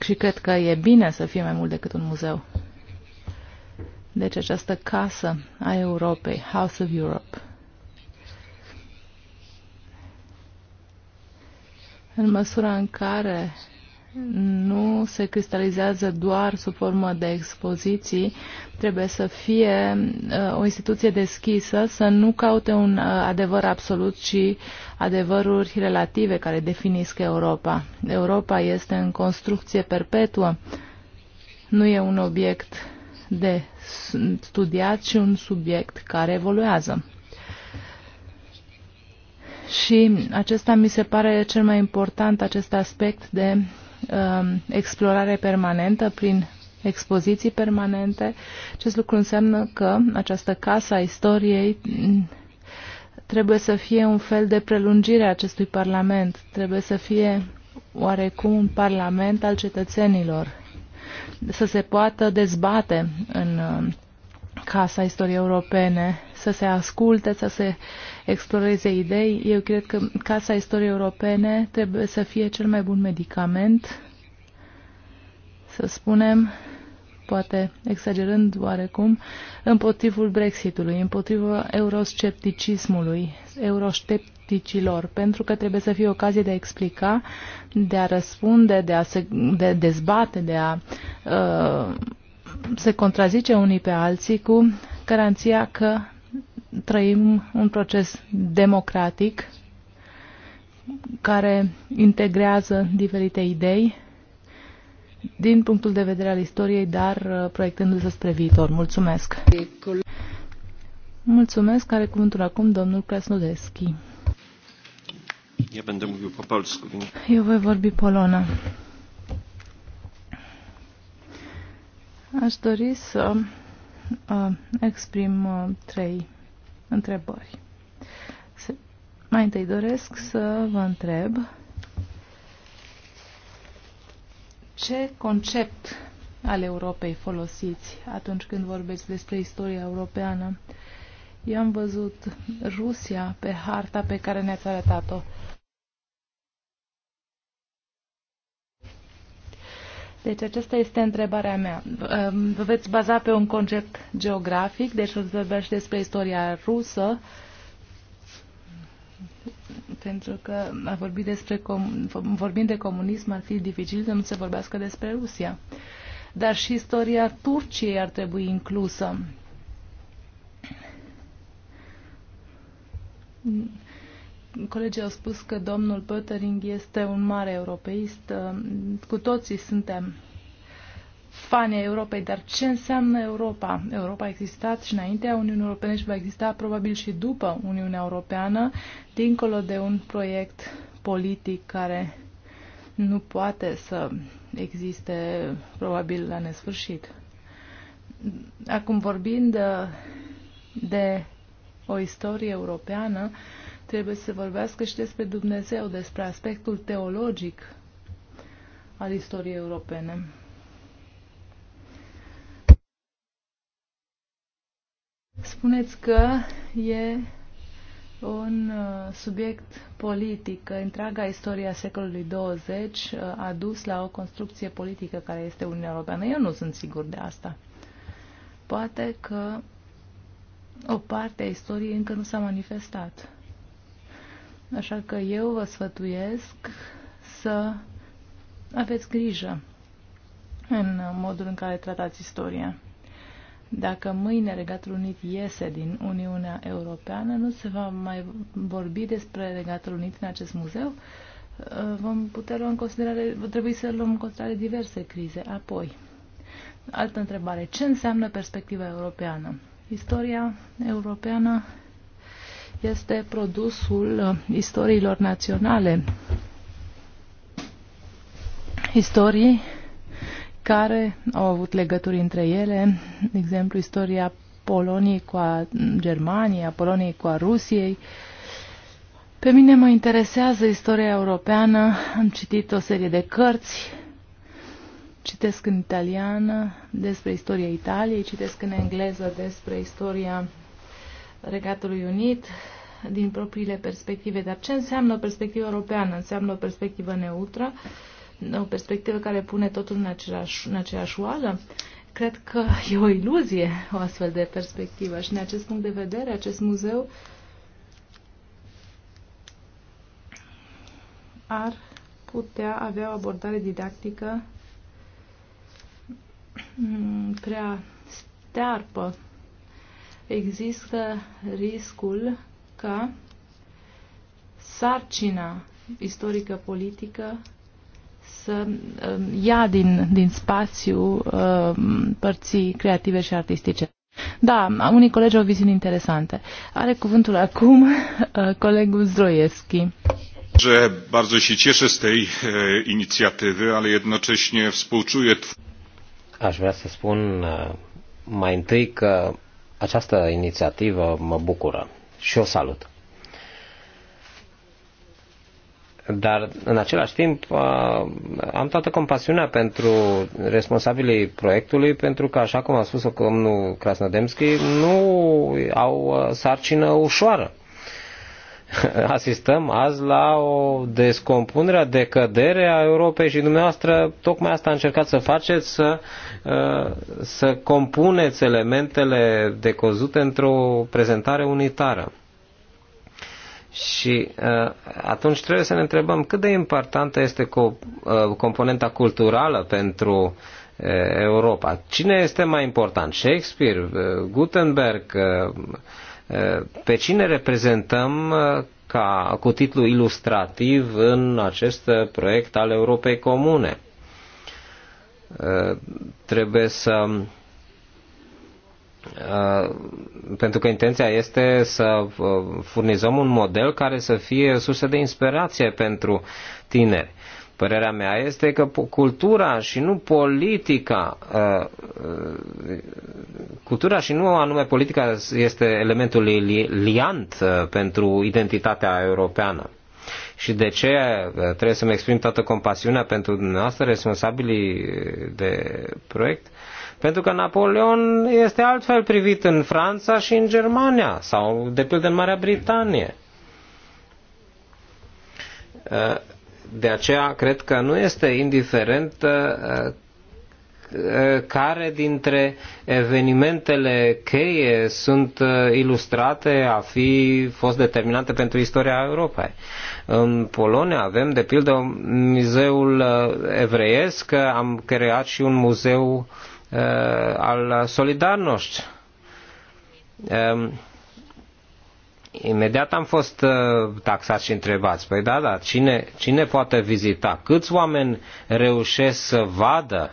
Și cred că e bine să fie mai mult decât un muzeu. Deci această casă a Europei, House of Europe. În măsura în care nu se cristalizează doar sub formă de expoziții, trebuie să fie uh, o instituție deschisă, să nu caute un uh, adevăr absolut, ci adevăruri relative care definisc Europa. Europa este în construcție perpetuă, nu e un obiect de studiat și un subiect care evoluează. Și acesta mi se pare cel mai important, acest aspect de uh, explorare permanentă prin expoziții permanente. Acest lucru înseamnă că această casă a istoriei mm, trebuie să fie un fel de prelungire a acestui parlament, trebuie să fie oarecum un parlament al cetățenilor să se poată dezbate în uh, Casa Istoriei Europene, să se asculte, să se exploreze idei. Eu cred că Casa Istoriei Europene trebuie să fie cel mai bun medicament, să spunem, poate exagerând oarecum, împotrivul Brexitului, împotriva euroscepticismului, euroștept scepticilor, pentru că trebuie să fie ocazie de a explica, de a răspunde, de a se, de dezbate, de a uh, se contrazice unii pe alții cu garanția că trăim un proces democratic care integrează diferite idei din punctul de vedere al istoriei, dar uh, proiectându-se spre viitor. Mulțumesc! Mulțumesc, are cuvântul acum domnul Krasnodeschi. Ja będę mówił po polsku. Eu voi vorbi polona. Aș dori să uh, exprim uh, trei întrebări. Se, mai întâi doresc să vă întreb ce concept al Europei folosiți atunci când vorbeți despre istoria europeană. Eu am văzut Rusia pe harta pe care ne-ați arătat-o. Uh, Deci aceasta este întrebarea mea. Ehm, vă veți baza pe un concept geografic, deci o să vorbești despre istoria rusă, pentru că a vorbit despre com- vorbind de comunism ar fi dificil să nu se vorbească despre Rusia. Dar și istoria Turciei ar trebui inclusă. Colegii au spus că domnul Pöttering este un mare europeist. Cu toții suntem fani ai Europei, dar ce înseamnă Europa? Europa a existat și înaintea Uniunii Europene și va exista probabil și după Uniunea Europeană, dincolo de un proiect politic care nu poate să existe probabil la nesfârșit. Acum vorbind de, de o istorie europeană, uh, trebuie să vorbească și despre Dumnezeu, despre aspectul teologic al istoriei europene. Spuneți că e un uh, subiect politic, că întreaga istoria secolului 20 uh, a dus la o construcție politică care este Uniunea Europeană. Eu nu sunt sigur de asta. Poate că o parte a istoriei încă nu s-a manifestat. Așa că eu vă sfătuiesc să aveți grijă în modul în care tratați istoria. Dacă mâine Regatul Unit iese din Uniunea Europeană, nu se va mai vorbi despre Regatul Unit în acest muzeu. Vom putea lua în considerare, va trebui să luăm în considerare diverse crize. Apoi, altă întrebare. Ce înseamnă perspectiva europeană? Istoria europeană este produsul uh, istoriilor naționale. Istorii care au avut legături între ele, de exemplu istoria Poloniei cu a Germaniei, a Poloniei cu a Rusiei. Pe mine mă interesează istoria europeană, am citit o serie de cărți, citesc în italiană despre istoria Italiei, citesc în engleză despre istoria Regatului Unit din propriile perspective. Dar ce înseamnă o perspectivă europeană? Înseamnă o perspectivă neutră, o perspectivă care pune totul în aceeași, în aceeași oală? Cred că e o iluzie o astfel de perspectivă și în acest punct de vedere, acest muzeu ar putea avea o abordare didactică mm, prea stearpă există riscul ca sarcina istorică politică să um, ia din, din spațiu um, părții creative și artistice. Da, unii colegi au viziuni interesante. Are cuvântul acum uh, colegul Zdroieschi. Że bardzo się cieszę z tej e, inicjatywy, ale jednocześnie współczuję. Aż wraz ze spun mai întâi că această inițiativă mă bucură și o salut. Dar, în același timp, uh, am toată compasiunea pentru responsabilii proiectului, pentru că, așa cum a spus-o domnul Krasnodemski, nu au uh, sarcină ușoară (laughs) asistăm azi la o descompunere, decădere a Europei și dumneavoastră tocmai asta încercați să faceți, să, uh, să compuneți elementele decozute într-o prezentare unitară. Și uh, atunci trebuie să ne întrebăm cât de importantă este co- uh, componenta culturală pentru uh, Europa. Cine este mai important? Shakespeare, uh, Gutenberg, uh, pe cine reprezentăm uh, ca cu titlu ilustrativ în acest uh, proiect al Europei Comune. Uh, trebuie să pentru că intenția este să furnizăm un model care să fie sursă de inspirație pentru tineri. Părerea mea este că cultura și nu politica, uh, uh, cultura și nu anume politica este elementul liant uh, pentru identitatea europeană. Și de ce trebuie să-mi exprim toată compasiunea pentru dumneavoastră, responsabilii de proiect? Pentru că Napoleon este altfel privit în Franța și în Germania, sau de pildă în Marea Britanie de aceea cred că nu este indiferent uh, uh, care dintre evenimentele cheie sunt uh, ilustrate a fi fost determinante pentru istoria Europei. În Polonia avem, de pildă, muzeul evreiesc, am creat și un muzeu al Solidarnoști. Um, Imediat am fost uh, taxați și întrebați, păi da, da, cine, cine poate vizita? Câți oameni reușesc să vadă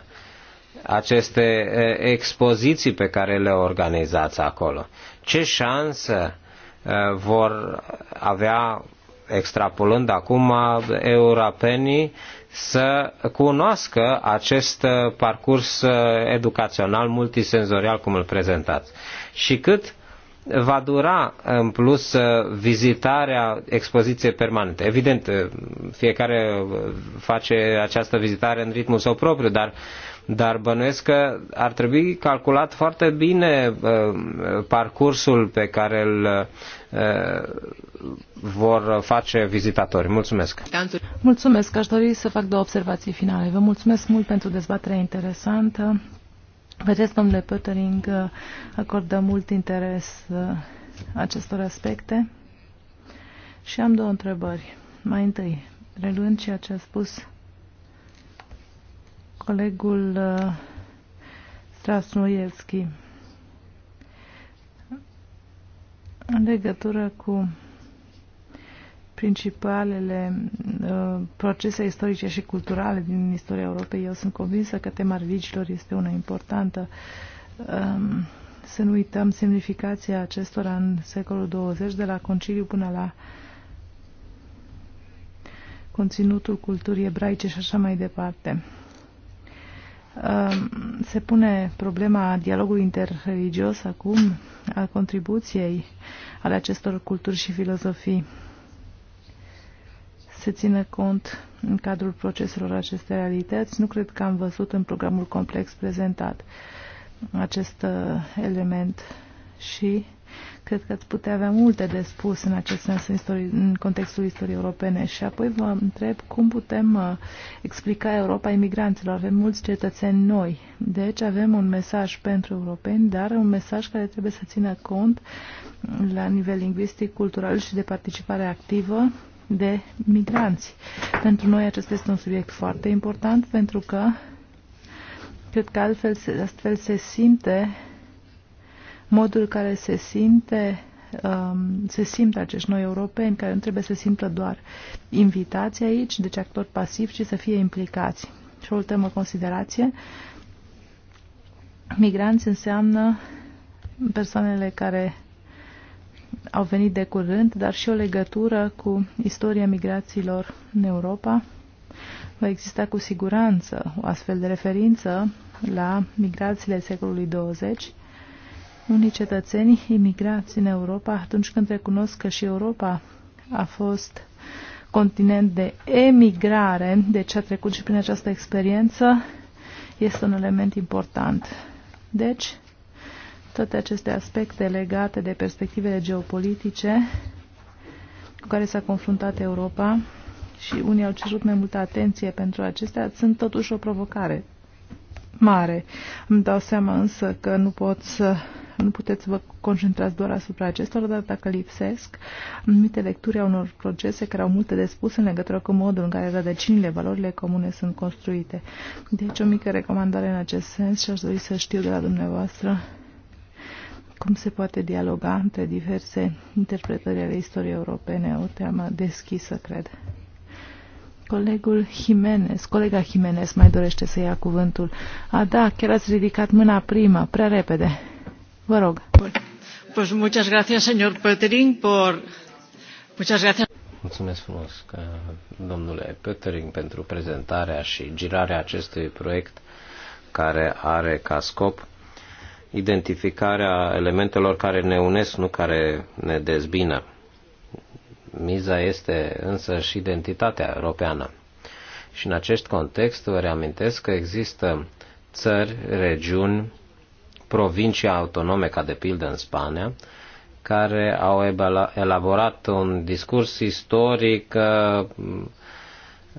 aceste uh, expoziții pe care le organizați acolo? Ce șansă uh, vor avea, extrapolând acum, europenii să cunoască acest parcurs educațional multisenzorial cum îl prezentați? Și cât va dura în plus vizitarea expoziției permanente. Evident, fiecare face această vizitare în ritmul său propriu, dar dar bănuiesc că ar trebui calculat foarte bine uh, parcursul pe care îl uh, vor face vizitatorii. Mulțumesc! Mulțumesc! Aș dori să fac două observații finale. Vă mulțumesc mult pentru dezbaterea interesantă. Vedeți, domnule Pöttering, acordă mult interes uh, acestor aspecte și am două întrebări. Mai întâi, reluând ceea ce a spus colegul uh, Strasnoievski în legătură cu principalele uh, procese istorice și culturale din istoria Europei. Eu sunt convinsă că tema religiilor este una importantă. Um, să nu uităm semnificația acestora în secolul 20, de la conciliu până la conținutul culturii ebraice și așa mai departe. Um, se pune problema dialogului interreligios acum, a contribuției ale acestor culturi și filozofii se țină cont în cadrul proceselor aceste realități. Nu cred că am văzut în programul complex prezentat acest uh, element și cred că ați putea avea multe de spus în acest sens în, istorie, în contextul istoriei europene. Și apoi vă întreb cum putem uh, explica Europa imigranților. Avem mulți cetățeni noi, deci avem un mesaj pentru europeni, dar un mesaj care trebuie să țină cont la nivel lingvistic, cultural și de participare activă de migranți. Pentru noi acesta este un subiect foarte important pentru că cred că altfel, astfel se simte modul care se simte um, se simt acești noi europeni care nu trebuie să simtă doar invitați aici, deci actori pasivi, ci să fie implicați. Și o ultimă considerație, migranți înseamnă persoanele care au venit de curând, dar și o legătură cu istoria migrațiilor în Europa. Va exista cu siguranță o astfel de referință la migrațiile secolului 20. Unii cetățeni imigrați în Europa, atunci când recunosc că și Europa a fost continent de emigrare, deci a trecut și prin această experiență, este un element important. Deci, toate aceste aspecte legate de perspectivele geopolitice cu care s-a confruntat Europa și unii au cerut mai multă atenție pentru acestea, sunt totuși o provocare mare. Îmi dau seama însă că nu pot să nu puteți să vă concentrați doar asupra acestor dar dacă lipsesc anumite lecturi a unor procese care au multe de spus în legătură cu modul în care rădăcinile, valorile comune sunt construite. Deci o mică recomandare în acest sens și aș dori să știu de la dumneavoastră cum se poate dialoga între diverse interpretări ale istoriei europene, o teamă deschisă, cred. Colegul Jimenez, colega Jimenez mai dorește să ia cuvântul. A, da, chiar ați ridicat mâna prima, prea repede. Vă rog. Bun. Pues muchas gracias, señor Petering, por... Muchas gracias. Mulțumesc frumos, domnule Petering, pentru prezentarea și girarea acestui proiect care are ca scop identificarea elementelor care ne unesc, nu care ne dezbină. Miza este însă și identitatea europeană. Și în acest context vă reamintesc că există țări, regiuni, provincii autonome, ca de pildă în Spania, care au elaborat un discurs istoric uh,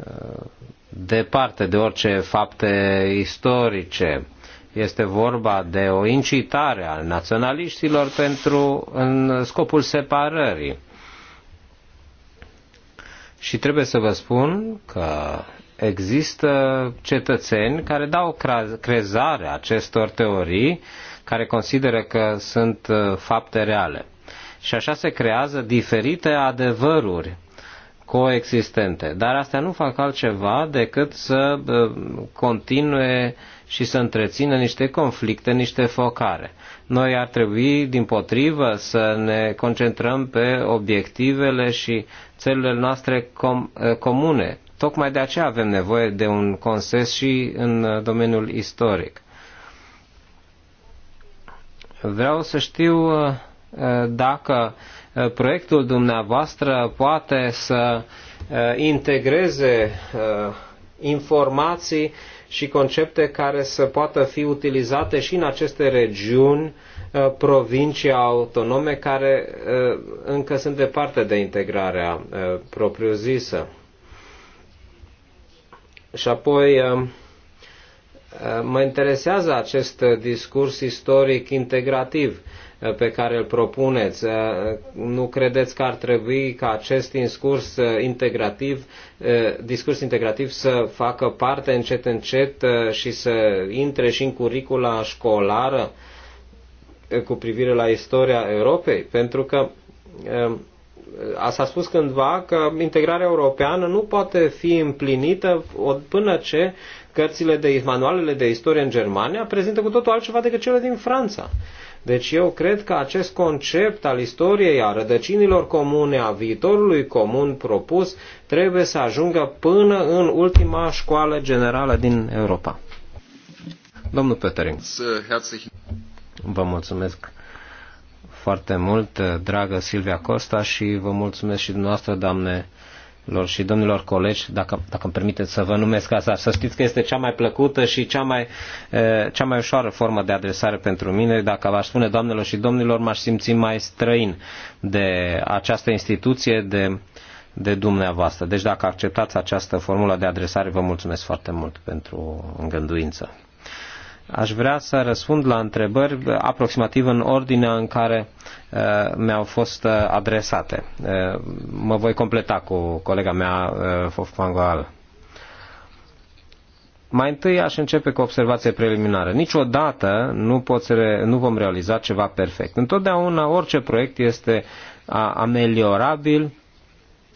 uh, departe de orice fapte istorice este vorba de o incitare al naționaliștilor pentru în scopul separării. Și trebuie să vă spun că există cetățeni care dau crezare acestor teorii, care consideră că sunt uh, fapte reale. Și așa se creează diferite adevăruri coexistente. Dar astea nu fac altceva decât să uh, continue și să întrețină niște conflicte, niște focare. Noi ar trebui, din potrivă, să ne concentrăm pe obiectivele și țelurile noastre com- eh, comune. Tocmai de aceea avem nevoie de un consens și în eh, domeniul istoric. Vreau să știu eh, dacă proiectul dumneavoastră poate să integreze informații uh, și concepte care să poată fi utilizate și în aceste regiuni, uh, provincii autonome care uh, încă sunt departe de integrarea uh, propriu-zisă. Și apoi mă interesează acest discurs istoric integrativ pe care îl propuneți. Eh, nu credeți că ar trebui ca acest discurs eh, integrativ, eh, discurs integrativ să facă parte încet încet și să intre și în curicula școlară cu privire la istoria Europei? Pentru că a s-a spus cândva că integrarea europeană nu poate fi împlinită până ce cărțile de manualele de istorie în Germania prezintă cu totul altceva decât cele din Franța. Deci eu cred că acest concept al istoriei, a rădăcinilor comune, a viitorului comun propus, trebuie să ajungă până în ultima școală generală din Europa. Domnul Petering. Vă mulțumesc foarte mult, dragă Silvia Costa, și vă mulțumesc și dumneavoastră, doamne lor și domnilor colegi, dacă, dacă îmi permiteți să vă numesc asta, să știți că este cea mai plăcută și cea mai, cea mai ușoară formă de adresare pentru mine. Dacă v-aș spune doamnelor și domnilor, m-aș simți mai străin de această instituție, de, de dumneavoastră. Deci dacă acceptați această formulă de adresare, vă mulțumesc foarte mult pentru îngăduință. Aș vrea să răspund la întrebări aproximativ în ordinea în care Uh, mi-au fost uh, adresate. Uh, mă voi completa cu colega mea, Fofangoal. Mai întâi aș începe cu observație preliminară. Niciodată nu, poți re, nu vom realiza ceva perfect. Întotdeauna orice proiect este ameliorabil,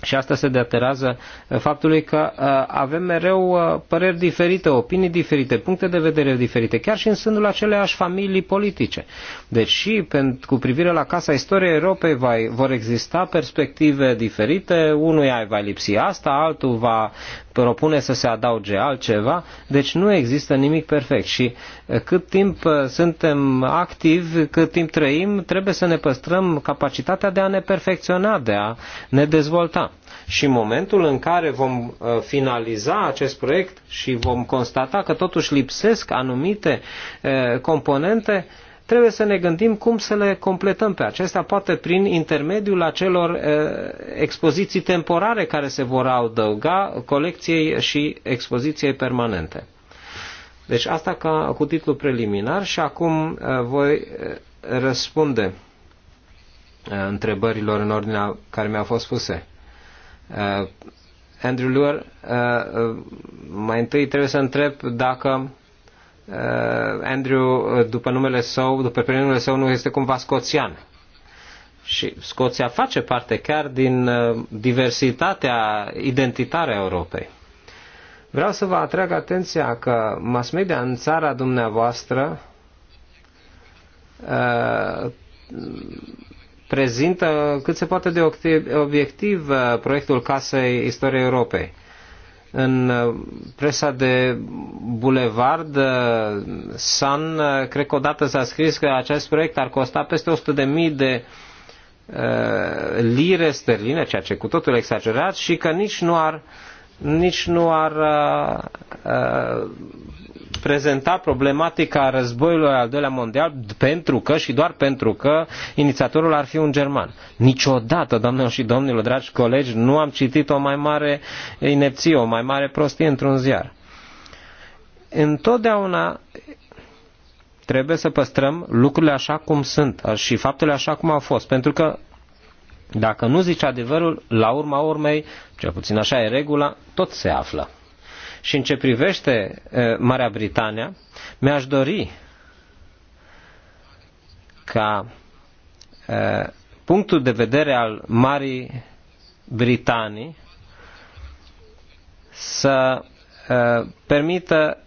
și asta se daterează uh, faptului că uh, avem mereu uh, păreri diferite, opinii diferite, puncte de vedere diferite, chiar și în sânul aceleași familii politice. Deci și cu privire la Casa Istoriei Europei vor exista perspective diferite, unuia îi va lipsi asta, altul va propune să se adauge altceva, deci nu există nimic perfect și eh, cât timp eh, suntem activi, cât timp trăim, trebuie să ne păstrăm capacitatea de a ne perfecționa, de a ne dezvolta. Și în momentul în care vom eh, finaliza acest proiect și vom constata că totuși lipsesc anumite componente, trebuie să ne gândim cum să le completăm pe acestea, poate prin intermediul acelor expoziții temporare care se vor adăuga colecției și expoziției permanente. Deci asta ca cu titlu preliminar și acum voi răspunde întrebărilor în ordinea care mi-au fost puse. Andrew Luer, mai întâi trebuie să întreb dacă Eh, Andrew, eh, după numele său, după prenumele său, nu este cumva scoțian. Și Scoția face parte chiar din eh, diversitatea identitară a Europei. Vreau să vă atrag atenția că mass media în țara dumneavoastră uh, prezintă cât se poate de obiectiv proiectul Casei Istoriei Europei în uh, presa de bulevard, uh, Sun, uh, cred că odată s-a scris că acest proiect ar costa peste 100.000 de, mii de lire sterline, ceea ce cu totul exagerat, și că nici nu ar, nici nu ar uh, prezenta problematica războiului al doilea mondial pentru că și doar pentru că inițiatorul ar fi un german. Niciodată, doamnelor și domnilor, dragi colegi, nu am citit o mai mare inepție, o mai mare prostie într-un ziar. Întotdeauna trebuie să păstrăm lucrurile așa cum sunt și faptele așa cum au fost, pentru că dacă nu zici adevărul, la urma urmei, cel puțin așa e regula, tot se află. Și în ce privește Marea Britania, mi-aș dori ca punctul de vedere al Marii Britanii să permită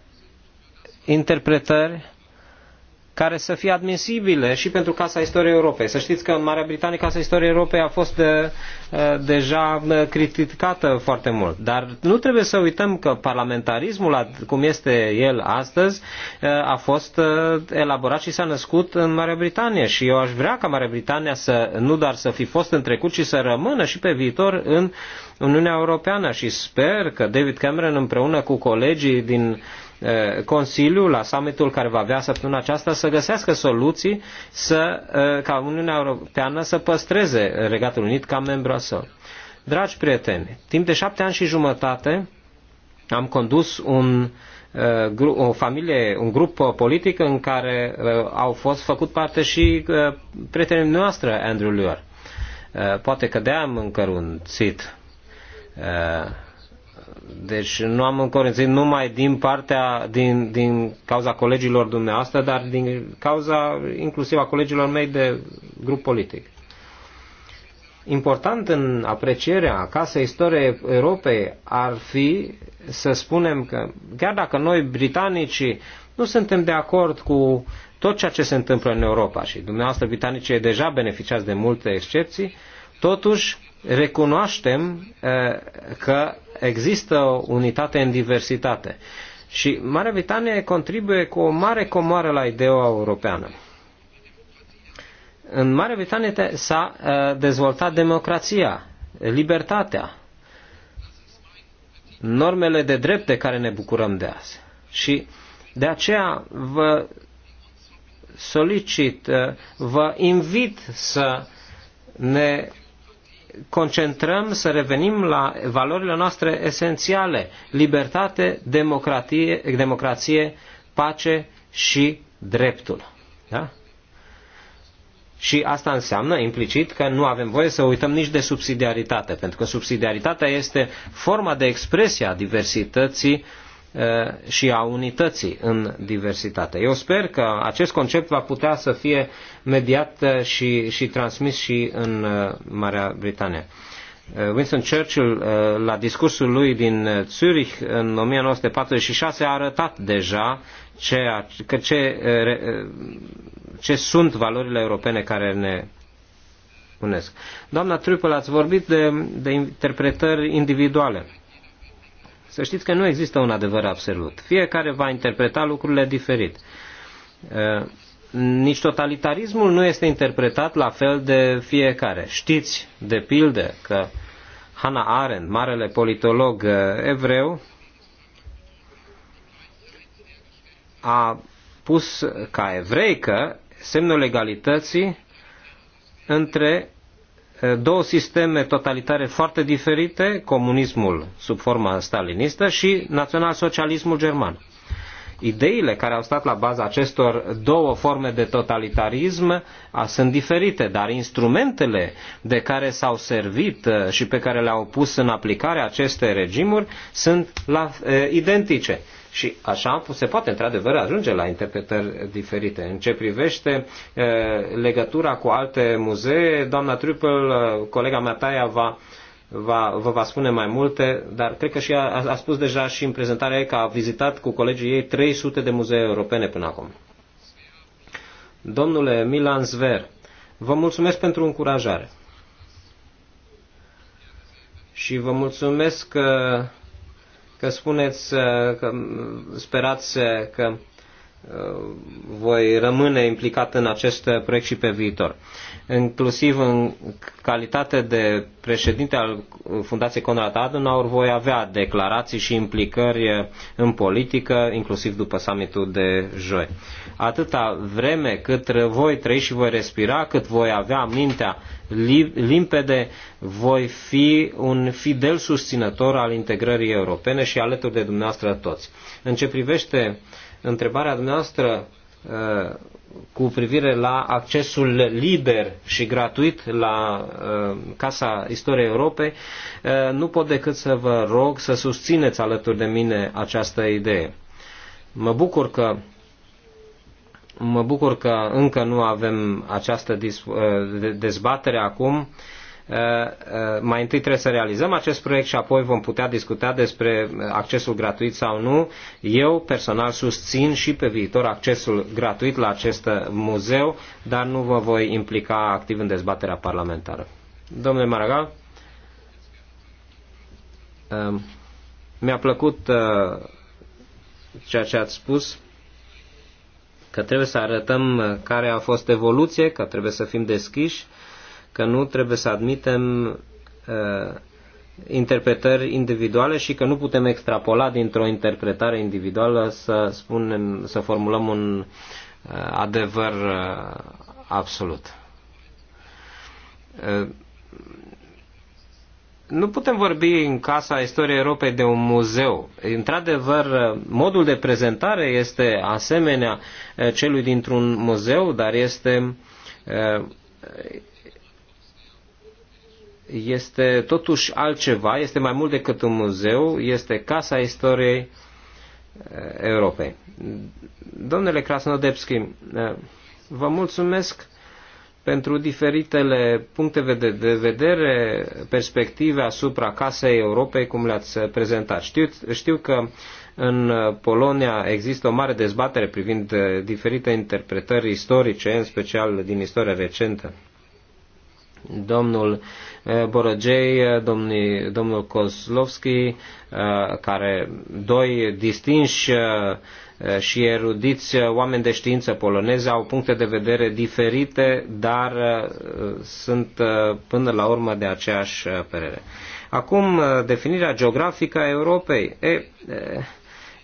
interpretări care să fie admisibile și pentru Casa Istoriei Europei. Să știți că în Marea Britanie Casa Istoriei Europei a fost de, uh, deja uh, criticată foarte mult. Dar nu trebuie să uităm că parlamentarismul, cum este el astăzi, uh, a fost elaborat și s-a născut în Marea Britanie. Și eu aș vrea ca Marea Britanie să nu doar să fi fost în trecut, ci să rămână și pe viitor în Uniunea Europeană. Și sper că David Cameron împreună cu colegii din uh, Eh, Consiliul, la summitul care va avea săptămâna aceasta, să găsească soluții să, eh, ca Uniunea Europeană să păstreze Regatul Unit ca membru al său. Dragi prieteni, timp de șapte ani și jumătate am condus un, eh, o familie, un grup politic în care au fost făcut parte și prietenii noastre, Andrew Lear. Poate că de-aia am încărunțit deci nu am încorințit numai din partea, din, din cauza colegilor dumneavoastră, dar din cauza inclusiv a colegilor mei de grup politic. Important în aprecierea casei istoriei Europei ar fi să spunem că, chiar dacă noi, britanicii, nu suntem de acord cu tot ceea ce se întâmplă în Europa și dumneavoastră, britanicii, deja beneficiați de multe excepții, totuși recunoaștem eh, că Există unitate în diversitate. Și Marea Britanie contribuie cu o mare comoară la ideea europeană. În Marea Britanie s-a uh, dezvoltat democrația, libertatea, normele de drept de care ne bucurăm de azi. Și de aceea vă solicit, uh, vă invit să ne concentrăm, să revenim la valorile noastre esențiale, libertate, democratie, democrație pace și dreptul. Da? Și asta înseamnă implicit că nu avem voie să uităm nici de subsidiaritate, pentru că subsidiaritatea este forma de expresie a diversității uh, și a unității în diversitate. Eu sper că acest concept va putea să fie mediat uh, și, și transmis și în uh, Marea Britanie. Uh, Winston Churchill, la discursul lui din Zurich în 1946, a arătat deja ce, că ce, ce sunt valorile europene care ne unesc. Doamna Trupel, ați vorbit de, de interpretări individuale. Să știți că nu există un adevăr absolut. Fiecare va interpreta lucrurile diferit nici totalitarismul nu este interpretat la fel de fiecare. Știți, de pildă, că Hannah Arendt, marele politolog uh, evreu, a pus ca evreică semnul egalității între uh, două sisteme totalitare foarte diferite, comunismul sub forma stalinistă și național-socialismul german ideile care au stat la baza acestor două forme de totalitarism sunt diferite, dar instrumentele de care s-au servit și pe care le-au pus în aplicare aceste regimuri sunt la, identice. Și așa se poate într-adevăr ajunge la interpretări diferite. În ce privește legătura cu alte muzee, doamna Trupel, colega mea Taia va va, vă va spune mai multe, dar cred că și a, a spus deja și în prezentarea ei că a vizitat cu colegii ei 300 de muzee europene până acum. Domnule Milan Zver, vă mulțumesc pentru încurajare. Și vă mulțumesc că, că spuneți că sperați că voi rămâne implicat în acest proiect și pe viitor. Inclusiv în calitate de președinte al Fundației Conrad Adenauer voi avea declarații și implicări în politică, inclusiv după summitul de joi. Atâta vreme cât voi trăi și voi respira, cât voi avea mintea limpede, voi fi un fidel susținător al integrării europene și alături de dumneavoastră toți. În ce privește întrebarea noastră uh, cu privire la accesul liber și gratuit la uh, Casa Istoriei Europei, uh, nu pot decât să vă rog să susțineți alături de mine această idee. Mă bucur că mă bucur că încă nu avem această dezbatere acum, Uh, uh, mai întâi trebuie să realizăm acest proiect și apoi vom putea discuta despre uh, accesul gratuit sau nu. Eu personal susțin și pe viitor accesul gratuit la acest muzeu, dar nu vă voi implica activ în dezbaterea parlamentară. Domnule Maragal, mi-a plăcut ceea ce ați spus că trebuie să arătăm care a fost evoluție, că trebuie să fim deschiși că nu trebuie să admitem uh, interpretări individuale și că nu putem extrapola dintr-o interpretare individuală să spunem, să formulăm un uh, adevăr uh, absolut. Uh, nu putem vorbi în Casa Istoriei Europei de un muzeu. Într-adevăr, uh, modul de prezentare este asemenea uh, celui dintr-un muzeu, dar este uh, este totuși altceva, este mai mult decât un muzeu, este Casa Istoriei eh, Europei. Domnule Krasnodebski, eh, vă mulțumesc pentru diferitele puncte de vedere, perspective asupra Casei Europei, cum le-ați prezentat. Știu, știu că în Polonia există o mare dezbatere privind eh, diferite interpretări istorice, în special din istoria recentă domnul eh, Borăgei, eh, domnul Kozlovski, eh, care doi distinși și erudiți oameni de știință polonezi au puncte de vedere diferite, dar sunt până la urmă de aceeași părere. Acum, definirea geografică a Europei. E,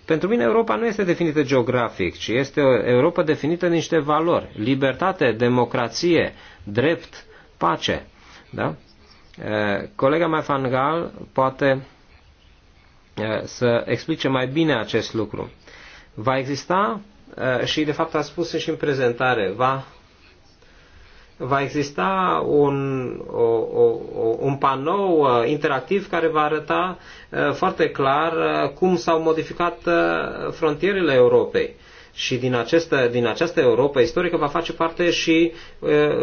pentru mine Europa nu este definită geografic, ci este o Europa definită în niște valori. Libertate, democrație, drept, pace. Da? Colega mea, Van Gaal, poate să explice mai bine acest lucru. Va exista, și de fapt a spus și în prezentare, va, va exista un, o, o, un panou interactiv care va arăta foarte clar cum s-au modificat frontierele Europei și din această, din această Europa istorică va face parte și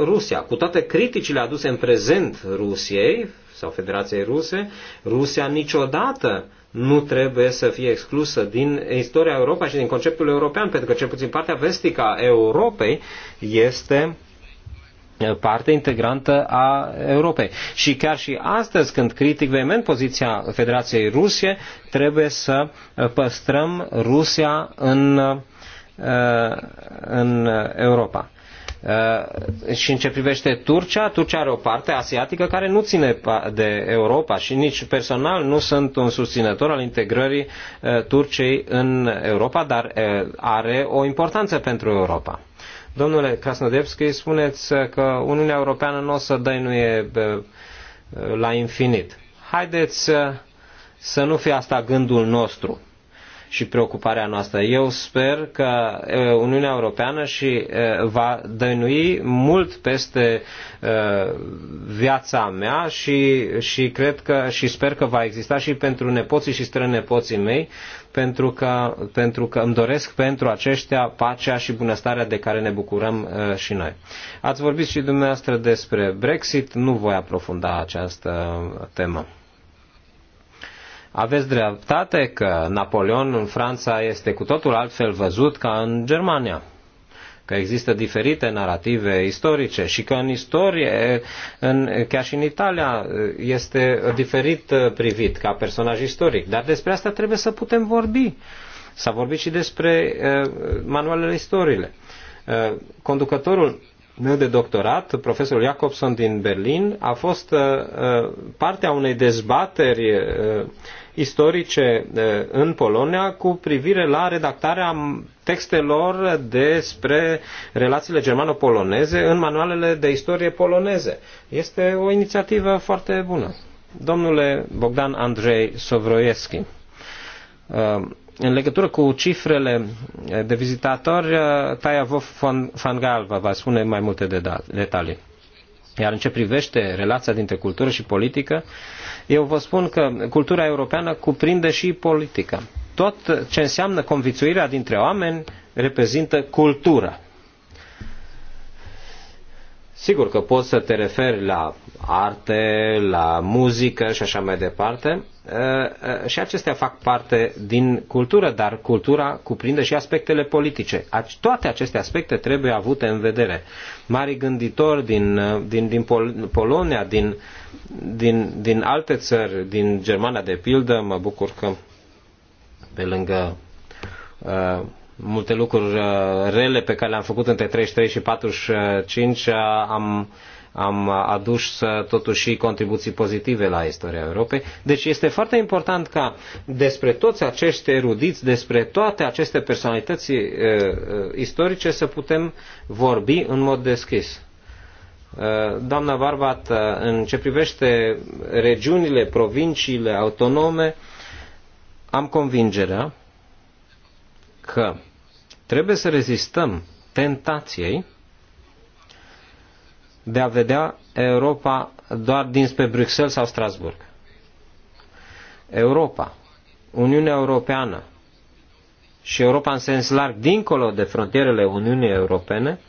Rusia. Cu toate criticile aduse în prezent Rusiei sau Federației Ruse, Rusia niciodată nu trebuie să fie exclusă din istoria Europa și din conceptul european, pentru că cel puțin partea vestică a Europei este parte integrantă a Europei. Și chiar și astăzi, când critic vehement poziția Federației Rusie, trebuie să păstrăm Rusia în Uh, în Europa. Uh, și în ce privește Turcia, Turcia are o parte asiatică care nu ține de Europa și nici personal nu sunt un susținător al integrării uh, Turciei în Europa, dar are o importanță pentru Europa. Domnule Krasnodebski, spuneți că Uniunea Europeană nu o să dăinuie la infinit. Haideți să nu fie asta gândul nostru și preocuparea noastră. Eu sper că Uniunea Europeană și va dăinui mult peste viața mea și, și cred că și sper că va exista și pentru nepoții și strănepoții mei, pentru că, pentru că îmi doresc pentru aceștia pacea și bunăstarea de care ne bucurăm și noi. Ați vorbit și dumneavoastră despre Brexit, nu voi aprofunda această temă. Aveți dreptate că Napoleon în Franța este cu totul altfel văzut ca în Germania că există diferite narrative istorice și că în istorie, în, chiar și în Italia, este diferit uh, privit ca personaj istoric. Dar despre asta trebuie să putem vorbi. S-a vorbit și despre uh, manualele istoriile. Uh, conducătorul meu de doctorat, profesorul Jacobson din Berlin, a fost uh, uh partea unei dezbateri uh, istorice în Polonia cu privire la redactarea textelor despre relațiile germano-poloneze în manualele de istorie poloneze. Este o inițiativă foarte bună. Domnule Bogdan Andrei Sovroieschi, în legătură cu cifrele de vizitatori, Taia Vof van Gaal vă va spune mai multe da- detalii. Iar în ce privește relația dintre cultură și politică, eu vă spun că cultura europeană cuprinde și politica. Tot ce înseamnă convițuirea dintre oameni reprezintă cultura. Sigur că poți să te referi la arte, la muzică și așa mai departe. Și acestea fac parte din cultură, dar cultura cuprinde și aspectele politice. Toate aceste aspecte trebuie avute în vedere. Mari gânditori din, din, din Pol- Polonia, din, din, din alte țări, din Germania de pildă, mă bucur că pe lângă multe lucruri uh, rele pe care le-am făcut între 33 și 45 uh, am, am adus uh, totuși contribuții pozitive la istoria Europei. Deci este foarte important ca despre toți acești erudiți, despre toate aceste personalități istorice să putem vorbi în mod deschis. Doamna Barbat, în ce privește regiunile, provinciile autonome, am convingerea că Trebuie să rezistăm tentației de a vedea Europa doar dinspre Bruxelles sau Strasburg. Europa, Uniunea Europeană și Europa în sens larg, dincolo de frontierele Uniunii Europene,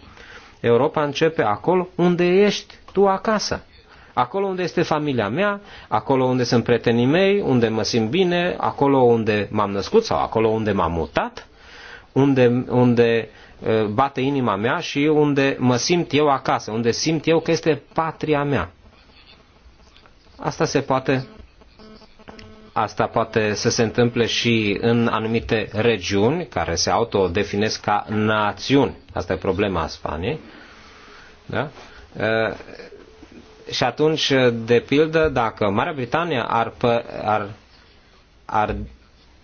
Europa începe acolo unde ești tu acasă. Acolo unde este familia mea, acolo unde sunt prietenii mei, unde mă simt bine, acolo unde m-am născut sau acolo unde m-am mutat unde, unde ă, bate inima mea și unde mă simt eu acasă, unde simt eu că este patria mea. Asta se poate Asta poate să se întâmple și în anumite regiuni care se autodefinesc ca națiuni. Asta e problema Spaniei. Da? E, ă, și atunci, de pildă, dacă Marea Britanie ar, ar, ar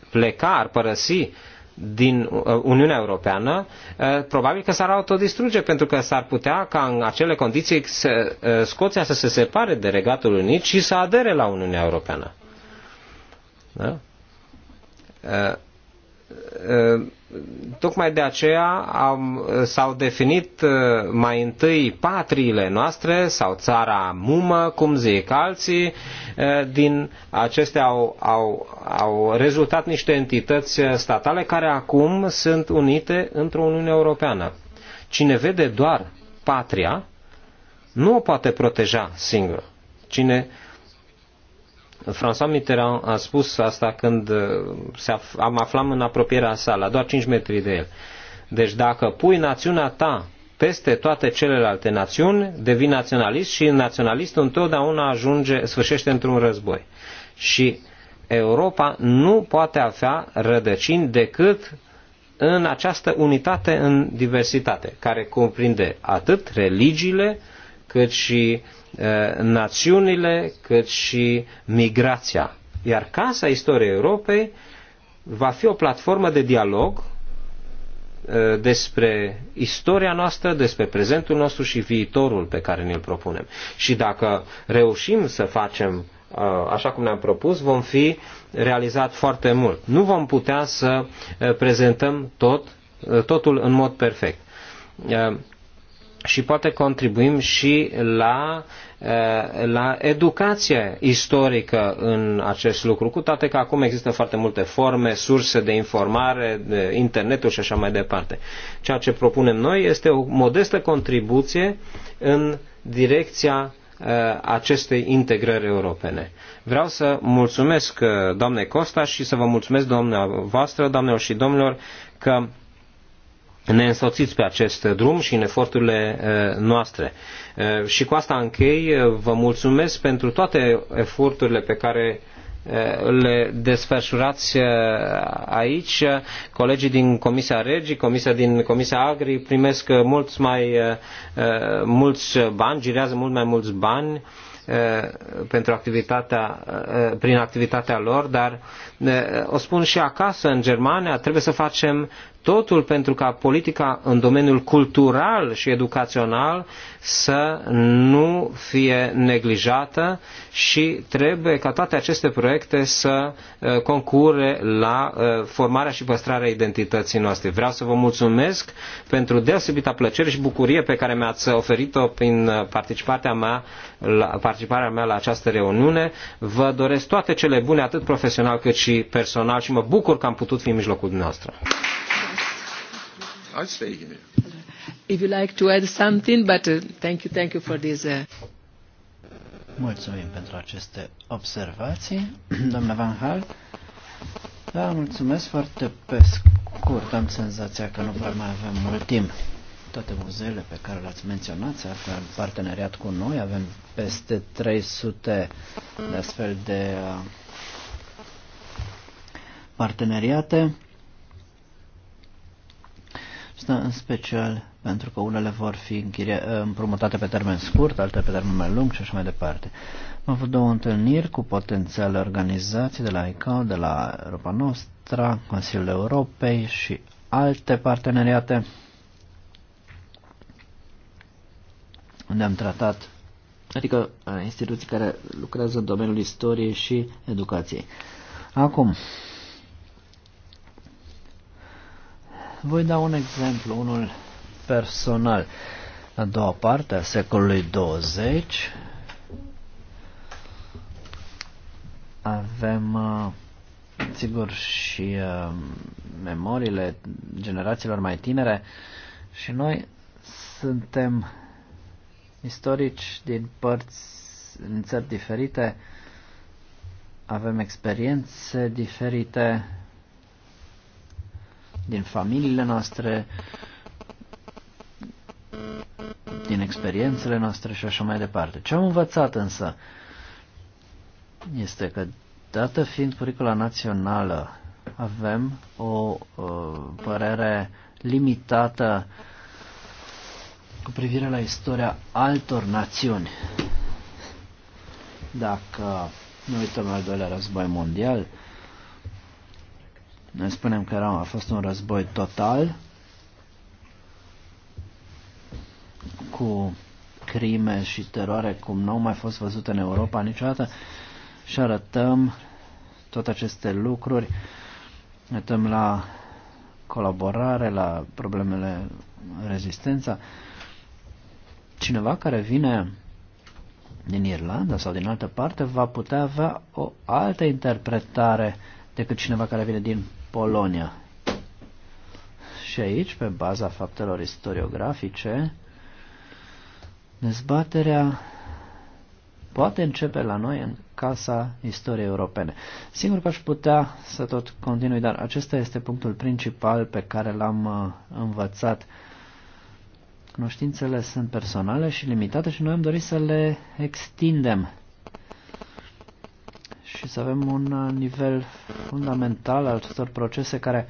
pleca, ar părăsi din uh, Uniunea Europeană, uh, probabil că s-ar autodistruge, pentru că s-ar putea ca în acele condiții să, uh, Scoția să se separe de Regatul Unit și să adere la Uniunea Europeană. Da? tocmai de aceea am, s-au definit uh, mai întâi patriile noastre sau țara mumă, cum zic alții, uh, din acestea au, au, au rezultat niște entități statale care acum sunt unite într-o Uniune Europeană. Cine vede doar patria, nu o poate proteja singur. Cine uh, François Mitterrand a spus asta când uh, se af- am aflam în apropierea sa, la doar 5 metri de el. Deci dacă pui națiunea ta peste toate celelalte națiuni, devii naționalist și naționalistul întotdeauna ajunge, sfârșește într-un război. Și Europa nu poate avea rădăcini decât în această unitate în diversitate, care cuprinde atât religiile, cât și Eh, națiunile, cât și migrația. Iar Casa Istoriei Europei va fi o platformă de dialog eh, despre istoria noastră, despre prezentul nostru și viitorul pe care ne-l propunem. Și dacă reușim să facem eh, așa cum ne-am propus, vom fi realizat foarte mult. Nu vom putea să prezentăm tot, totul în mod perfect. Și poate contribuim și la Eh, la educație istorică în acest lucru, cu toate că acum există foarte multe forme, surse de informare, de internetul și așa mai departe. Ceea ce propunem noi este o modestă contribuție în direcția eh, acestei integrări europene. Vreau să mulțumesc eh, doamnei Costa și să vă mulțumesc voastră, doamnelor și domnilor, că ne însoțiți pe acest drum și în eforturile noastre. Și cu asta închei, vă mulțumesc pentru toate eforturile pe care le desfășurați aici. Colegii din Comisia Regii, Comisia din Comisia Agri primesc mulți mai mulți bani, girează mult mai mulți bani pentru activitatea, prin activitatea lor, dar o spun și acasă, în Germania, trebuie să facem Totul pentru ca politica în domeniul cultural și educațional să nu fie neglijată și trebuie ca toate aceste proiecte să uh, concure la uh, formarea și păstrarea identității noastre. Vreau să vă mulțumesc pentru deosebita plăcere și bucurie pe care mi-ați oferit-o prin uh, participarea mea la participarea mea la această reuniune. Vă doresc toate cele bune, atât profesional cât și personal și mă bucur că am putut fi în mijlocul dumneavoastră. If you like to add something, but uh, thank you, thank you for this. Uh... Mulțumim pentru aceste observații, (clears throat) doamna Van Hal. Da, mulțumesc foarte pe scurt. Am senzația că nu prea mai avem mult timp toate muzeele pe care le-ați menționat se află în parteneriat cu noi. Avem peste 300 de astfel de uh, parteneriate. Asta în special pentru că unele vor fi uh, împrumutate pe termen scurt, altele pe termen mai lung și așa mai departe. Am avut două întâlniri cu potențiale organizații de la ICAO, de la Europa Nostra, Consiliul Europei și alte parteneriate. unde am tratat, adică uh, instituții care lucrează în domeniul istoriei și educației. Acum, voi da un exemplu, unul personal. A doua parte a secolului 20 avem, uh, sigur, și uh, memoriile generațiilor mai tinere și noi suntem istorici din părți, în țări diferite, avem experiențe diferite din familiile noastre, din experiențele noastre și așa mai departe. Ce am învățat însă este că, dată fiind curicula națională, avem o uh, părere limitată cu privire la istoria altor națiuni. Dacă ne uităm la al doilea război mondial, ne spunem că era, a fost un război total cu crime și teroare cum nu au mai fost văzute în Europa niciodată și arătăm toate aceste lucruri, uităm la colaborare, la problemele rezistența cineva care vine din Irlanda sau din altă parte va putea avea o altă interpretare decât cineva care vine din Polonia. Și aici, pe baza faptelor istoriografice, dezbaterea poate începe la noi în Casa Istoriei Europene. Singur că aș putea să tot continui, dar acesta este punctul principal pe care l-am uh, învățat Cunoștințele sunt personale și limitate și noi am dorit să le extindem și să avem un nivel fundamental al tuturor procese care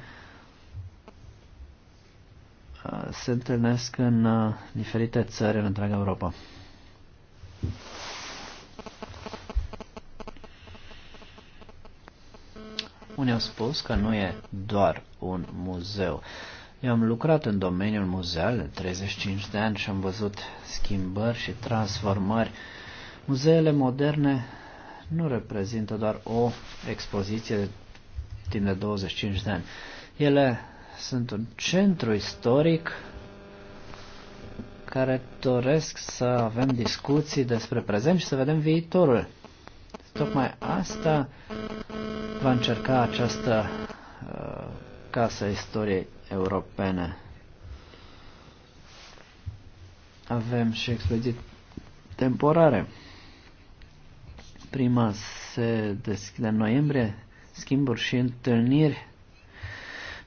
uh, se întâlnesc în uh, diferite țări în întreaga Europa. Unii au spus că nu e doar un muzeu. Eu am lucrat în domeniul muzeal 35 de ani și am văzut schimbări și transformări. Muzeele moderne nu reprezintă doar o expoziție timp de 25 de ani. Ele sunt un centru istoric care doresc să avem discuții despre prezent și să vedem viitorul. Tocmai asta va încerca această uh, casă istoriei europene. Avem și expediții temporare. Prima se deschide în noiembrie, schimburi și întâlniri,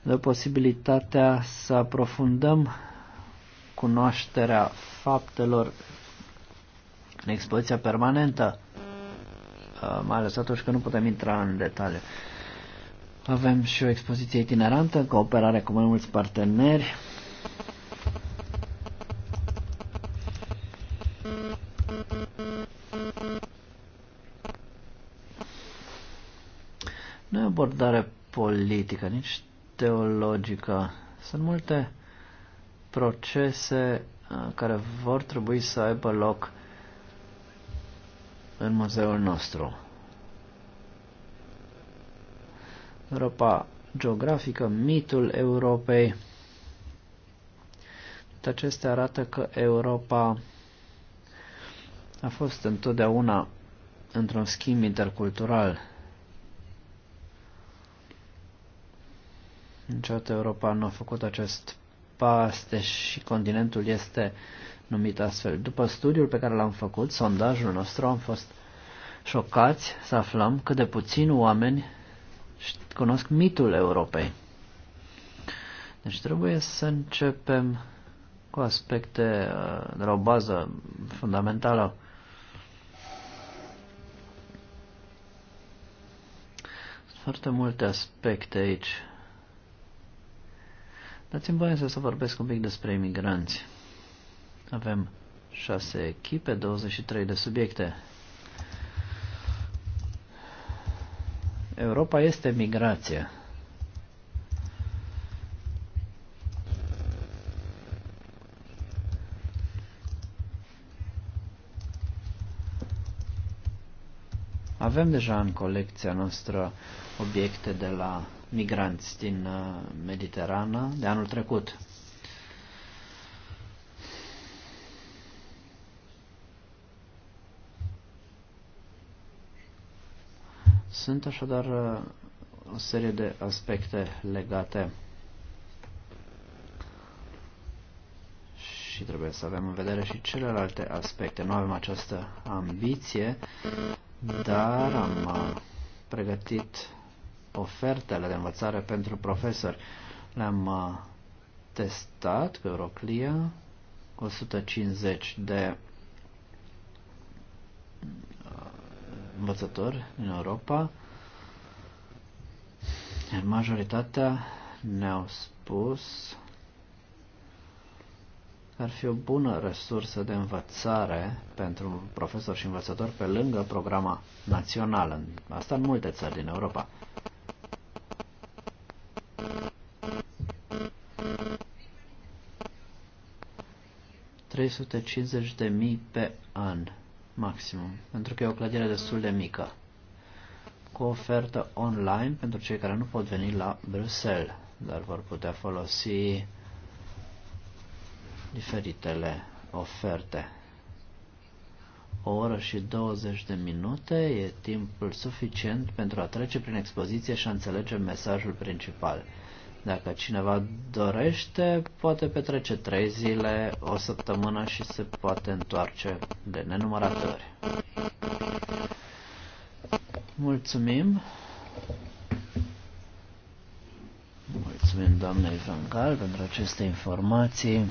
dă posibilitatea să aprofundăm cunoașterea faptelor în expoziția permanentă, uh, mai ales atunci când nu putem intra în detaliu. Avem și o expoziție itinerantă, cooperare cu mai mulți parteneri. Nu e abordare politică, nici teologică. Sunt multe procese uh, care vor trebui să aibă loc în muzeul nostru. Europa geografică, mitul Europei. Acestea arată că Europa a fost întotdeauna într-un schimb intercultural. Niciodată Europa nu a făcut acest pas, deși continentul este numit astfel. După studiul pe care l-am făcut, sondajul nostru, am fost șocați să aflăm cât de puțini oameni cunosc mitul Europei. Deci trebuie să începem cu aspecte uh, de la o bază fundamentală. Sunt foarte multe aspecte aici. Dați-mi voie să vorbesc un pic despre imigranți. Avem șase echipe, 23 de subiecte. Europa este migrație. Avem deja în colecția noastră obiecte de la migranți din uh, Mediterana de anul trecut. Sunt așadar uh, o serie de aspecte legate și trebuie să avem în vedere și celelalte aspecte. Nu avem această ambiție, dar am uh, pregătit ofertele de învățare pentru profesori. Le-am uh, testat pe Euroclia, 150 de învățători în Europa Majoritatea ne-au spus că ar fi o bună resursă de învățare pentru profesori și învățători pe lângă programa națională. Asta în multe țări din Europa. ...350.000 pe an, maximum, pentru că e o clădire destul de mică cu ofertă online pentru cei care nu pot veni la Bruxelles, dar vor putea folosi diferitele oferte. O oră și 20 de minute e timpul suficient pentru a trece prin expoziție și a înțelege mesajul principal. Dacă cineva dorește, poate petrece trei zile, o săptămână și se poate întoarce de nenumărate ori. Mulțumim. Mulțumim doamnei Vangal pentru aceste informații.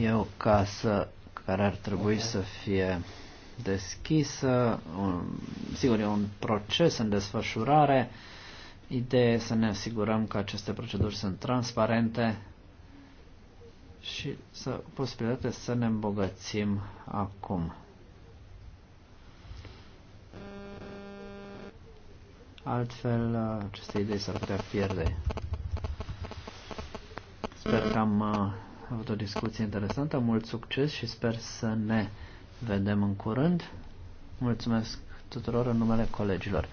E o casă care ar trebui să fie deschisă. Un, sigur, e un proces în desfășurare. Ideea e să ne asigurăm că aceste proceduri sunt transparente și să posibilitatea să ne îmbogățim acum. Altfel, aceste idei s-ar putea pierde. Sper că am uh, avut o discuție interesantă, mult succes și sper să ne vedem în curând. Mulțumesc tuturor în numele colegilor.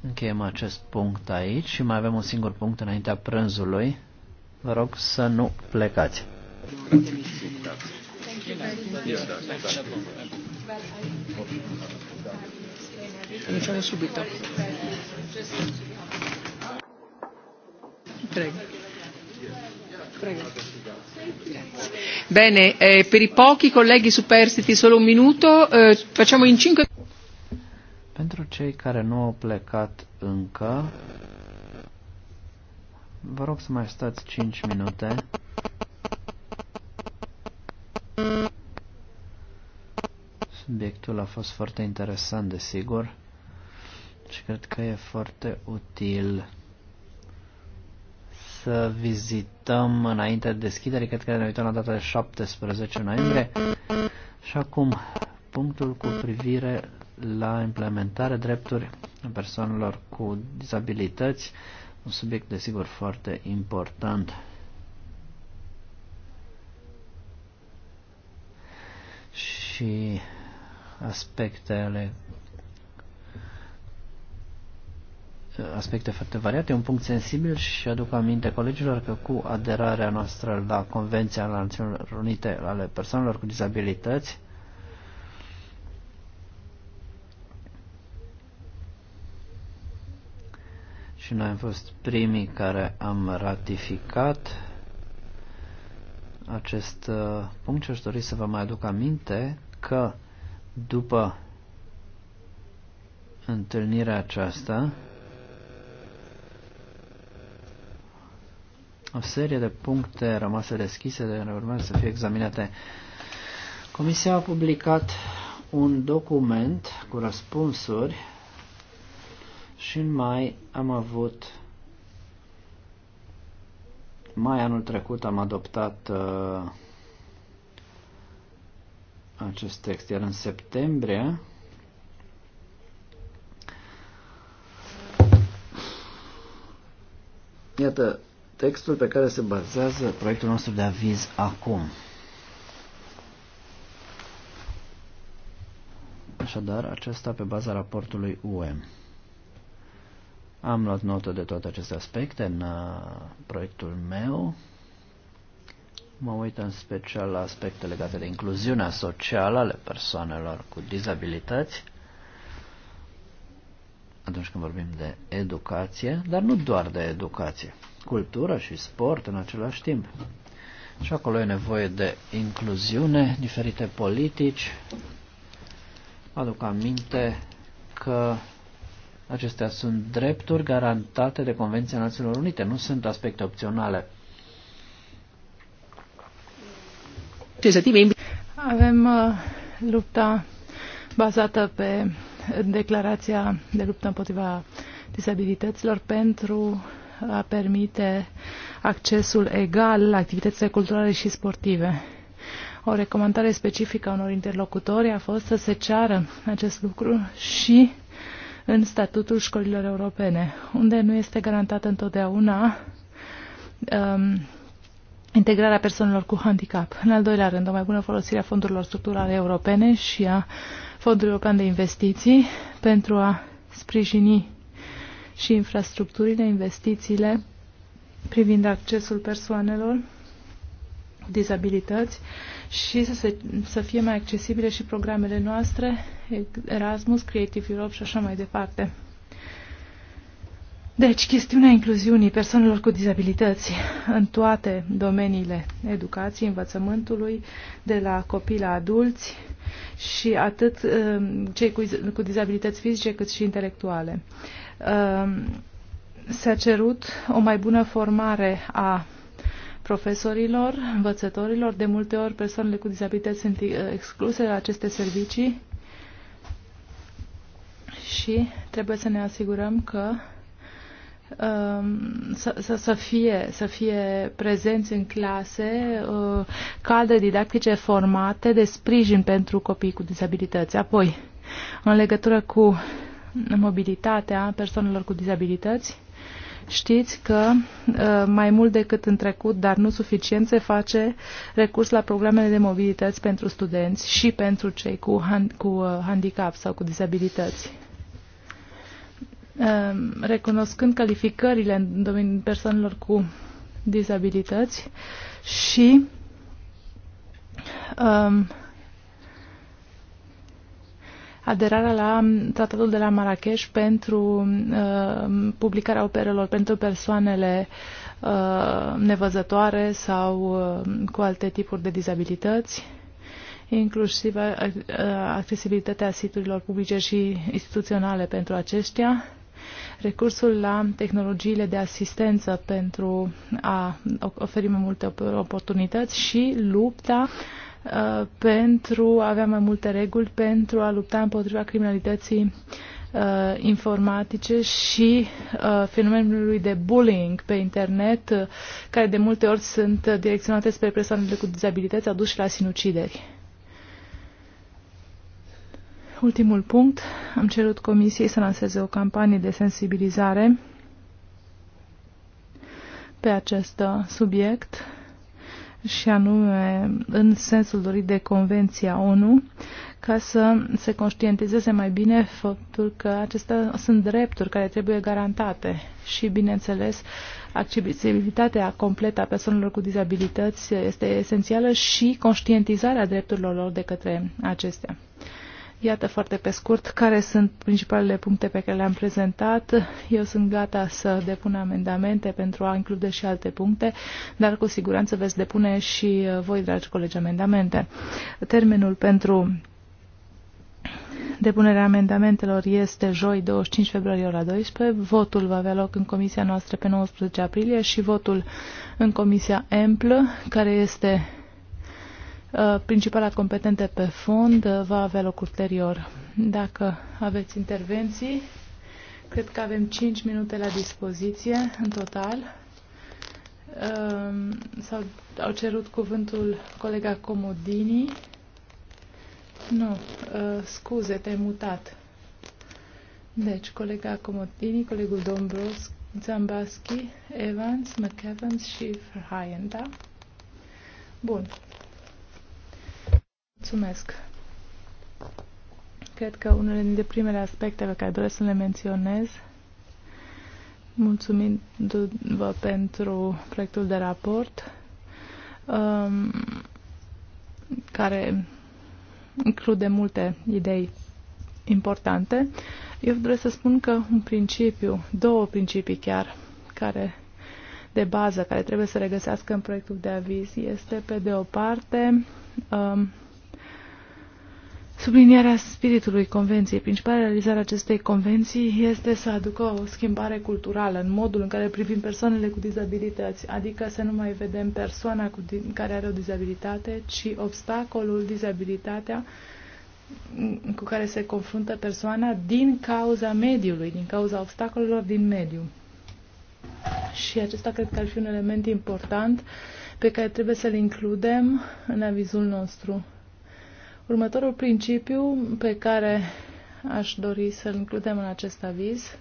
Încheiem acest punct aici și mai avem un singur punct înaintea prânzului. Vă rog să nu plecați. Thank you very much. Iniziamo subito. Prego. Prego. Bene, eh, per i pochi colleghi superstiti solo un minuto, eh, facciamo in cinque... Pentru cei care nu au plecat încă, vă rog să mai stați 5 minute. Subiectul a fost foarte interesant, desigur, și cred că e foarte util să vizităm înainte de deschidere, cred că ne uităm la data de 17 noiembrie. Și acum, punctul cu privire la implementare drepturi persoanelor cu dizabilități, un subiect desigur foarte important. Și aspecte ale aspecte foarte variate, un punct sensibil și aduc aminte colegilor că cu aderarea noastră la Convenția la Națiunilor Unite ale persoanelor cu dizabilități, și noi am fost primii care am ratificat acest uh, punct și aș dori să vă mai aduc aminte că după întâlnirea aceasta, o serie de puncte rămase deschise de urmează să fie examinate. Comisia a publicat un document cu răspunsuri și în mai am avut mai anul trecut am adoptat uh, acest text. Iar în septembrie Iată textul pe care se bazează proiectul nostru de aviz acum. Așadar, acesta pe baza raportului UM. Am luat notă de toate aceste aspecte în uh, proiectul meu Mă uit în special la aspecte legate de incluziunea socială ale persoanelor cu dizabilități atunci când vorbim de educație, dar nu doar de educație, cultură și sport în același timp. Și acolo e nevoie de incluziune, diferite politici. Aduc aminte că acestea sunt drepturi garantate de Convenția Națiunilor Unite, nu sunt aspecte opționale. Avem uh, lupta bazată pe declarația de luptă împotriva disabilităților pentru a permite accesul egal la activitățile culturale și sportive. O recomandare specifică a unor interlocutori a fost să se ceară acest lucru și în statutul școlilor europene, unde nu este garantată întotdeauna um, integrarea persoanelor cu handicap. În al doilea rând, o mai bună folosire a fondurilor structurale europene și a Fondului European de Investiții pentru a sprijini și infrastructurile, investițiile privind accesul persoanelor cu dizabilități și să, se, să fie mai accesibile și programele noastre, Erasmus, Creative Europe și așa mai departe. Deci, chestiunea incluziunii persoanelor cu dizabilități în toate domeniile educației, învățământului, de la copii la adulți și atât um, cei cu, cu dizabilități fizice cât și intelectuale. Um, s-a cerut o mai bună formare a profesorilor, învățătorilor. De multe ori persoanele cu dizabilități sunt uh, excluse la aceste servicii și trebuie să ne asigurăm că Um, să, să, să, fie, să fie prezenți în clase uh, cadre didactice formate de sprijin pentru copii cu dizabilități. Apoi, în legătură cu mobilitatea persoanelor cu dizabilități, Știți că uh, mai mult decât în trecut, dar nu suficient, se face recurs la programele de mobilități pentru studenți și pentru cei cu, han- cu uh, handicap sau cu dizabilități. Ehm, recunoscând calificările în domeniul persoanelor cu dizabilități și um, aderarea la tratatul de la Marrakeș pentru uh, publicarea operelor pentru persoanele uh, nevăzătoare sau uh, cu alte tipuri de dizabilități inclusiv eh, accesibilitatea siturilor publice și instituționale pentru aceștia recursul la tehnologiile de asistență pentru a oferi mai multe oportunități și lupta uh, pentru a avea mai multe reguli pentru a lupta împotriva criminalității uh, informatice și uh, fenomenului de bullying pe internet, uh, care de multe ori sunt uh, direcționate spre persoanele cu dizabilități, aduși la sinucideri. Ultimul punct. Am cerut Comisiei să lanseze o campanie de sensibilizare pe acest uh, subiect și anume în sensul dorit de Convenția ONU, ca să se conștientizeze mai bine faptul că acestea sunt drepturi care trebuie garantate și, bineînțeles, accesibilitatea completă a persoanelor cu dizabilități este esențială și conștientizarea drepturilor lor de către acestea. Iată foarte pe scurt care sunt principalele puncte pe care le-am prezentat. Eu sunt gata să depun amendamente pentru a include și alte puncte, dar cu siguranță veți depune și uh, voi, dragi colegi, amendamente. Termenul pentru Depunerea amendamentelor este joi 25 februarie ora 12. Votul va avea loc în comisia noastră pe 19 aprilie și votul în comisia EMPL, care este Uh, Principala competente pe fond uh, va avea loc ulterior. Dacă aveți intervenții, cred că avem 5 minute la dispoziție în total. Uh, sau au cerut cuvântul colega Comodini. Nu, scuze, te-ai mutat. Deci, colega Comodini, colegul Dombrovski, Zambaschi, Evans, McEvans și Verheyen, da? Bun, Mulțumesc. Cred că unele dintre primele aspecte pe care doresc să le menționez, mulțumindu-vă pentru proiectul de raport, um, care include multe idei importante. Eu doresc să spun că un principiu, două principii chiar, care de bază, care trebuie să regăsească în proiectul de aviz, este pe de o parte um, Sublinierea spiritului convenției, principala realizare acestei convenții este să aducă o schimbare culturală în modul în care privim persoanele cu dizabilități, adică să nu mai vedem persoana cu care are o dizabilitate, ci obstacolul, dizabilitatea cu care se confruntă persoana din cauza mediului, din cauza obstacolelor din mediu. Și acesta cred că ar fi un element important pe care trebuie să-l includem în avizul nostru. Următorul principiu pe care aș dori să-l includem în acest aviz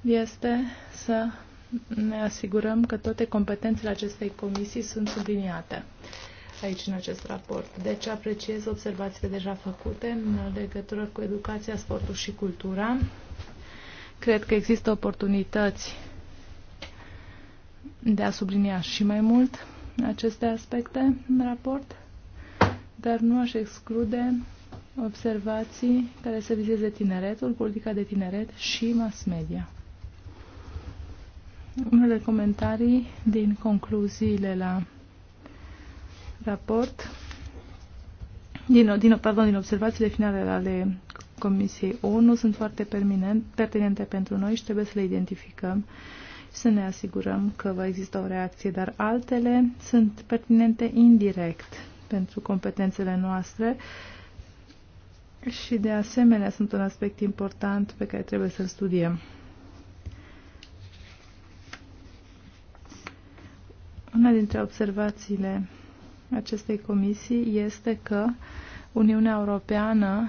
este să ne asigurăm că toate competențele acestei comisii sunt subliniate aici în acest raport. Deci apreciez observațiile deja făcute în legătură cu educația, sportul și cultura. Cred că există oportunități de a sublinia și mai mult aceste aspecte în raport, dar nu aș exclude observații care se vizeze tineretul, politica de tineret și mass media. Unele comentarii din concluziile la raport, din, din, pardon, din observațiile finale ale Comisiei ONU sunt foarte pertinente pentru noi și trebuie să le identificăm uh, să ne asigurăm că va exista o reacție, dar altele sunt pertinente indirect pentru competențele noastre și de asemenea sunt un aspect important pe care trebuie să-l studiem. Una dintre observațiile acestei comisii este că Uniunea Europeană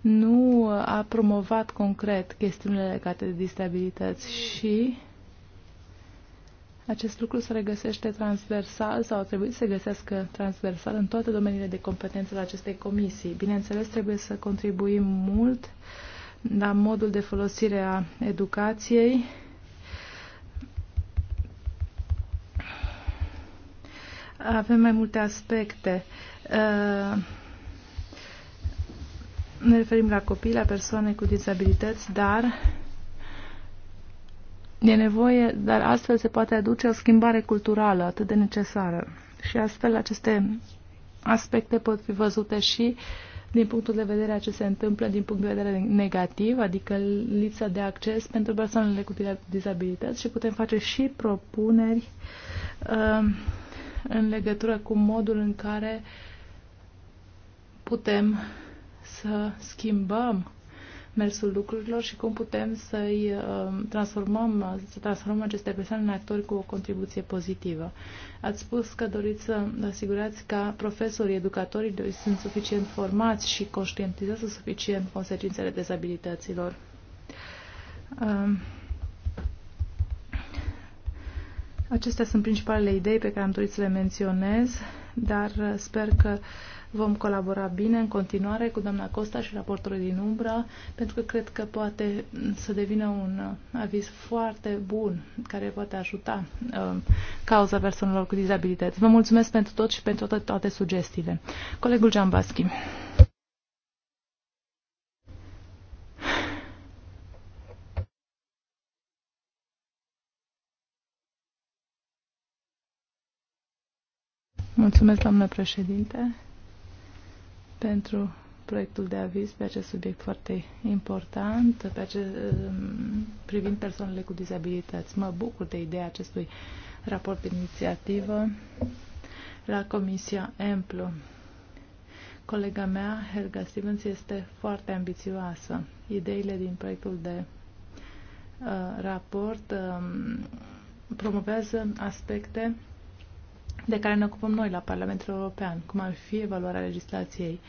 nu a promovat concret chestiunile legate de distabilități și acest lucru se regăsește transversal sau trebuie să se găsească transversal în toate domeniile de competență la acestei comisii. Bineînțeles, trebuie să contribuim mult la modul de folosire a educației, avem mai multe aspecte. Uh, ne referim la copii, la persoane cu dizabilități, dar e nevoie, dar astfel se poate aduce o schimbare culturală atât de necesară. Și astfel aceste aspecte pot fi văzute și din punctul de vedere a ce se întâmplă din punct de vedere negativ, adică lipsa de acces pentru persoanele cu dizabilități și putem face și propuneri uh, în legătură cu modul în care putem uh, să schimbăm mersul lucrurilor și cum putem să-i uh, transformăm, să transformăm aceste persoane în actori cu o contribuție pozitivă. Ați spus că doriți să asigurați că profesorii, educatorii sunt suficient formați și conștientizează suficient consecințele dezabilităților. Um, acestea sunt principalele idei pe care am dorit să le menționez, dar sper că uh, Vom colabora bine în continuare cu doamna Costa și raportorul din Umbra, pentru că cred că poate să devină un uh, aviz foarte bun care poate ajuta uh, cauza persoanelor cu dizabilități. Vă mulțumesc pentru tot și pentru toate, toate sugestiile. Colegul Baschi. Mulțumesc, doamnă președinte pentru proiectul de aviz pe acest subiect foarte important, pe acest, um, privind persoanele cu dizabilități. Mă bucur de ideea acestui raport de inițiativă la Comisia EMPLU. Colega mea, Helga Stevens, este foarte ambițioasă. Ideile din proiectul de uh, raport uh, promovează aspecte uh, de care ne ocupăm noi la Parlamentul European, cum ar fi evaluarea legislației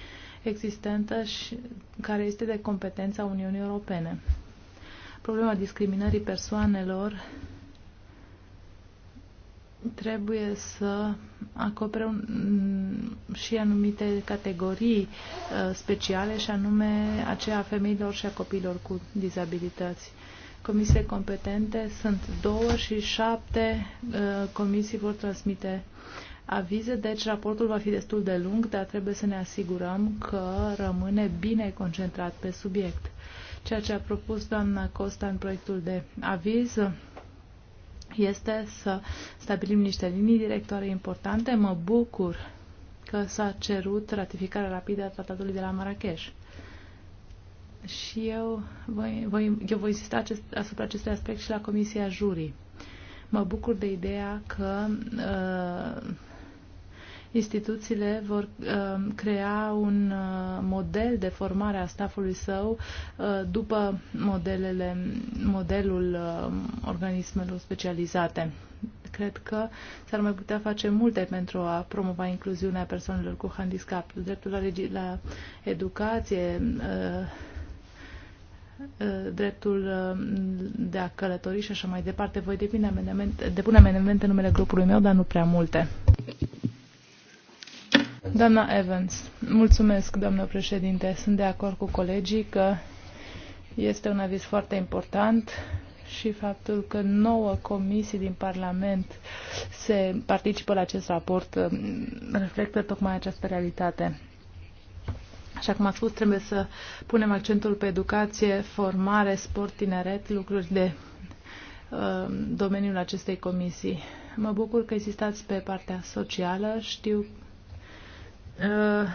existentă și care este de competența Uniunii Europene. Problema discriminării persoanelor trebuie să acopere un, și anumite categorii uh, speciale, și anume aceea a femeilor și a copiilor cu dizabilități. Uh, comisii competente sunt două și șapte uh, comisii vor transmite avize, deci raportul va fi destul de lung, dar trebuie să ne asigurăm că rămâne bine concentrat pe subiect. Ceea ce a propus doamna Costa în proiectul de aviz este să stabilim niște linii directoare importante. Mă bucur că s-a cerut ratificarea rapidă a tratatului de la Marrakesh și eu voi, voi, eu voi insista acest, asupra acestui aspect și la Comisia Jurii. Mă bucur de ideea că uh, instituțiile vor uh, crea un uh, model de formare a stafului său uh, după modelele, modelul uh, organismelor specializate. Cred că s-ar mai putea face multe pentru a promova incluziunea persoanelor cu handicap, dreptul la, la educație, uh, Uh, dreptul uh, de a călători și așa mai departe. Voi depune amendamente, depune amendamente în numele grupului meu, dar nu prea multe. Doamna Evans, mulțumesc, doamnă președinte. Sunt de acord cu colegii că este un aviz foarte important și faptul că nouă comisii din Parlament se participă la acest raport uh, reflectă tocmai această realitate. Așa cum am spus, trebuie să punem accentul pe educație, formare, sport, tineret, lucruri de uh, domeniul acestei comisii. Mă bucur că existați pe partea socială. Știu uh,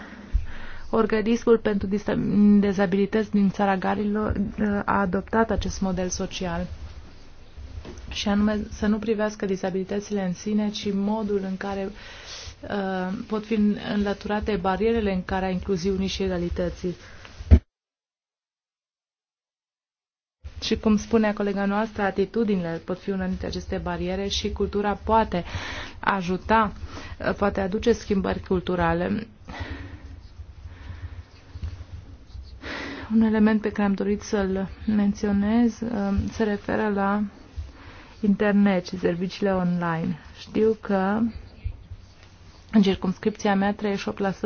organismul pentru dezabilități din țara Galilor uh, a adoptat acest model social și anume să nu privească dizabilitățile în sine, ci modul în care uh, Uh, pot fi înlăturate barierele în care a incluziunii și egalității. Și cum spunea colega noastră, atitudinile pot fi una dintre aceste bariere și cultura poate ajuta, uh, poate aduce schimbări culturale. Un element pe care am dorit să-l menționez uh, se referă la internet și serviciile online. Știu că în circumscripția mea, 38%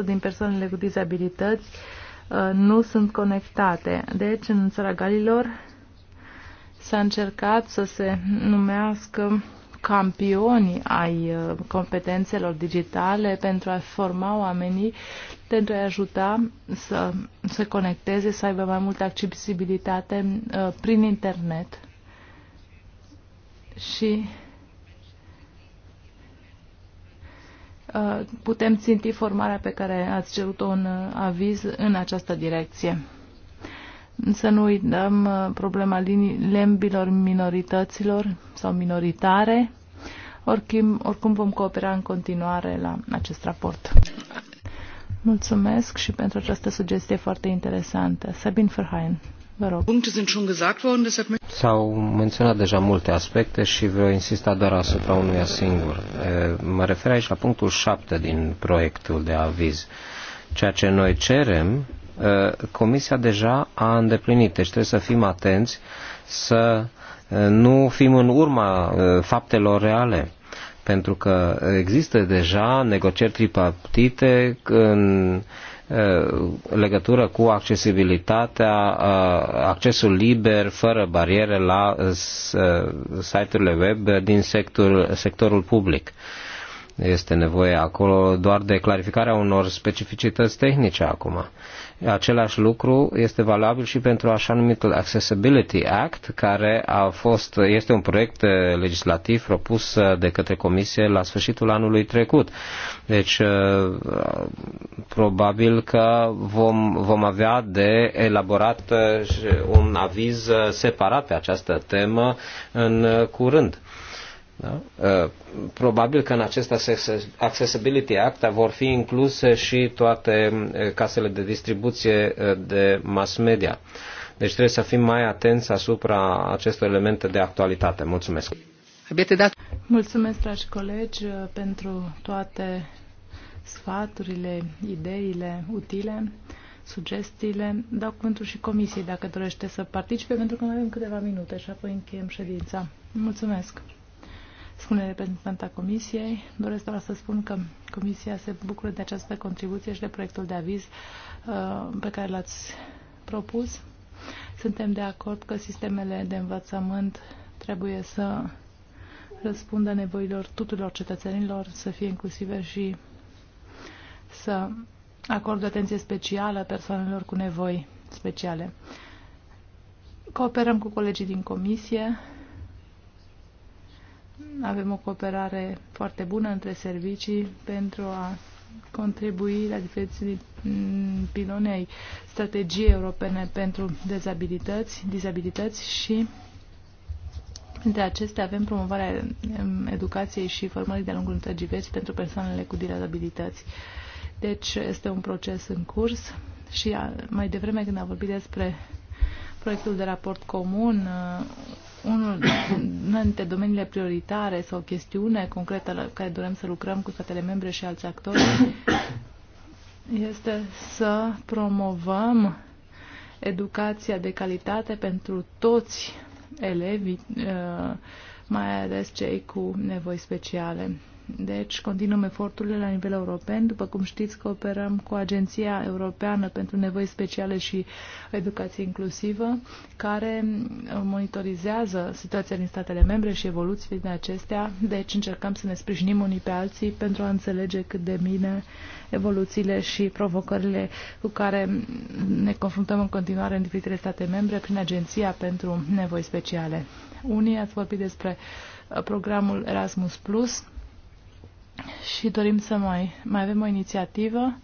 din persoanele cu dizabilități uh, nu sunt conectate. Deci, în țara Galilor s-a încercat să se numească campioni ai uh, competențelor digitale pentru a forma oamenii, pentru a ajuta să se conecteze, să aibă mai multă accesibilitate uh, prin internet. Și putem ținti formarea pe care ați cerut-o în aviz în această direcție. Să nu uităm problema lembilor minorităților sau minoritare. Oricum, oricum vom coopera în continuare la acest raport. Mulțumesc și pentru această sugestie foarte interesantă. Sabine Ferhain. S-au menționat deja multe aspecte și vreau insista doar asupra unuia singur. Mă refer aici la punctul 7 din proiectul de aviz. Ceea ce noi cerem, Comisia deja a îndeplinit, deci trebuie să fim atenți să nu fim în urma faptelor reale pentru că există deja negocieri tripartite în Uh, legătură cu accesibilitatea, uh, accesul liber, fără bariere la uh, site-urile web din sectorul public. Este nevoie acolo doar de clarificarea unor specificități tehnice acum. Același lucru este valabil și pentru așa numitul Accessibility Act, care a fost, este un proiect legislativ propus de către Comisie la sfârșitul anului trecut. Deci, uh, probabil că vom, vom avea de elaborat uh, un aviz uh, separat pe această temă în curând. Da? Uh, probabil că în acest Accessibility Act vor fi incluse și toate uh, casele de distribuție uh, de mass media. Deci trebuie să fim mai atenți asupra acestor elemente de actualitate. Mulțumesc! Mulțumesc, dragi colegi, pentru toate sfaturile, ideile utile, sugestiile. Dau cuvântul și comisiei dacă dorește să participe, pentru că mai avem câteva minute și apoi încheiem ședința. Mulțumesc! spune reprezentanta Comisiei. Doresc doar să spun că Comisia se bucură de această contribuție și de proiectul de aviz uh, pe care l-ați propus. Suntem de acord că sistemele de învățământ trebuie să răspundă nevoilor tuturor cetățenilor, să fie inclusive și să acorde atenție specială persoanelor cu nevoi speciale. Cooperăm cu colegii din comisie avem o cooperare foarte bună între servicii pentru a contribui la diferiți mm, pilonei strategiei europene pentru dezabilități, dizabilități și între acestea avem promovarea mm, educației și formării de-a lungul întregii vieți pentru persoanele cu dizabilități. Deci este un proces în curs și mai devreme când am vorbit despre proiectul de raport comun, unul dintre domeniile prioritare sau o chestiune concretă la care dorem să lucrăm cu statele membre și alți actori este să promovăm educația de calitate pentru toți elevii, uh, mai ales cei cu nevoi speciale. Deci continuăm eforturile la nivel european. După cum știți, cooperăm cu Agenția Europeană pentru Nevoi Speciale și Educație Inclusivă, care monitorizează situația din statele membre și evoluțiile din acestea. Deci încercăm să ne sprijinim unii pe alții pentru a înțelege cât de bine evoluțiile și provocările cu care ne confruntăm în continuare în diferitele state membre prin Agenția pentru Nevoi Speciale. Unii ați vorbit despre programul Erasmus Plus, și dorim să mai, mai avem o inițiativă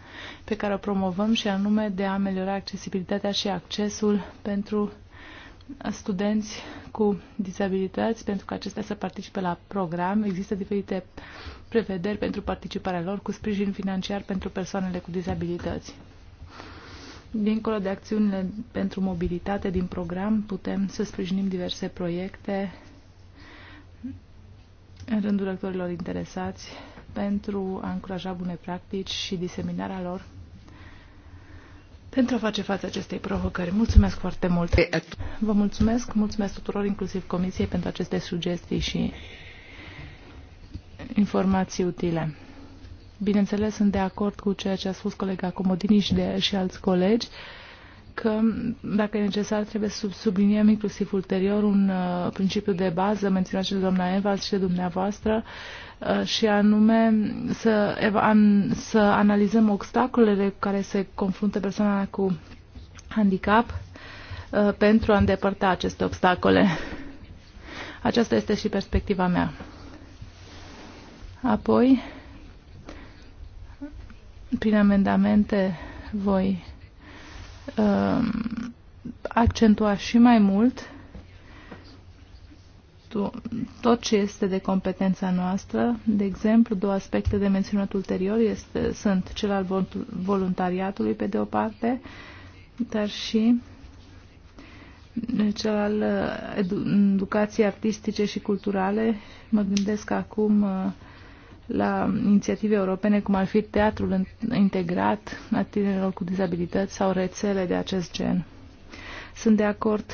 pe care o promovăm și anume de a ameliora accesibilitatea și accesul pentru studenți cu dizabilități, pentru că acestea să participe la program. Există diferite prevederi pentru participarea lor cu sprijin financiar pentru persoanele cu dizabilități. Dincolo de acțiunile pentru mobilitate din program, putem să sprijinim diverse proiecte în rândul actorilor interesați pentru a încuraja bune practici și diseminarea lor pentru a face față acestei provocări. Mulțumesc foarte mult! Vă mulțumesc, mulțumesc tuturor, inclusiv Comisiei, pentru aceste sugestii și informații utile. Bineînțeles, sunt de acord cu ceea ce a spus colega Comodini și, de, și alți colegi că, dacă e necesar, trebuie să subliniem inclusiv ulterior un uh, principiu de bază menționat și de doamna Eva și de dumneavoastră, uh, și anume să, an, să analizăm obstacolele cu care se confruntă persoana cu handicap uh, pentru a îndepărta aceste obstacole. Aceasta este și perspectiva mea. Apoi, prin amendamente voi Um, accentua și mai mult tot ce este de competența noastră. De exemplu, două aspecte de menționat ulterior este, sunt cel al voluntariatului, pe de o parte, dar și cel al uh, educației artistice și culturale. Mă gândesc acum uh, la inițiative europene, cum ar fi teatrul integrat a tinerilor cu dizabilități sau rețele de acest gen. Sunt de acord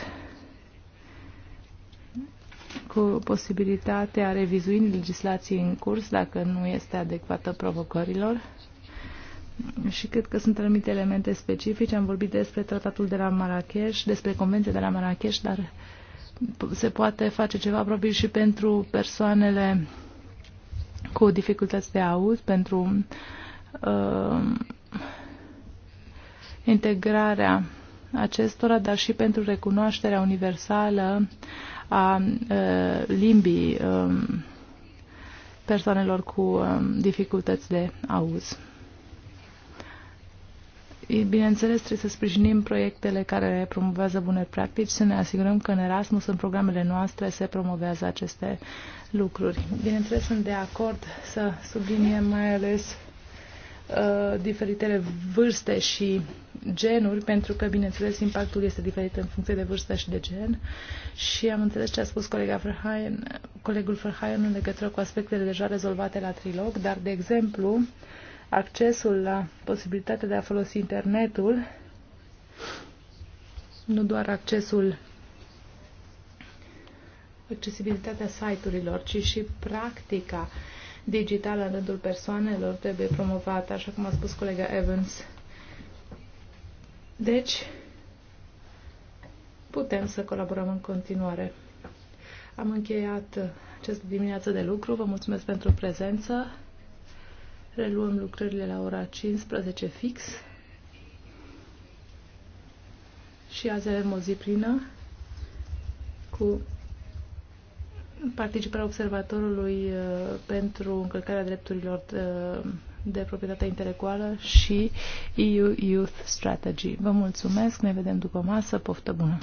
cu posibilitatea revizuirii legislației în curs dacă nu este adecvată provocărilor. Și cred că sunt anumite elemente specifice. Am vorbit despre tratatul de la Marrakesh, despre convenția de la Marrakesh, dar se poate face ceva probabil și pentru persoanele cu dificultăți de auz pentru uh, integrarea acestora, dar și pentru recunoașterea universală a uh, limbii uh, persoanelor cu uh, dificultăți de auz. Bineînțeles, trebuie să sprijinim proiectele care promovează bune practici, să ne asigurăm că în Erasmus, în programele noastre, se promovează aceste lucruri. Bineînțeles, sunt de acord să subliniem mai ales uh, diferitele vârste și genuri, pentru că, bineînțeles, impactul este diferit în funcție de vârstă și de gen. Și am înțeles ce a spus colega Verheyen, colegul Verheyen în legătură cu aspectele deja rezolvate la trilog, dar, de exemplu, accesul la posibilitatea de a folosi internetul, nu doar accesul accesibilitatea site-urilor, ci și practica digitală în rândul persoanelor trebuie promovată, așa cum a spus colega Evans. Deci, putem să colaborăm în continuare. Am încheiat această dimineață de lucru. Vă mulțumesc pentru prezență. Reluăm lucrările la ora 15 fix. Și azi avem o zi plină cu participarea observatorului uh, pentru încălcarea drepturilor uh, de, proprietate intelectuală și EU Youth Strategy. Vă mulțumesc, ne vedem după masă, poftă bună!